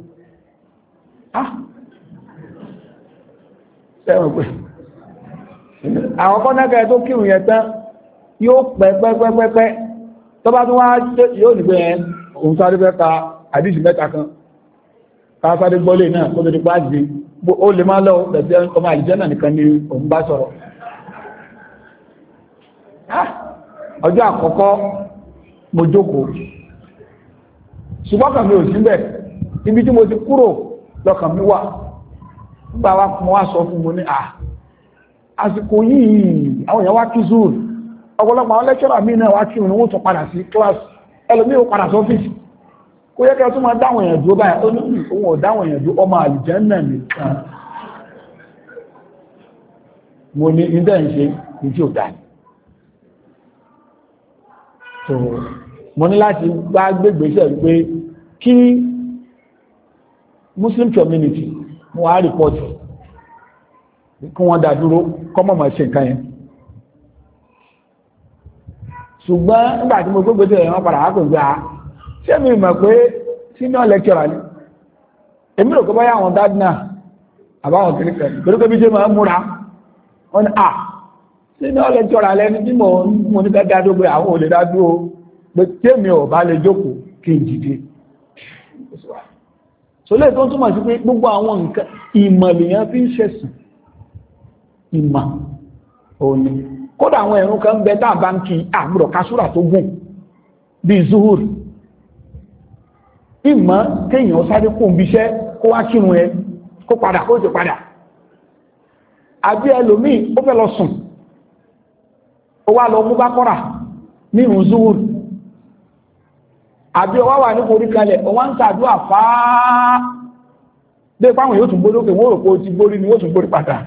ah sẹ́wọ̀n pé àwọn kọ́nàkà tó kírun yẹn tán yóò pẹ́ pẹ́pẹ́pẹ́ tó bá tún wá yóò nígbé yẹn òun sáré fẹ́ ka àdíjì mẹ́ta kan ká sáré gbọ́lé náà kó tó ti pàdé ó lè máa lọ bẹ̀sẹ̀ ọmọ àlùjọ náà nìkan ni òun bá sọ̀rọ̀ ah! ọjọ́ àkọ́kọ́ mo jókòó ṣùgbọ́n kàn osimbe ò ibi tí mo ti kúrò lọ́kàn mi wà nígbà wa mo wá sọ fún mo ní à ah, àsìkò yìí àwọn èèyàn wá kí zoon ọ̀pọ̀lọpọ̀ àwọn lẹ́kṣọ́rà míì náà wá kí òun tún padà sí kíláàsì ẹlòmíì ó padà sọ́fíìsì kó yẹ kí ẹ tún máa dáwọn èèyàn dúró mo ní láti bá gbégbèsè wípé kí muslim community mo wá rìpọ́tì kí wọ́n dá dúró kọ́mọ̀mọ̀ ṣe nǹkan yẹn ṣùgbọ́n nígbà tí mo gbégbèsè rẹ̀ wọ́n padà wá pè gbà ah, ṣé mi mọ̀ pé senior lecturer ni èmi rò pé báyà àwọn dádínà àbáwọn kìrìkẹ̀ torí pé bí ṣe máa ń múra wọn ni à ah, senior lecturer lẹni tí mo ní dá dúró pé àwọn ò lè dá dúró pé tèmi ò bá lè jókòó kí n dìde sọlẹ̀ tó túnmọ̀ sí pé gbogbo àwọn nǹkan ìmọ̀ lèyàn fi ń ṣẹ̀sìn ìmọ̀ òní kódà àwọn ẹ̀rùn kan bẹ tá bá ń kí àgbùrọ̀ kásúrà tó gùn bí zuhur ìmọ̀ kéèyàn sáré kó ń bíṣẹ́ kó wá kírun ẹ kó padà kó jẹ padà àbí ẹlòmíì ó fẹ́ lọ sùn ó wá lọ mú bá kọ́ra ní ìrùn zuhur àbí ọwá wà ní orí kalẹ̀ ọwá ń sàdúrà fáá dé páwọn yóò tún gbó lókè wọ́n rò pé ó ti gbórí ni ó tún gbórí padà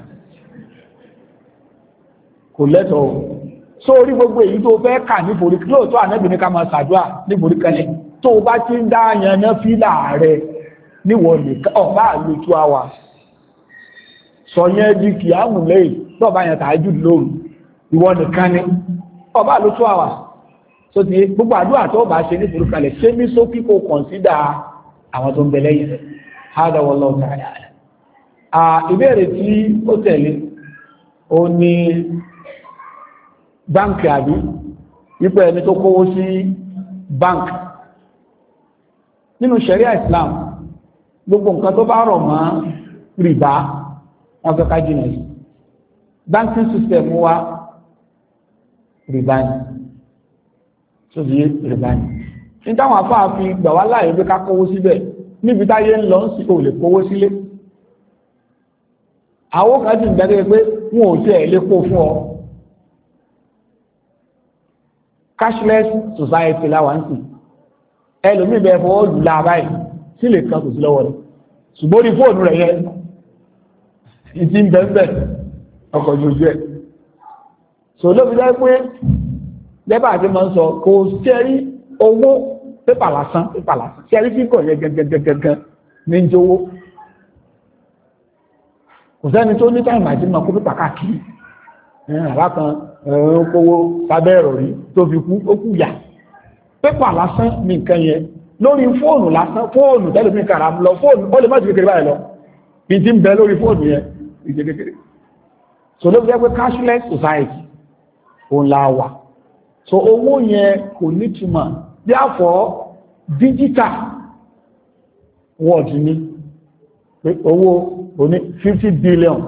kò lẹ́tọ̀ọ́ so orí gbogbo èyí tó fẹ́ kà ní forí lóòótọ́ ànábì ní ká máa sàdúrà ní forí kalẹ̀ tó o bá ti ń dá yan ná fílà rẹ níwọ̀n lè ọ̀bá àlè tú àwà sọ yẹn di kìámù lẹ́yìn tó ọba yẹn tàájú lóru ìwọ nìkan ni ọba àlè tú àwà so ti gbogbo àdúrà tó bá ṣe nítorí kalẹ̀ ṣé ní sókí kò kọ̀nsídà àwọn tó ń bẹ lẹ́yìn rẹ̀ hádà wallahu ta'ala ìbéèrè tí ó tẹ̀lé ó ní báǹkì àbí ipò ẹni tó kówó sí báǹkì nínú ṣẹ̀ríà Islam gbogbo nǹkan tó bá rọ̀ mọ́ rìbá wọn fẹ́ ká jìnà sí banking system wa rìbá ni sóbi rìbá ni ní táwọn afáà fi gbà wá láàyè pé ká kówó síbẹ̀ níbi táyé ń lọ ń sì kò lè kówó sílé àwọn kan sì ń gbàgbé pé wọn ò tiẹ̀ lè kó fún ọ cashless society láwa ń sìn ẹlòmíì bẹ fọwọ́ lù láàbáyé sí lè kan kò sí lọ́wọ́ rẹ̀ ṣùgbọ́n ní fóònù rẹ̀ yẹ ìdí ń bẹ́ẹ̀ bẹ́ẹ̀ ọkọ̀ ojú ẹ̀ so lóbi dá pé lẹ́bà àti máa ń sọ kò sẹ́rí owó pépà lásán pépà lásán sẹ́rí kíkọ̀ yẹ gẹ́gẹ́gẹ́gẹ́ ní ń jówó kò sẹ́ni tó ní táìmù àti máa kó pépà káàkiri alákan ẹ̀rọ kówó sábẹ́ ẹ̀rọ rí tó fi kú ó kú yà pépà lásán ní nǹkan yẹn lórí fóònù lásán fóònù tẹ́lẹ̀ mi kàrà lọ fóònù ó lè má ti kékeré báyìí lọ ìdí ń bẹ lórí fóònù yẹn ìdí kékeré so ló fi jẹ́ society òun la so owó yẹn kò nítumọ̀ therefore digital word ni pé owó oní 50 billion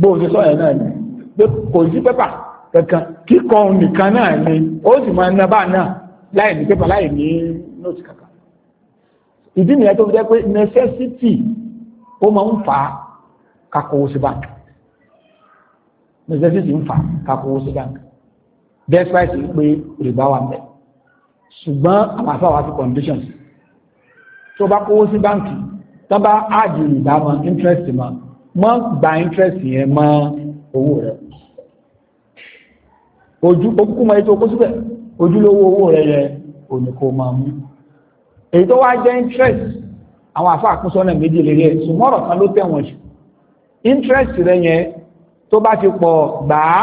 bóò ní sọ́yẹ̀ náà ni pé kò sí pépà kankan kíkọ nìkan náà ni ó sì máa ná bá náà láì ní pépà láì ní nóòtì kankan ìdí nìyẹn tó fi jẹ́ pé necessity ó máa ń fà á kakọ̀wó sí báńkì necessity ń fà á kakọ̀wó sí despite pé rìbá wà mẹ́ ṣùgbọ́n àwọn afáwà sí conditions tó bá kówó sí báǹkì tó bá áàjì rìbá mọ́ interest mọ́ mọ́ gba interest yẹn mọ́ owó rẹ̀ ojú okùnkùn mọ́ ètò okó síbẹ̀ ojúlówó owó rẹ̀ yẹ òníkó máa mú èyí tó wá jẹ́ interest àwọn àfa àkúnsọ́nà méjì lè rí ẹ̀ sùmọ́rọ̀ kan ló tẹ̀wọ̀n jù interest rẹ̀ yẹn tó bá ti pọ̀ gbàá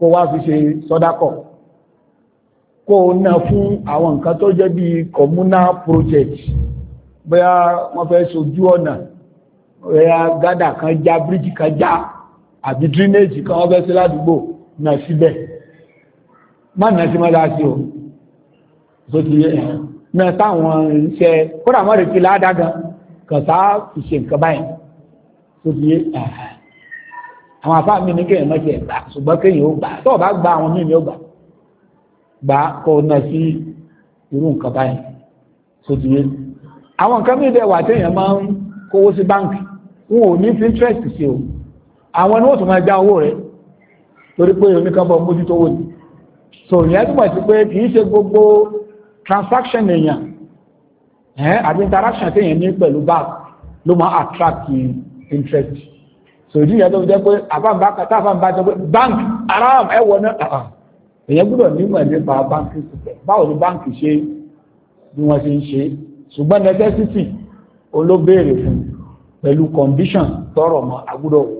kó wá fi ṣe sọ́dákọ̀ kó ná fún àwọn nǹkan tó jẹ́ bí communal project bóyá wọ́n fẹ́ sojú ọ̀nà bóyá gádà kan já bíríjì kan já àbí drainage kan wọ́n fẹ́ sí ládùúgbò náà síbẹ̀ má nà sí mọ́lá sí o tó ti yẹ náà táwọn iṣẹ́ kódà mọ́rẹ̀ kí ládàá gan kàn báyìí tó ti yẹ ẹ̀hẹ́ àwọn afá mi ní kéèyàn mọ́ṣẹ́ gbà ṣùgbọ́n kéèyàn ó gbà tó o bá gba àwọn mímí ó gbà gbà kó o ná sí irú nǹkan báyìí sótìyé àwọn nǹkan mìíràn dẹ̀wà téèyàn máa ń kówó sí báǹkì wọn ò ní interest sí o àwọn ni wọ́n tún máa já owó rẹ̀ torí pé oníkan bọ̀ mójútó owó ni so ìyẹn túmọ̀ sí pé kì í ṣe gbogbo transaction èèyàn àbí interaction téèyàn ní pẹ̀lú bank ló máa attract interest sòdí ìyá tó jẹ́ pé àfàǹbá kàtà àfàǹbá jẹ́ pé bank aram ẹwọ náà ah, èyàn gbọ́dọ̀ nímọ̀ nípa báńkì sípẹ̀ báwo ni báńkì ṣe bí wọ́n ṣe ń ṣe ṣùgbọ́n necessity olóbèèrè fún pẹ̀lú condition tọrọ mọ́ agbúdọ̀ wò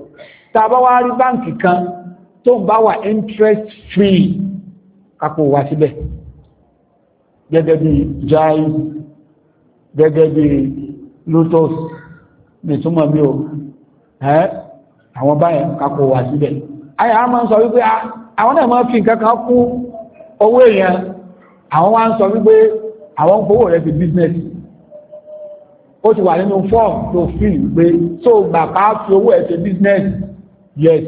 tá a bá wá rí báńkì kan tó ń bá wà interest free kápò wá síbẹ̀ gẹ́gẹ́ bí jai gẹ́gẹ́ bí lotus nìtúmọ̀ mi ò ẹ́ àwọn báyẹn kakò wà síbẹ̀ ayé a máa ń sọ wípé àwọn náà máa fi nǹkan kan kún owó èèyàn àwọn wá ń sọ wípé àwọn ń fowó rẹ̀ fi business ó ti wà nínú form tó fi wípé tó gbà ká fi owó ẹ̀ ṣe business yes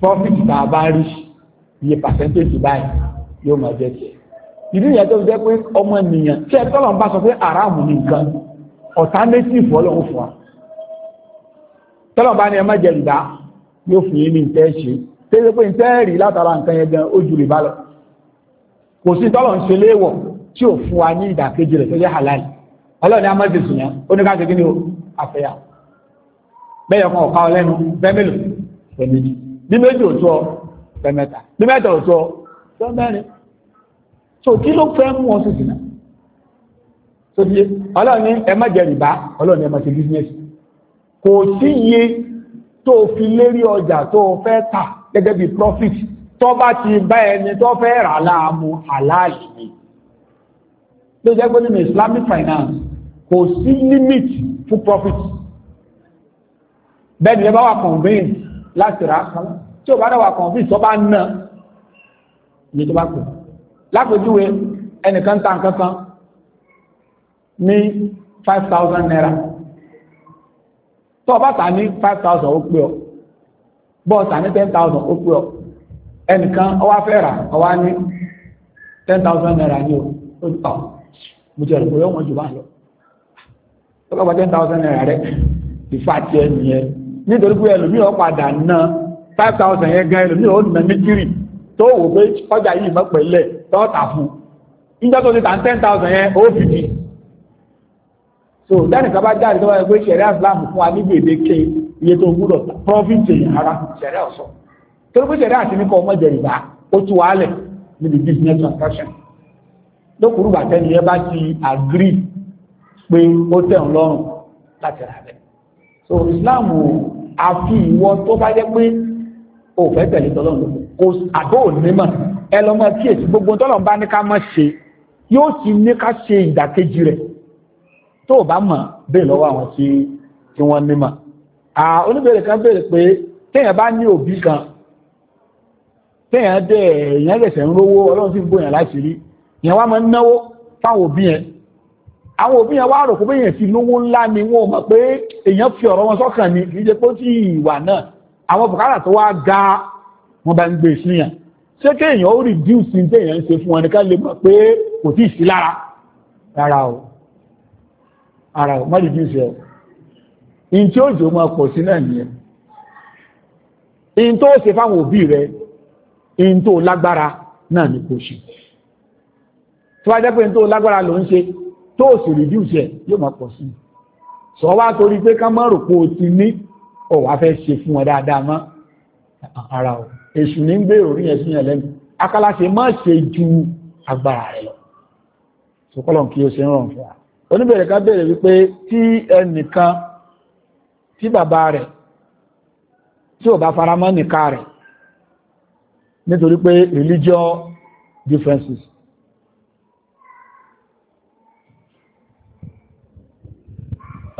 profit tá a bá rí iye percentage báyìí yóò máa jẹ́ tiẹ̀ ìdí ìyẹn tó jẹ́ pé ọmọ ènìyàn tí ẹ tọ́lọ̀ ń bá sọ pé àràmù nìkan alternative ọlọ́run fún wa tọ́lọ̀ bá ní ẹ má jẹ rìbá yóò fún yín ní ìtẹ́ ṣe tẹ́lẹ̀ pé ìtẹ́ rí látara nǹkan yẹn gan ojú rìbá lọ kò sí tọ́lọ̀ ń ṣe léèwọ̀ tí ò fún wa ní ìdàkejì rẹ̀ tó jẹ́ halal ọlọ́ọ̀ni amáṣe sùn yẹn ó ní ká ṣe kí ni bẹ́ẹ̀ kan ọ̀ka ọlẹ́nu fẹ́mìlì fẹ́mìlì bí méjì òtú ọ fẹ́mẹ́ta bí mẹ́ta òtú ọ fẹ́mẹ́rin so kí ló fẹ́ mú ọ sí sùn náà so bí ọlọ́ọ̀ni ẹ má jẹ rìbá ọlọ́ọ̀ni ẹ má ṣe bísíǹsì kò sí iye tó fi lérí ọjà tó fẹ́ tà gẹ́gẹ́ bí profit tó bá ti bá ẹni tó fẹ́ rà láàmú aláàlì ni ló jẹ́ pé nínú Islamic finance kò sí limit fún profit bẹ́ẹ̀ ni ẹ bá wà convince láti rà kálá tí o bá dá convince tó bá ná ní tó bá kù lápèjúwe ẹnìkan ta nǹkan kan ní five thousand naira tó bá tà ní five thousand ó pé ọ bọ́ tà ní ten thousand ó pé ọ ẹnìkan ó wá fẹ́ rà ó ní ten thousand naira ní o ó ti tàn mo jẹ́ ìròyìn wọn jù bá lọ tó bá gba ten thousand naira rẹ ìfà tiẹ̀ nìyẹn nítorí pé ẹlòmíràn padà ná five thousand yẹn gan ẹlòmíràn ó nà méjìlì tó wò pé ọjà yìí mọ̀ pẹ̀lẹ́ tó tà fún níjọ́ tó ti tà ten thousand yẹn ó fìdí so dáni kaba jáde tó bá yẹ pé sẹ̀ríà islam fún wa ní gbèdéke iye tó gbúdọ̀ profit ara sẹ̀ríà ọ̀sọ̀ torí pé sẹ̀ríà ti ní kọ́ ọmọ ìjẹ̀rìbá ó tú wa níbi business transaction lókùrú bàtẹ́ni ẹ bá ti agree pé ó tẹ̀ ń lọ́rùn láti rà bẹ́ẹ̀ so islam àfi ìwọ tó bá yẹ pé o fẹ́ tẹ̀lé tọ́lọ́run lóko kò àbó onímọ̀ ẹ lọ́mọ kíyèsí gbogbo tọ́lọ́run bá ní ká má ṣe yóò sì ní ká ṣe ìdàkejì rẹ̀ tó bá mọ̀ bẹ́ẹ̀ lọ́wọ́ àwọn tí wọ́n nímọ̀ oníbẹ̀rẹ̀ kan bẹ̀rẹ̀ pé téèyàn bá ní òbí kan téèyàn dẹ̀ èèyàn lẹ̀sẹ̀ ń rówó ọlọ́run sì ń bóyàn láti rí èèyàn wá máa ń náwó fáwọn òbí yẹn àwọn òbí yẹn wá rò pé èèyàn ti ni wọn ò mọ̀ ni kì í ṣe pé ó ti ìwà tó wá ga wọn bá ń gbé síyàn ṣé kéèyàn ó rìdíùsì téèyàn ń ṣe fún wọn lè mọ̀ pé kò tí ì lára rárá o ara ò mọ́lì jùsẹ̀ ọ̀ in tí ó jò máa pọ̀ sí náà nìyẹn in tó ṣe fáwọn òbí rẹ in tó lágbára náà ní kò ṣe tó wá jẹ́ pé in tó lágbára ló ń ṣe tó sì rí jùsẹ̀ yóò máa pọ̀ sí sọ wá torí pé ká mọ́rò pé o ti ní ọ̀wá fẹ́ ṣe fún wọn dáadáa mọ́ ara ò èṣù ní ń gbé orí yẹn sí yẹn lẹ́nu akálàṣe má ṣe ju agbára rẹ lọ sọkọlọ kí o ṣe ń rọrùn fún wa oníbẹ̀rẹ̀ ká bẹ̀rẹ̀ wípé tí ẹnìkan tí bàbá rẹ̀ tí ò bá faramọ́ nìka rẹ̀ nítorí pé religious differences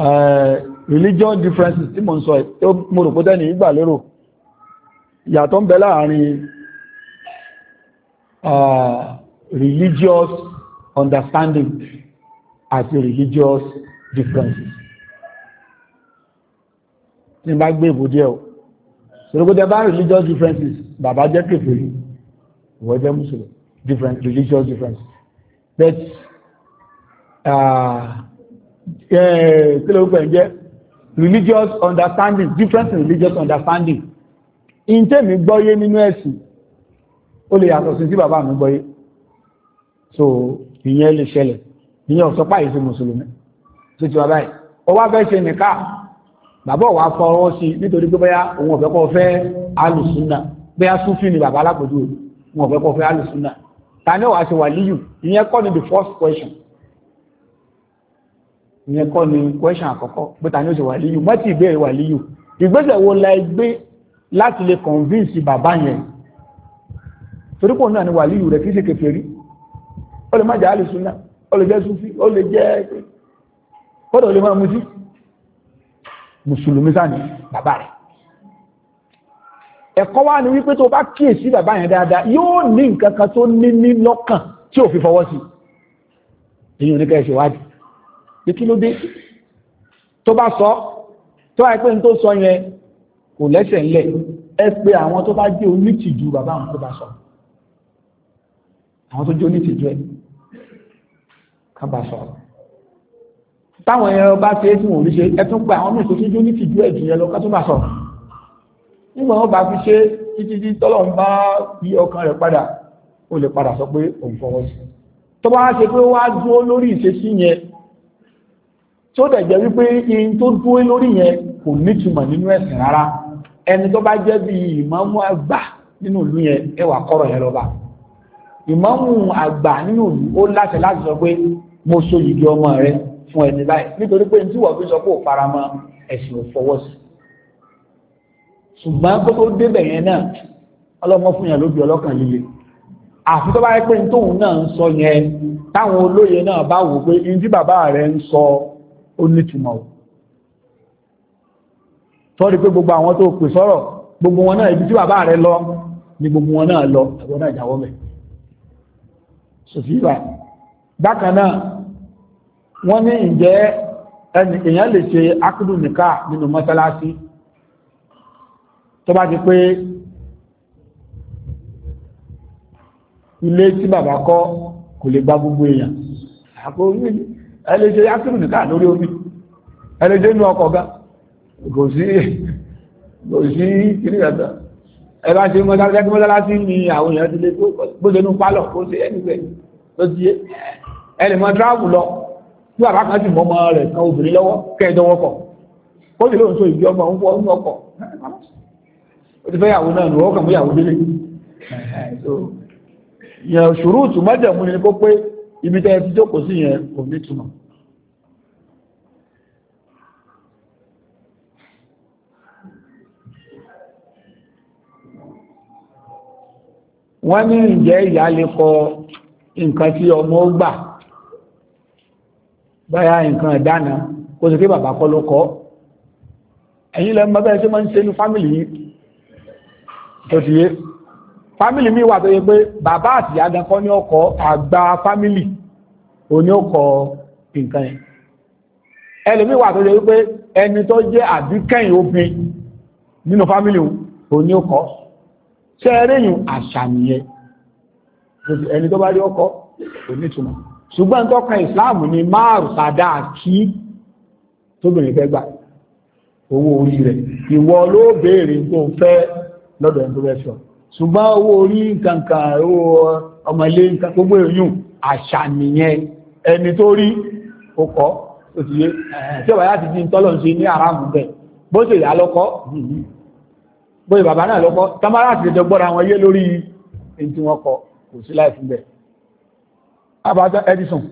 uh, religious differences tí mo ń sọ tó mo rò pọ́tẹ́ ní ìgbà lérò yàtọ̀ ń bẹ láàrin religious understanding àti religious differences. Ní bá gbé ìbò díẹ̀ o. Sọ̀rọ̀gbọ́dẹ bá religious differences, bàbá jẹ́ kèfèrí, ìwọ jẹ́ Mùsùlùmí, different religious differences. But ah, eh, kí ló pẹ̀ jẹ́ religious understanding, difference in religious understanding. Ìntẹ́mi gbọ́yé nínú ẹ̀sìn, ó lè yàtọ̀ sí sí bàbá mi gbọ́yé. So, ìyẹn lè ṣẹlẹ̀ ìyẹn ọ̀sọ́pá yìí sí mùsùlùmí tó ti wà báyìí ó wá fẹ́ ṣe nìka bàbá wa fọwọ́ sí nítorí pé bóyá òun ọ̀fẹ́ kọ́ fẹ́ alùsùnà bóyá súnfì ni bàbá alákòjú òun ọ̀fẹ́ kọ́ fẹ́ alùsùnà ta ni wàá ṣe wàlíyù ìyẹn kọ́ ni the first question ìyẹn kọ́ ni question àkọ́kọ́ pé ta ni ó ṣe wàlíyù mọ́tì ìbéèrè wàlíyù ìgbésẹ̀ wo la gbé láti lè convince bàbá yẹn torí náà ni wàlíyù rẹ̀ kì ṣe kèfèrí ó lè má jẹ́ alùsùnà ó lè jẹ́ súfí ó lè jẹ́ kọ́dọ̀ lè máa mutí mùsùlùmí sáni bàbá rẹ̀ ẹ̀kọ́ wá ní wípé tó bá kíyèsí bàbá yẹn dáadáa yóò ní nǹkan kan tó ní ní lọ́kàn tí ò fi fọwọ́ sí èyí oníkẹ́ ṣe wádìí pé kí ló dé tó bá sọ tó wáyé pé n tó sọ yẹn kò lẹ́sẹ̀ ńlẹ̀ ẹ pé àwọn tó bá jẹ́ onítìjú bàbá àwọn tó bá sọ àwọn tó jẹ́ onítìjú ẹ̀ ká bá sọ̀rọ̀ táwọn èèyàn bá ṣe é tí wọn ò rí ṣe ẹtún gba àwọn mìíràn tó tún jó ní tìjú ẹ̀jù yẹn lọ ká tún bá sọ̀rọ̀ nígbà wọn bá fi ṣe títí tí tọ́lọ́run bá yí ọkàn rẹ̀ padà ó lè padà sọ pé òun fọwọ́ sí tó bá ṣe pé wá dúró lórí ìṣesí yẹn tí ó dẹ̀ jẹ́ wípé in tó dúró lórí yẹn kò nítumọ̀ nínú ẹ̀sìn rárá ẹni tó bá jẹ́ bí ìmámù àgbà nínú ìlú yẹn ẹwà kọ́rọ̀ yẹn lọ́ba ìmámù àgbà nínú ìlú ó láṣẹ láti sọ pé mo so yìí ọmọ rẹ fún ẹni báyìí nítorí pé tí wọ́n fi sọ pé ò fara mọ́ ẹ̀sìn ò fọwọ́ sí ṣùgbọ́n kó tó débẹ̀ yẹn náà ọlọ́mọ fún yàn lóbi ọlọ́kàn líle àfi tó bá yẹ pé tóun náà ń sọ yẹn táwọn olóye náà bá wò pé ní bàbá rẹ ń sọ ó nítumọ̀ o tọ́rí pé gbogbo àwọn tó pè sọ́rọ̀ gbogbo wọn náà ibi tí bàbá rẹ lọ ni gbogbo wọn náà lọ àwọn náà jáwọ́ mẹ́ sòfíìbà wọ́n ní ìjẹ́ ẹni èyàn lè ṣe akúdù nìká nínú mọ́sálásí tó bá ti pé ilé tí bàbá kọ́ kò lè gba gbogbo èèyàn ẹ lè ṣe akúdù nìká lórí omi ẹ inú ọkọ̀ ga kò sí kò sí kiri ṣe mọ́sálásí mọ́sálásí ni àwọn èèyàn ti lè tó gbọ́dọ̀ nínú pálọ̀ kó ṣe tí bàbá kan sì mọ́mọ́ rẹ̀ kan obìnrin lọ́wọ́ kẹ́ẹ̀dọ́wọ́kọ̀ ó sì lóun tó ìbí ọmọ ń fọ́ ní ọkọ̀ ó ti fẹ́ yàwó náà nù ọkàn mú yàwó délé yẹn ṣòro ìtùmọ́jẹ̀mú ni kó pé ibi tẹ́ fi jókòó sí yẹn kò ní túmọ̀ wọ́n ní ìjẹ́ ìyá lè kọ nǹkan tí ọmọ gbà báyà nǹkan ìdáná kó sì pé bàbá kọ́ ló kọ́ ẹ̀yin lẹ́nu bàbá ẹ̀ tí wọ́n ń ṣe ní fámìlì yìí tó ti yé fámìlì mi wà tó yẹ pé bàbá àti ìyá gan kọ́ ní ọkọ̀ àgbà fámìlì òní ọkọ̀ nǹkan yẹn ẹlòmíì wà tó yẹ pé ẹni tó jẹ́ àbíkẹ́yìn obìnrin nínú fámìlì òní ọkọ̀ ṣẹ́ẹ́rẹ́yìn àṣà ẹni tó bá rí ọkọ̀ òní ìtumọ̀ ṣùgbọ́n tọ́ka islam ni márùn sàdá kí tóbìnrin fẹ́ gbà owó orí rẹ̀ ìwọ ló béèrè tó fẹ́ lọ́dọ̀ ẹni tó fẹ́ sọ ṣùgbọ́n owó orí kankan owó ọmọlé nǹkan gbogbo èèyàn àṣà nìyẹn ẹni tó rí ó kọ́ ó ti yé tí ọ̀bá yá ti di tọ́lọ̀ ṣe ní aráàmù bẹ́ẹ̀ bó ṣe ìyá lọ́kọ́ bó ṣe bàbá náà lọ́kọ́ támárà ti dẹjọ wọn yé lórí ẹni tí wọ́n kọ kò sí láì fún bẹ́ẹ̀ abata Edison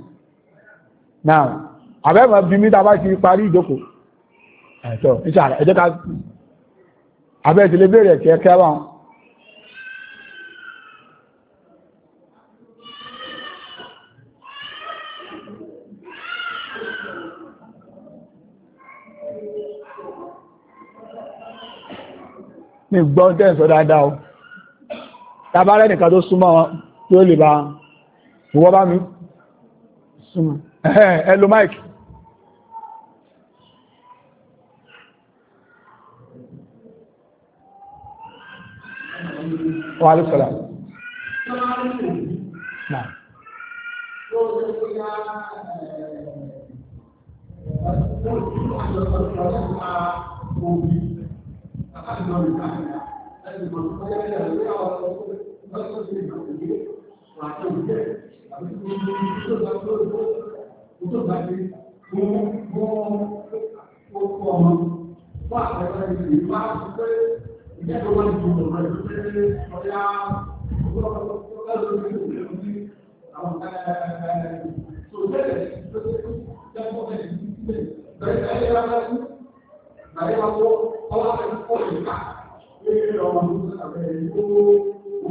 now abẹ́mọ̀ bí mi tàbá ti parí ìjókòó ẹ̀tọ́ ìṣàlẹ̀ ẹjẹ́ ká abẹ́ ti lè bèèrè kẹ́kẹ́ wọn ní gbọ́n tẹ́ǹsọ́ dáadáa o tàbá rẹ̀ nìkan tó súnmọ́ tí ó lè bá wọ́n bá mi súnmọ́ mike wà ló sọ́lá náà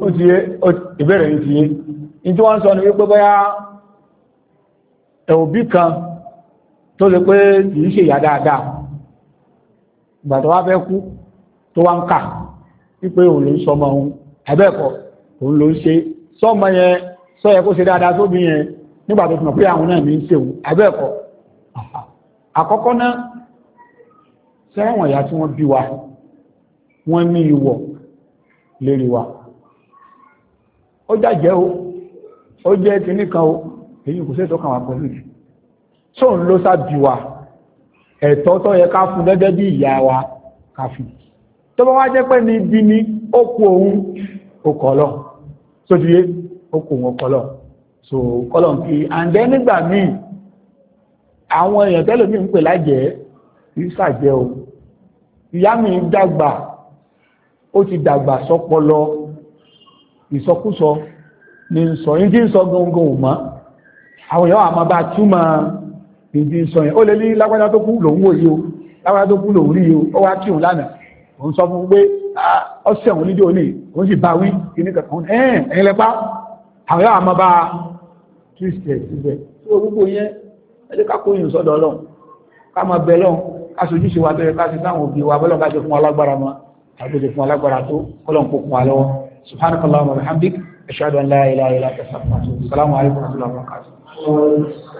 Ó ti yé, ìbẹ̀rẹ̀ yìí ti yé ìjú wọ́n sọ ní wípé bóyá ẹ̀òbí kan tó lè pé kìí ṣe ìyá dáadáa ìgbà tó wá fẹ́ kú tó wá ń kà wípé òun ló ń sọmọ òun ẹ̀bẹ́ẹ̀kọ́ òun ló ń ṣe sọmọ yẹn sọ yẹ kó ṣe dáadáa sóbi yẹn nígbà tó tún pé àwọn náà ní í ṣe òun ẹ̀bẹ́ẹ̀kọ́ àkọ́kọ́ náà sẹ́wọ̀n ìyá tí wọ́n bí wa wọ́n ní ìwọ̀ lérí wa ó jàjẹ́ o ó jẹ́ kìíní kan o èyí kò sẹ́tọ́ kan pẹ̀lú ìlú tó ń ló sábì wa ẹ̀tọ́ tó yẹ ká fún gẹ́gẹ́ bí ìyá wa ká tó bá wá jẹ́ pé ní ibi ni ó kú òun okọ̀ọ̀lọ́ tó ti yé ó kú òun okọ̀ọ̀lọ́ so kọ́lọ̀ ń fi àǹdẹ́ nígbà míì àwọn èèyàn tẹ́lẹ̀ mi ń pè lájẹ́ ìsàjẹ́ o ìyá mi dàgbà ó ti dàgbà sọpọlọ ìsọkúsọ ní sọ yí tí ń sọ gbọ́ngbọ́n ò mọ́ àwọn èèyàn àmọ́ bá túmọ̀ ìdí sọ yẹn ó lè ní lágbájá tó kú lòun wòye o lágbájá tó kú lòun rí o ó wá kí òun lánàá òun sọ fún pé ọ̀sẹ̀ òun lídé òní òun sì bá wí kíní kankan ẹ̀ẹ́n ẹ̀yìn lẹ́pá àwọn èèyàn àmọ́ bá twist ẹ̀ síbẹ̀ tí orúkọ yẹn ẹjẹ́ ká kóyìn sọ́dọ̀ ọlọ́run sí sáwọn tó kọ́lọ́n أشهد أن لا إله إلا أنت أستغفرك السلام عليكم ورحمة الله وبركاته